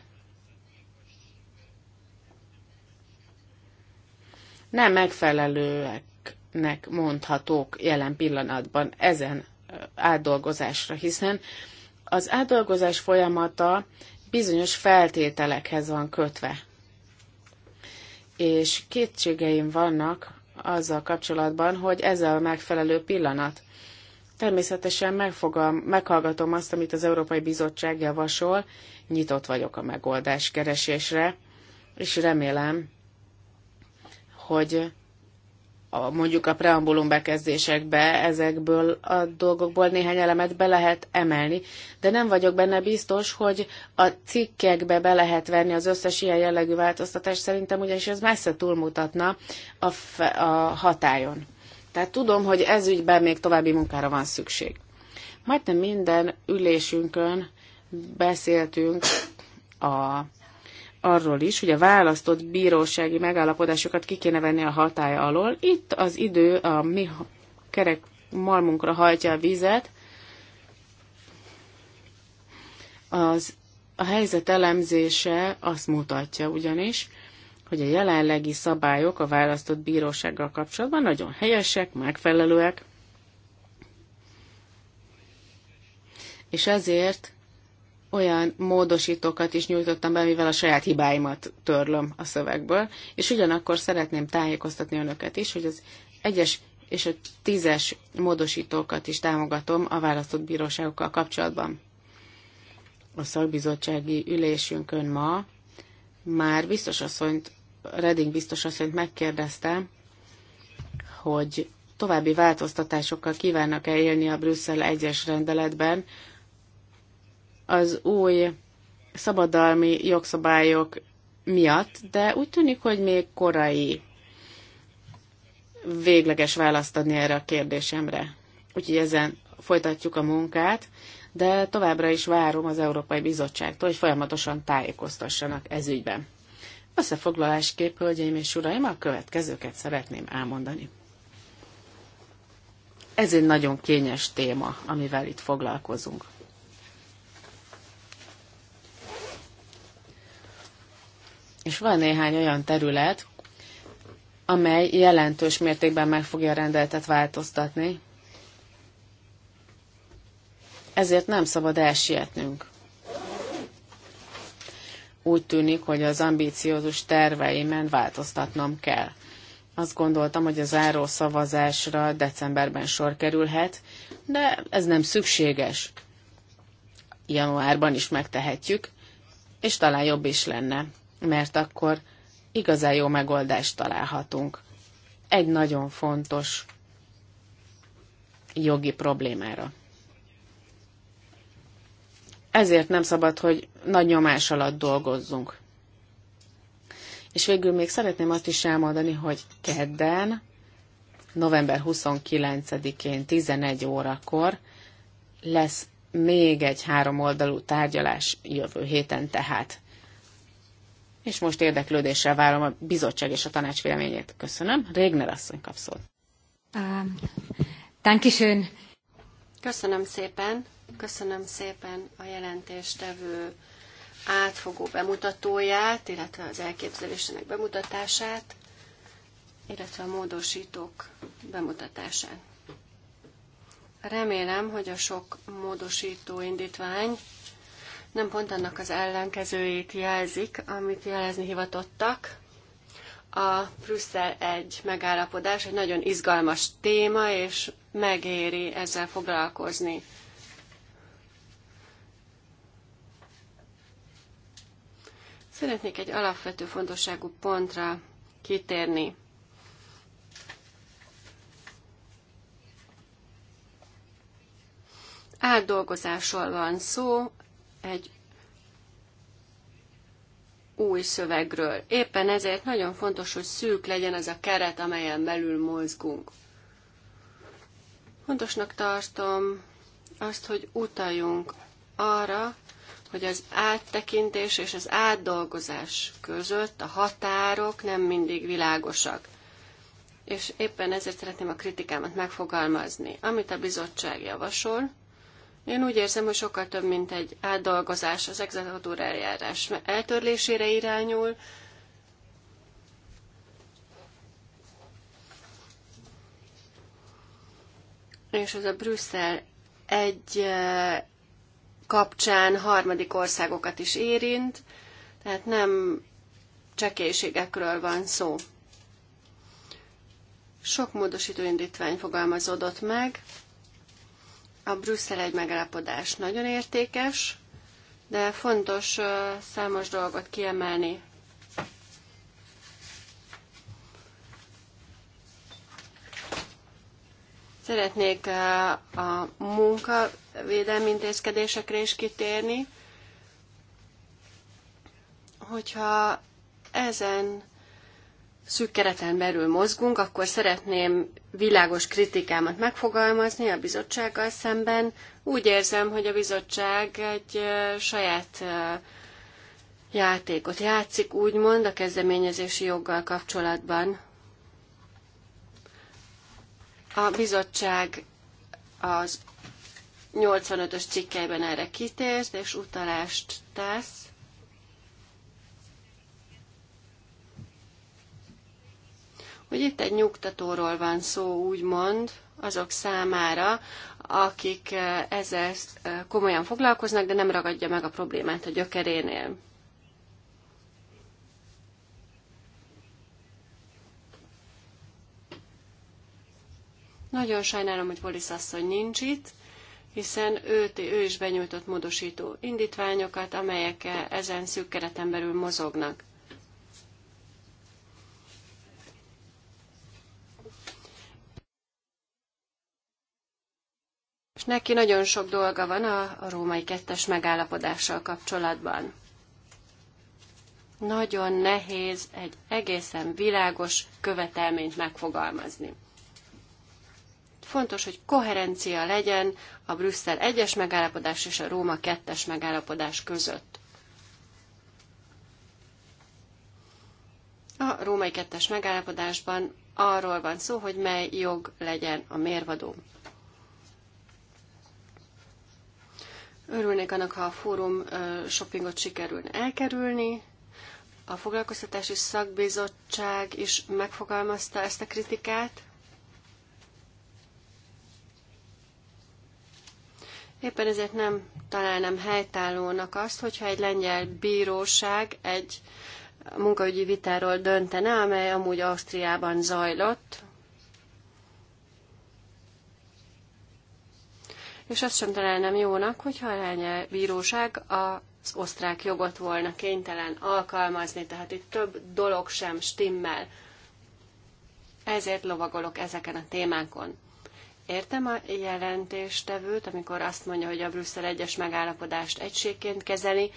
nem megfelelőeknek mondhatók jelen pillanatban ezen átdolgozásra, hiszen az átdolgozás folyamata bizonyos feltételekhez van kötve. És kétségeim vannak azzal kapcsolatban, hogy ez a megfelelő pillanat. Természetesen megfogam, meghallgatom azt, amit az Európai Bizottság javasol, nyitott vagyok a megoldás keresésre, és remélem, hogy a, mondjuk a preambulum bekezdésekbe, ezekből a dolgokból néhány elemet be lehet emelni, de nem vagyok benne biztos, hogy a cikkekbe be lehet venni az összes ilyen jellegű változtatást, szerintem ugyanis ez messze túlmutatna a, a hatájon. Tehát tudom, hogy ez ügyben még további munkára van szükség. Majdnem minden ülésünkön beszéltünk a arról is, hogy a választott bírósági megállapodásokat ki kéne venni a hatája alól. Itt az idő a mi kerek malmunkra hajtja a vizet. Az, a helyzet elemzése azt mutatja ugyanis, hogy a jelenlegi szabályok a választott bírósággal kapcsolatban nagyon helyesek, megfelelőek, és ezért olyan módosítókat is nyújtottam be, mivel a saját hibáimat törlöm a szövegből, és ugyanakkor szeretném tájékoztatni önöket is, hogy az egyes és a tízes módosítókat is támogatom a választott bíróságokkal kapcsolatban. A szakbizottsági ülésünkön ma már biztos asszonyt, Reding biztos asszonyt megkérdezte, hogy további változtatásokkal kívánnak-e élni a Brüsszel egyes rendeletben, az új szabadalmi jogszabályok miatt, de úgy tűnik, hogy még korai végleges választ adni erre a kérdésemre. Úgyhogy ezen folytatjuk a munkát, de továbbra is várom az Európai Bizottságtól, hogy folyamatosan tájékoztassanak ez ügyben. Összefoglalásképp, hölgyeim és uraim, a következőket szeretném elmondani. Ez egy nagyon kényes téma, amivel itt foglalkozunk. és van néhány olyan terület, amely jelentős mértékben meg fogja a rendeletet változtatni. Ezért nem szabad elsietnünk. Úgy tűnik, hogy az ambíciózus terveimen változtatnom kell. Azt gondoltam, hogy a záró szavazásra decemberben sor kerülhet, de ez nem szükséges. Januárban is megtehetjük, és talán jobb is lenne, mert akkor igazán jó megoldást találhatunk egy nagyon fontos jogi problémára. Ezért nem szabad, hogy nagy nyomás alatt dolgozzunk. És végül még szeretném azt is elmondani, hogy kedden, november 29-én 11 órakor lesz még egy három oldalú tárgyalás jövő héten tehát és most érdeklődéssel várom a bizottság és a tanács véleményét. Köszönöm. Régner asszony kap szót. Um, Köszönöm szépen. Köszönöm szépen a jelentéstevő átfogó bemutatóját, illetve az elképzelésének bemutatását, illetve a módosítók bemutatását. Remélem, hogy a sok módosító indítvány nem pont annak az ellenkezőjét jelzik, amit jelezni hivatottak. A Brüsszel egy megállapodás egy nagyon izgalmas téma, és megéri ezzel foglalkozni. Szeretnék egy alapvető fontosságú pontra kitérni. Átdolgozásról van szó, egy új szövegről. Éppen ezért nagyon fontos, hogy szűk legyen ez a keret, amelyen belül mozgunk. Fontosnak tartom azt, hogy utaljunk arra, hogy az áttekintés és az átdolgozás között a határok nem mindig világosak. És éppen ezért szeretném a kritikámat megfogalmazni. Amit a bizottság javasol, én úgy érzem, hogy sokkal több, mint egy átdolgozás az exekvatúra eljárás eltörlésére irányul, és az a Brüsszel egy eh, kapcsán harmadik országokat is érint, tehát nem csekélységekről van szó. Sok módosító indítvány fogalmazódott meg, a Brüsszel egy megállapodás nagyon értékes, de fontos számos dolgot kiemelni. Szeretnék a munkavédelmi intézkedésekre is kitérni, hogyha ezen szűk kereten belül mozgunk, akkor szeretném világos kritikámat megfogalmazni a bizottsággal szemben. Úgy érzem, hogy a bizottság egy saját játékot játszik, úgymond a kezdeményezési joggal kapcsolatban. A bizottság az 85-ös cikkeiben erre kitért, és utalást tesz hogy itt egy nyugtatóról van szó, úgymond, azok számára, akik eh, ezzel eh, komolyan foglalkoznak, de nem ragadja meg a problémát a gyökerénél. Nagyon sajnálom, hogy Volis asszony nincs itt, hiszen őt, ő is benyújtott módosító indítványokat, amelyek eh, ezen szűk kereten belül mozognak. és neki nagyon sok dolga van a, a római kettes megállapodással kapcsolatban. Nagyon nehéz egy egészen világos követelményt megfogalmazni. Fontos, hogy koherencia legyen a Brüsszel egyes megállapodás és a Róma kettes megállapodás között. A római kettes megállapodásban arról van szó, hogy mely jog legyen a mérvadó. Örülnék annak, ha a fórum shoppingot sikerül elkerülni. A foglalkoztatási szakbizottság is megfogalmazta ezt a kritikát. Éppen ezért nem találnám helytállónak azt, hogyha egy lengyel bíróság egy munkaügyi vitáról döntene, amely amúgy Ausztriában zajlott, és azt sem találnám jónak, hogyha a bíróság az osztrák jogot volna kénytelen alkalmazni, tehát itt több dolog sem stimmel. Ezért lovagolok ezeken a témákon. Értem a jelentéstevőt, amikor azt mondja, hogy a Brüsszel egyes megállapodást egységként kezeli,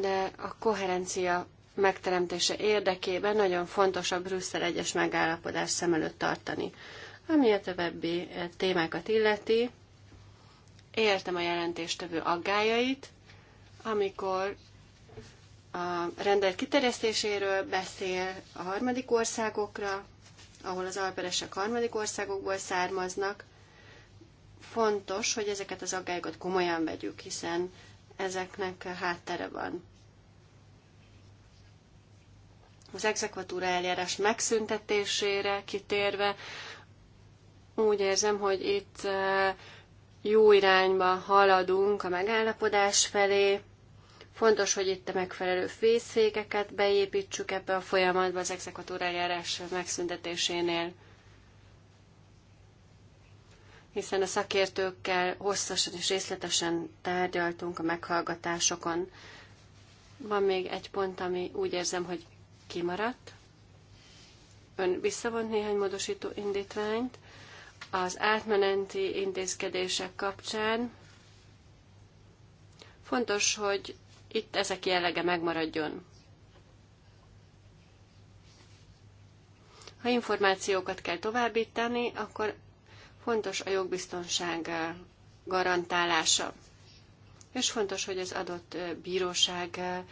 de a koherencia megteremtése érdekében nagyon fontos a Brüsszel egyes megállapodást szem előtt tartani. Ami a többi eh, témákat illeti, értem a jelentéstevő aggájait, amikor a rendel kiterjesztéséről beszél a harmadik országokra, ahol az alperesek harmadik országokból származnak. Fontos, hogy ezeket az aggályokat komolyan vegyük, hiszen ezeknek háttere van. Az exekvatúra eljárás megszüntetésére kitérve úgy érzem, hogy itt jó irányba haladunk a megállapodás felé. Fontos, hogy itt a megfelelő fészékeket beépítsük ebbe a folyamatba az exekvatúra eljárás megszüntetésénél hiszen a szakértőkkel hosszasan és részletesen tárgyaltunk a meghallgatásokon. Van még egy pont, ami úgy érzem, hogy kimaradt. Ön visszavont néhány módosító indítványt, az átmeneti intézkedések kapcsán fontos, hogy itt ezek jellege megmaradjon. Ha információkat kell továbbítani, akkor fontos a jogbiztonság eh, garantálása. És fontos, hogy az adott eh, bíróság eh,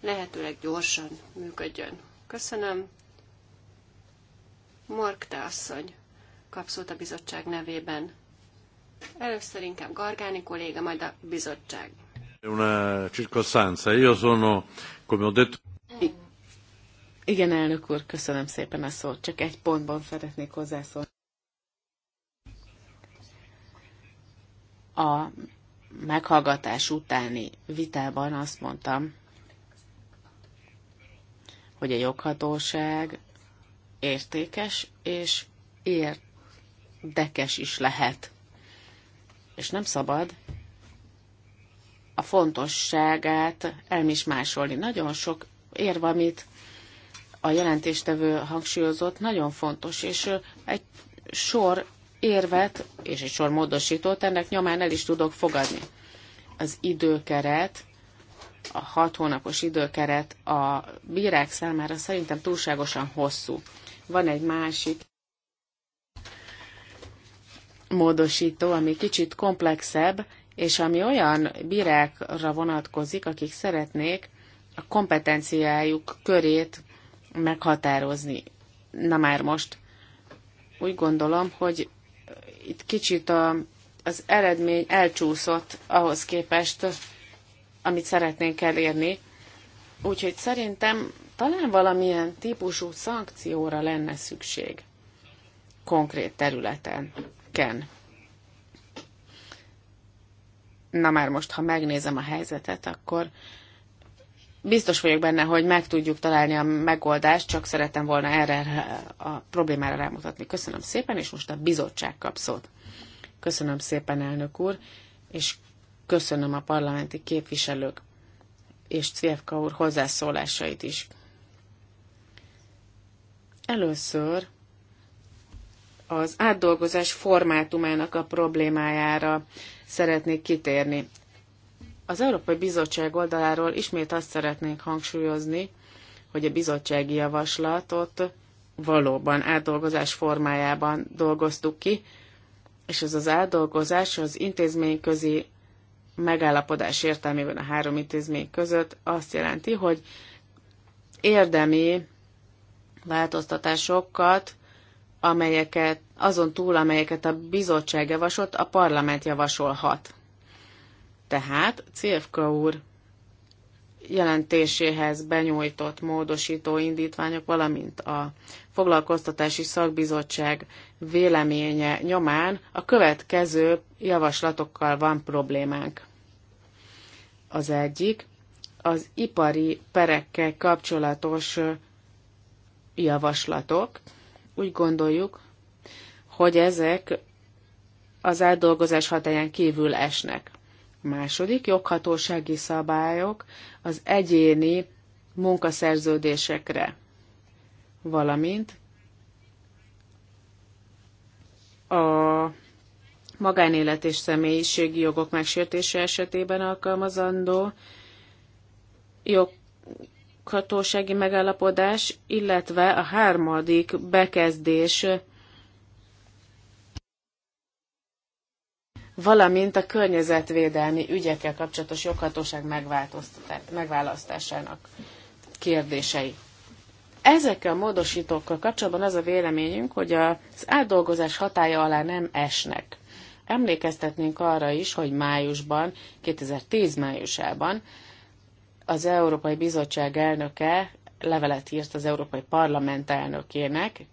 lehetőleg gyorsan működjön. Köszönöm. te asszony kapszót a bizottság nevében. Először inkább Gargáni kolléga, majd a bizottság. Una circostanza, io sono, come ho detto... Igen, elnök úr, köszönöm szépen a szót. Csak egy pontban szeretnék hozzászólni. A meghallgatás utáni vitában azt mondtam, hogy a joghatóság értékes és ért dekes is lehet. És nem szabad a fontosságát elmismásolni. Nagyon sok érv, amit a jelentéstevő hangsúlyozott, nagyon fontos, és egy sor érvet és egy sor módosítót ennek nyomán el is tudok fogadni. Az időkeret, a hat hónapos időkeret a bírák számára szerintem túlságosan hosszú. Van egy másik módosító, ami kicsit komplexebb, és ami olyan bírákra vonatkozik, akik szeretnék a kompetenciájuk körét meghatározni. Na már most úgy gondolom, hogy itt kicsit a, az eredmény elcsúszott ahhoz képest, amit szeretnénk elérni. Úgyhogy szerintem talán valamilyen típusú szankcióra lenne szükség konkrét területen ken. Na már most, ha megnézem a helyzetet, akkor biztos vagyok benne, hogy meg tudjuk találni a megoldást, csak szerettem volna erre a problémára rámutatni. Köszönöm szépen, és most a bizottság kap szót. Köszönöm szépen, elnök úr, és köszönöm a parlamenti képviselők és Cvjevka úr hozzászólásait is. Először az átdolgozás formátumának a problémájára szeretnék kitérni. Az Európai Bizottság oldaláról ismét azt szeretnénk hangsúlyozni, hogy a bizottsági javaslatot valóban átdolgozás formájában dolgoztuk ki, és ez az átdolgozás az intézményközi megállapodás értelmében a három intézmény között azt jelenti, hogy érdemi változtatásokat amelyeket, azon túl, amelyeket a bizottság javasolt, a parlament javasolhat. Tehát CFK úr jelentéséhez benyújtott módosító indítványok, valamint a foglalkoztatási szakbizottság véleménye nyomán a következő javaslatokkal van problémánk. Az egyik az ipari perekkel kapcsolatos javaslatok, úgy gondoljuk, hogy ezek az átdolgozás hatáján kívül esnek. Második joghatósági szabályok az egyéni munkaszerződésekre, valamint a magánélet és személyiségi jogok megsértése esetében alkalmazandó jog, hatósági megállapodás, illetve a harmadik bekezdés, valamint a környezetvédelmi ügyekkel kapcsolatos joghatóság megválasztásának kérdései. Ezekkel a módosítókkal kapcsolatban az a véleményünk, hogy az átdolgozás hatája alá nem esnek. Emlékeztetnénk arra is, hogy májusban, 2010 májusában az Európai Bizottság elnöke levelet írt az Európai Parlament elnökének,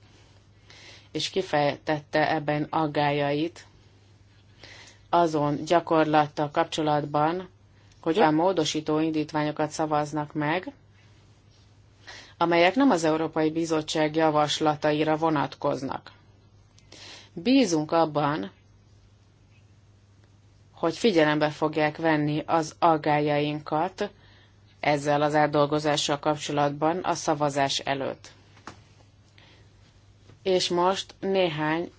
és kifejtette ebben aggájait azon gyakorlatta kapcsolatban, hogy olyan módosító indítványokat szavaznak meg, amelyek nem az Európai Bizottság javaslataira vonatkoznak. Bízunk abban, hogy figyelembe fogják venni az aggájainkat, ezzel az átdolgozással kapcsolatban a szavazás előtt. És most néhány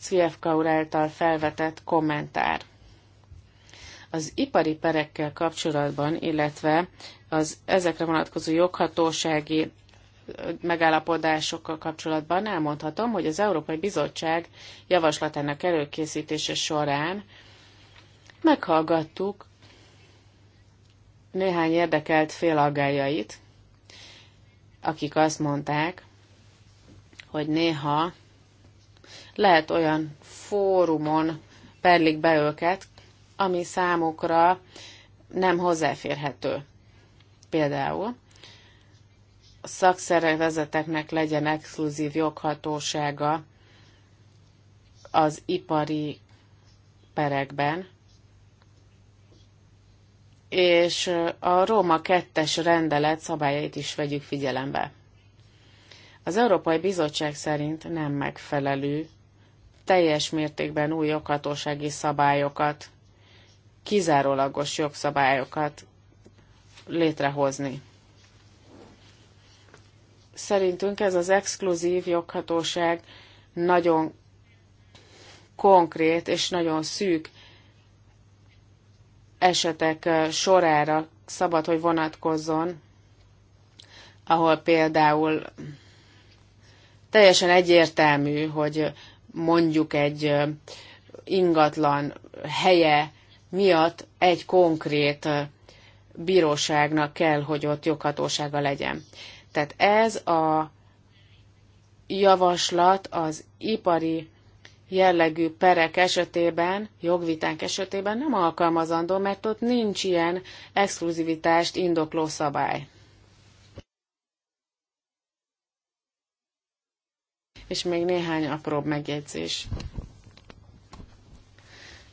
Cvjevka úr által felvetett kommentár. Az ipari perekkel kapcsolatban, illetve az ezekre vonatkozó joghatósági megállapodásokkal kapcsolatban elmondhatom, hogy az Európai Bizottság javaslatának előkészítése során meghallgattuk néhány érdekelt fél akik azt mondták, hogy néha lehet olyan fórumon perlik be őket, ami számukra nem hozzáférhető. Például a szakszervezeteknek legyen exkluzív joghatósága az ipari perekben, és a Róma 2-es rendelet szabályait is vegyük figyelembe. Az Európai Bizottság szerint nem megfelelő teljes mértékben új joghatósági szabályokat, kizárólagos jogszabályokat létrehozni. Szerintünk ez az exkluzív joghatóság nagyon konkrét és nagyon szűk esetek sorára szabad, hogy vonatkozzon, ahol például teljesen egyértelmű, hogy mondjuk egy ingatlan helye miatt egy konkrét bíróságnak kell, hogy ott joghatósága legyen. Tehát ez a javaslat az ipari jellegű perek esetében, jogviták esetében nem alkalmazandó, mert ott nincs ilyen exkluzivitást indokló szabály. És még néhány apróbb megjegyzés.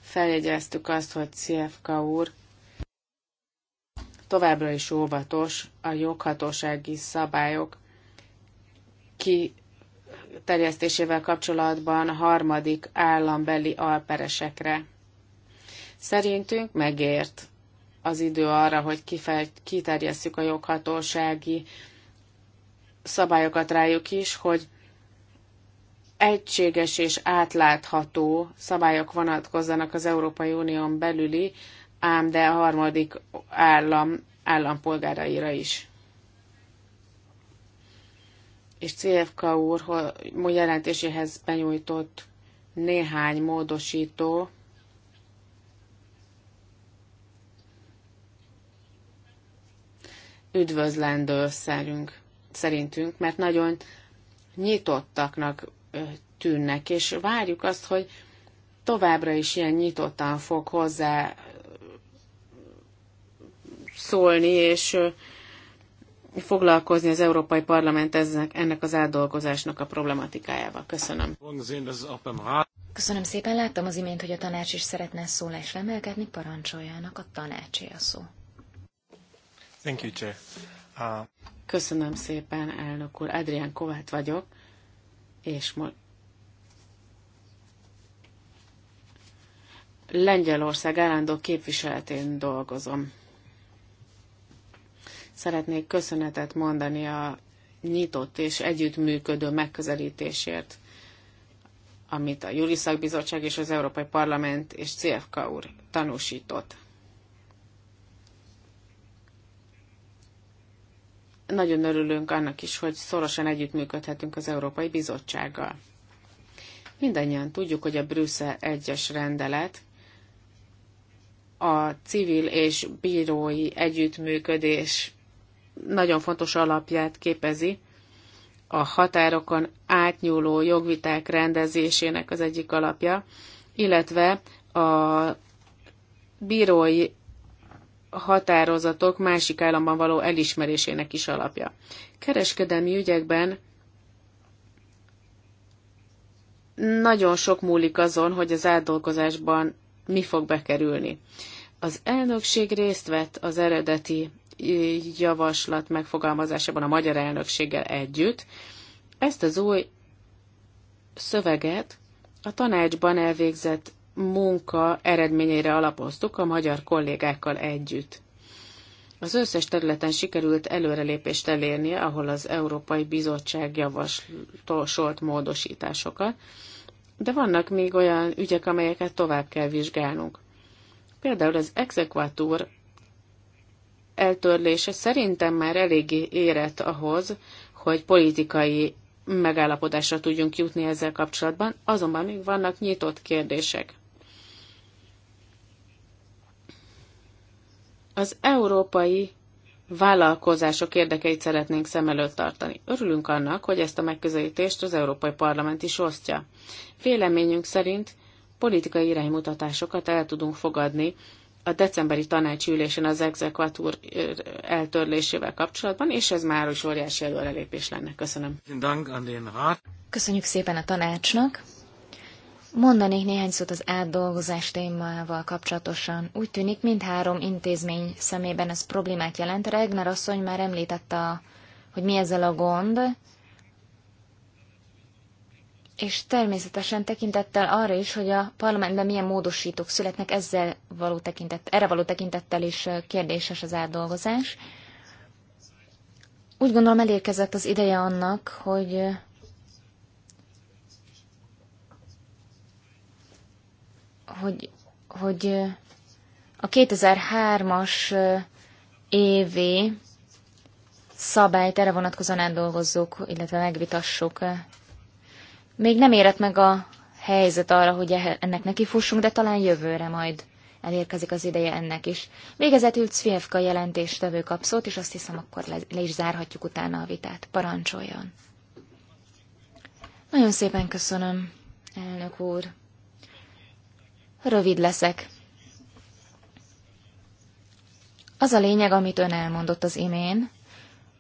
Feljegyeztük azt, hogy CFK úr továbbra is óvatos a joghatósági szabályok ki terjesztésével kapcsolatban harmadik állambeli alperesekre. Szerintünk megért az idő arra, hogy kifejt, kiterjesszük a joghatósági szabályokat rájuk is, hogy egységes és átlátható szabályok vonatkozzanak az Európai Unión belüli, ám de a harmadik állam állampolgáraira is és CFK úr jelentéséhez benyújtott néhány módosító, üdvözlendő szerünk, szerintünk, mert nagyon nyitottaknak tűnnek, és várjuk azt, hogy továbbra is ilyen nyitottan fog hozzá szólni, és foglalkozni az Európai Parlament ezzel ennek az átdolgozásnak a problematikájával. Köszönöm. Köszönöm szépen. Láttam az imént, hogy a tanács is szeretne szólás emelkedni. Parancsoljanak a tanácsé a szó. Thank you, Chair. Uh... Köszönöm szépen, elnök úr. Adrián Kovát vagyok, és most Lengyelország állandó képviseletén dolgozom. Szeretnék köszönetet mondani a nyitott és együttműködő megközelítésért, amit a Júli Szakbizottság és az Európai Parlament és CFK úr tanúsított. Nagyon örülünk annak is, hogy szorosan együttműködhetünk az Európai Bizottsággal. Mindannyian tudjuk, hogy a Brüsszel egyes rendelet a civil és bírói együttműködés nagyon fontos alapját képezi a határokon átnyúló jogviták rendezésének az egyik alapja, illetve a bírói határozatok másik államban való elismerésének is alapja. Kereskedelmi ügyekben nagyon sok múlik azon, hogy az átdolgozásban mi fog bekerülni. Az elnökség részt vett az eredeti javaslat megfogalmazásában a magyar elnökséggel együtt. Ezt az új szöveget a tanácsban elvégzett munka eredményeire alapoztuk a magyar kollégákkal együtt. Az összes területen sikerült előrelépést elérnie, ahol az Európai Bizottság javasolt módosításokat, de vannak még olyan ügyek, amelyeket tovább kell vizsgálnunk. Például az exekvátor eltörlése szerintem már eléggé érett ahhoz, hogy politikai megállapodásra tudjunk jutni ezzel kapcsolatban, azonban még vannak nyitott kérdések. Az európai vállalkozások érdekeit szeretnénk szem előtt tartani. Örülünk annak, hogy ezt a megközelítést az Európai Parlament is osztja. Véleményünk szerint politikai iránymutatásokat el tudunk fogadni a decemberi tanácsülésen az exekvatúr eltörlésével kapcsolatban, és ez már is óriási előrelépés lenne. Köszönöm. Köszönjük szépen a tanácsnak. Mondanék néhány szót az átdolgozás témával kapcsolatosan. Úgy tűnik, mindhárom intézmény szemében ez problémát jelent. Regner asszony már említette, hogy mi ezzel a gond és természetesen tekintettel arra is, hogy a parlamentben milyen módosítók születnek, ezzel való tekintet, erre való tekintettel is kérdéses az átdolgozás. Úgy gondolom elérkezett az ideje annak, hogy hogy, hogy a 2003-as évi szabályt erre vonatkozóan átdolgozzuk, illetve megvitassuk még nem érett meg a helyzet arra, hogy ennek nekifussunk, de talán jövőre majd elérkezik az ideje ennek is. Végezetül Cvijevka jelentéstevő kap szót, és azt hiszem, akkor le, le is zárhatjuk utána a vitát. Parancsoljon! Nagyon szépen köszönöm, elnök úr. Rövid leszek. Az a lényeg, amit ön elmondott az imén,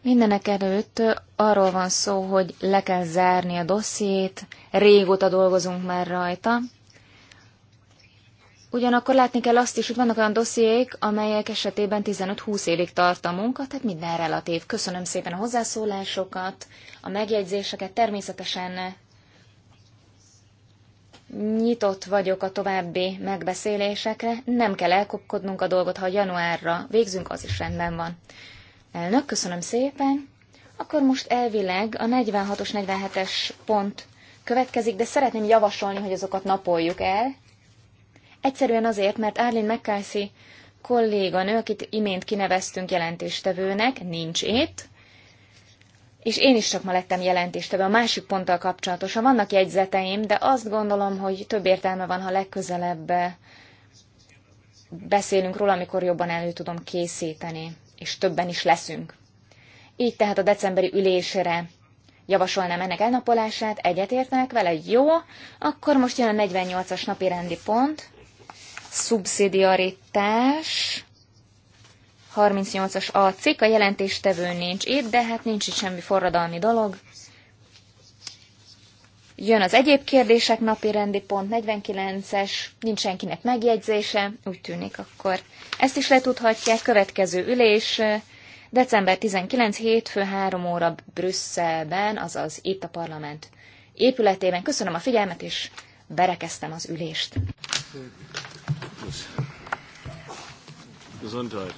Mindenek előtt arról van szó, hogy le kell zárni a dossziét, régóta dolgozunk már rajta. Ugyanakkor látni kell azt is, hogy vannak olyan dossziék, amelyek esetében 15-20 évig tart a munka, tehát minden relatív. Köszönöm szépen a hozzászólásokat, a megjegyzéseket, természetesen nyitott vagyok a további megbeszélésekre, nem kell elkopkodnunk a dolgot, ha januárra végzünk, az is rendben van. Elnök, köszönöm szépen. Akkor most elvileg a 46-os, 47-es pont következik, de szeretném javasolni, hogy azokat napoljuk el. Egyszerűen azért, mert Arlene McCarthy kolléganő, akit imént kineveztünk jelentéstevőnek, nincs itt, és én is csak ma lettem jelentéstevő a másik ponttal kapcsolatosan. Vannak jegyzeteim, de azt gondolom, hogy több értelme van, ha legközelebb beszélünk róla, amikor jobban elő tudom készíteni és többen is leszünk. Így tehát a decemberi ülésre javasolnám ennek elnapolását, egyetértenek vele, jó, akkor most jön a 48-as napi rendi pont, szubszidiaritás, 38-as a cikk, a jelentéstevő nincs itt, de hát nincs itt semmi forradalmi dolog, Jön az egyéb kérdések napi rendi pont, 49-es, nincs senkinek megjegyzése, úgy tűnik akkor. Ezt is letudhatják, következő ülés, december 19, hétfő 3 óra Brüsszelben, azaz itt a parlament épületében. Köszönöm a figyelmet, és berekeztem az ülést. Gesundheit.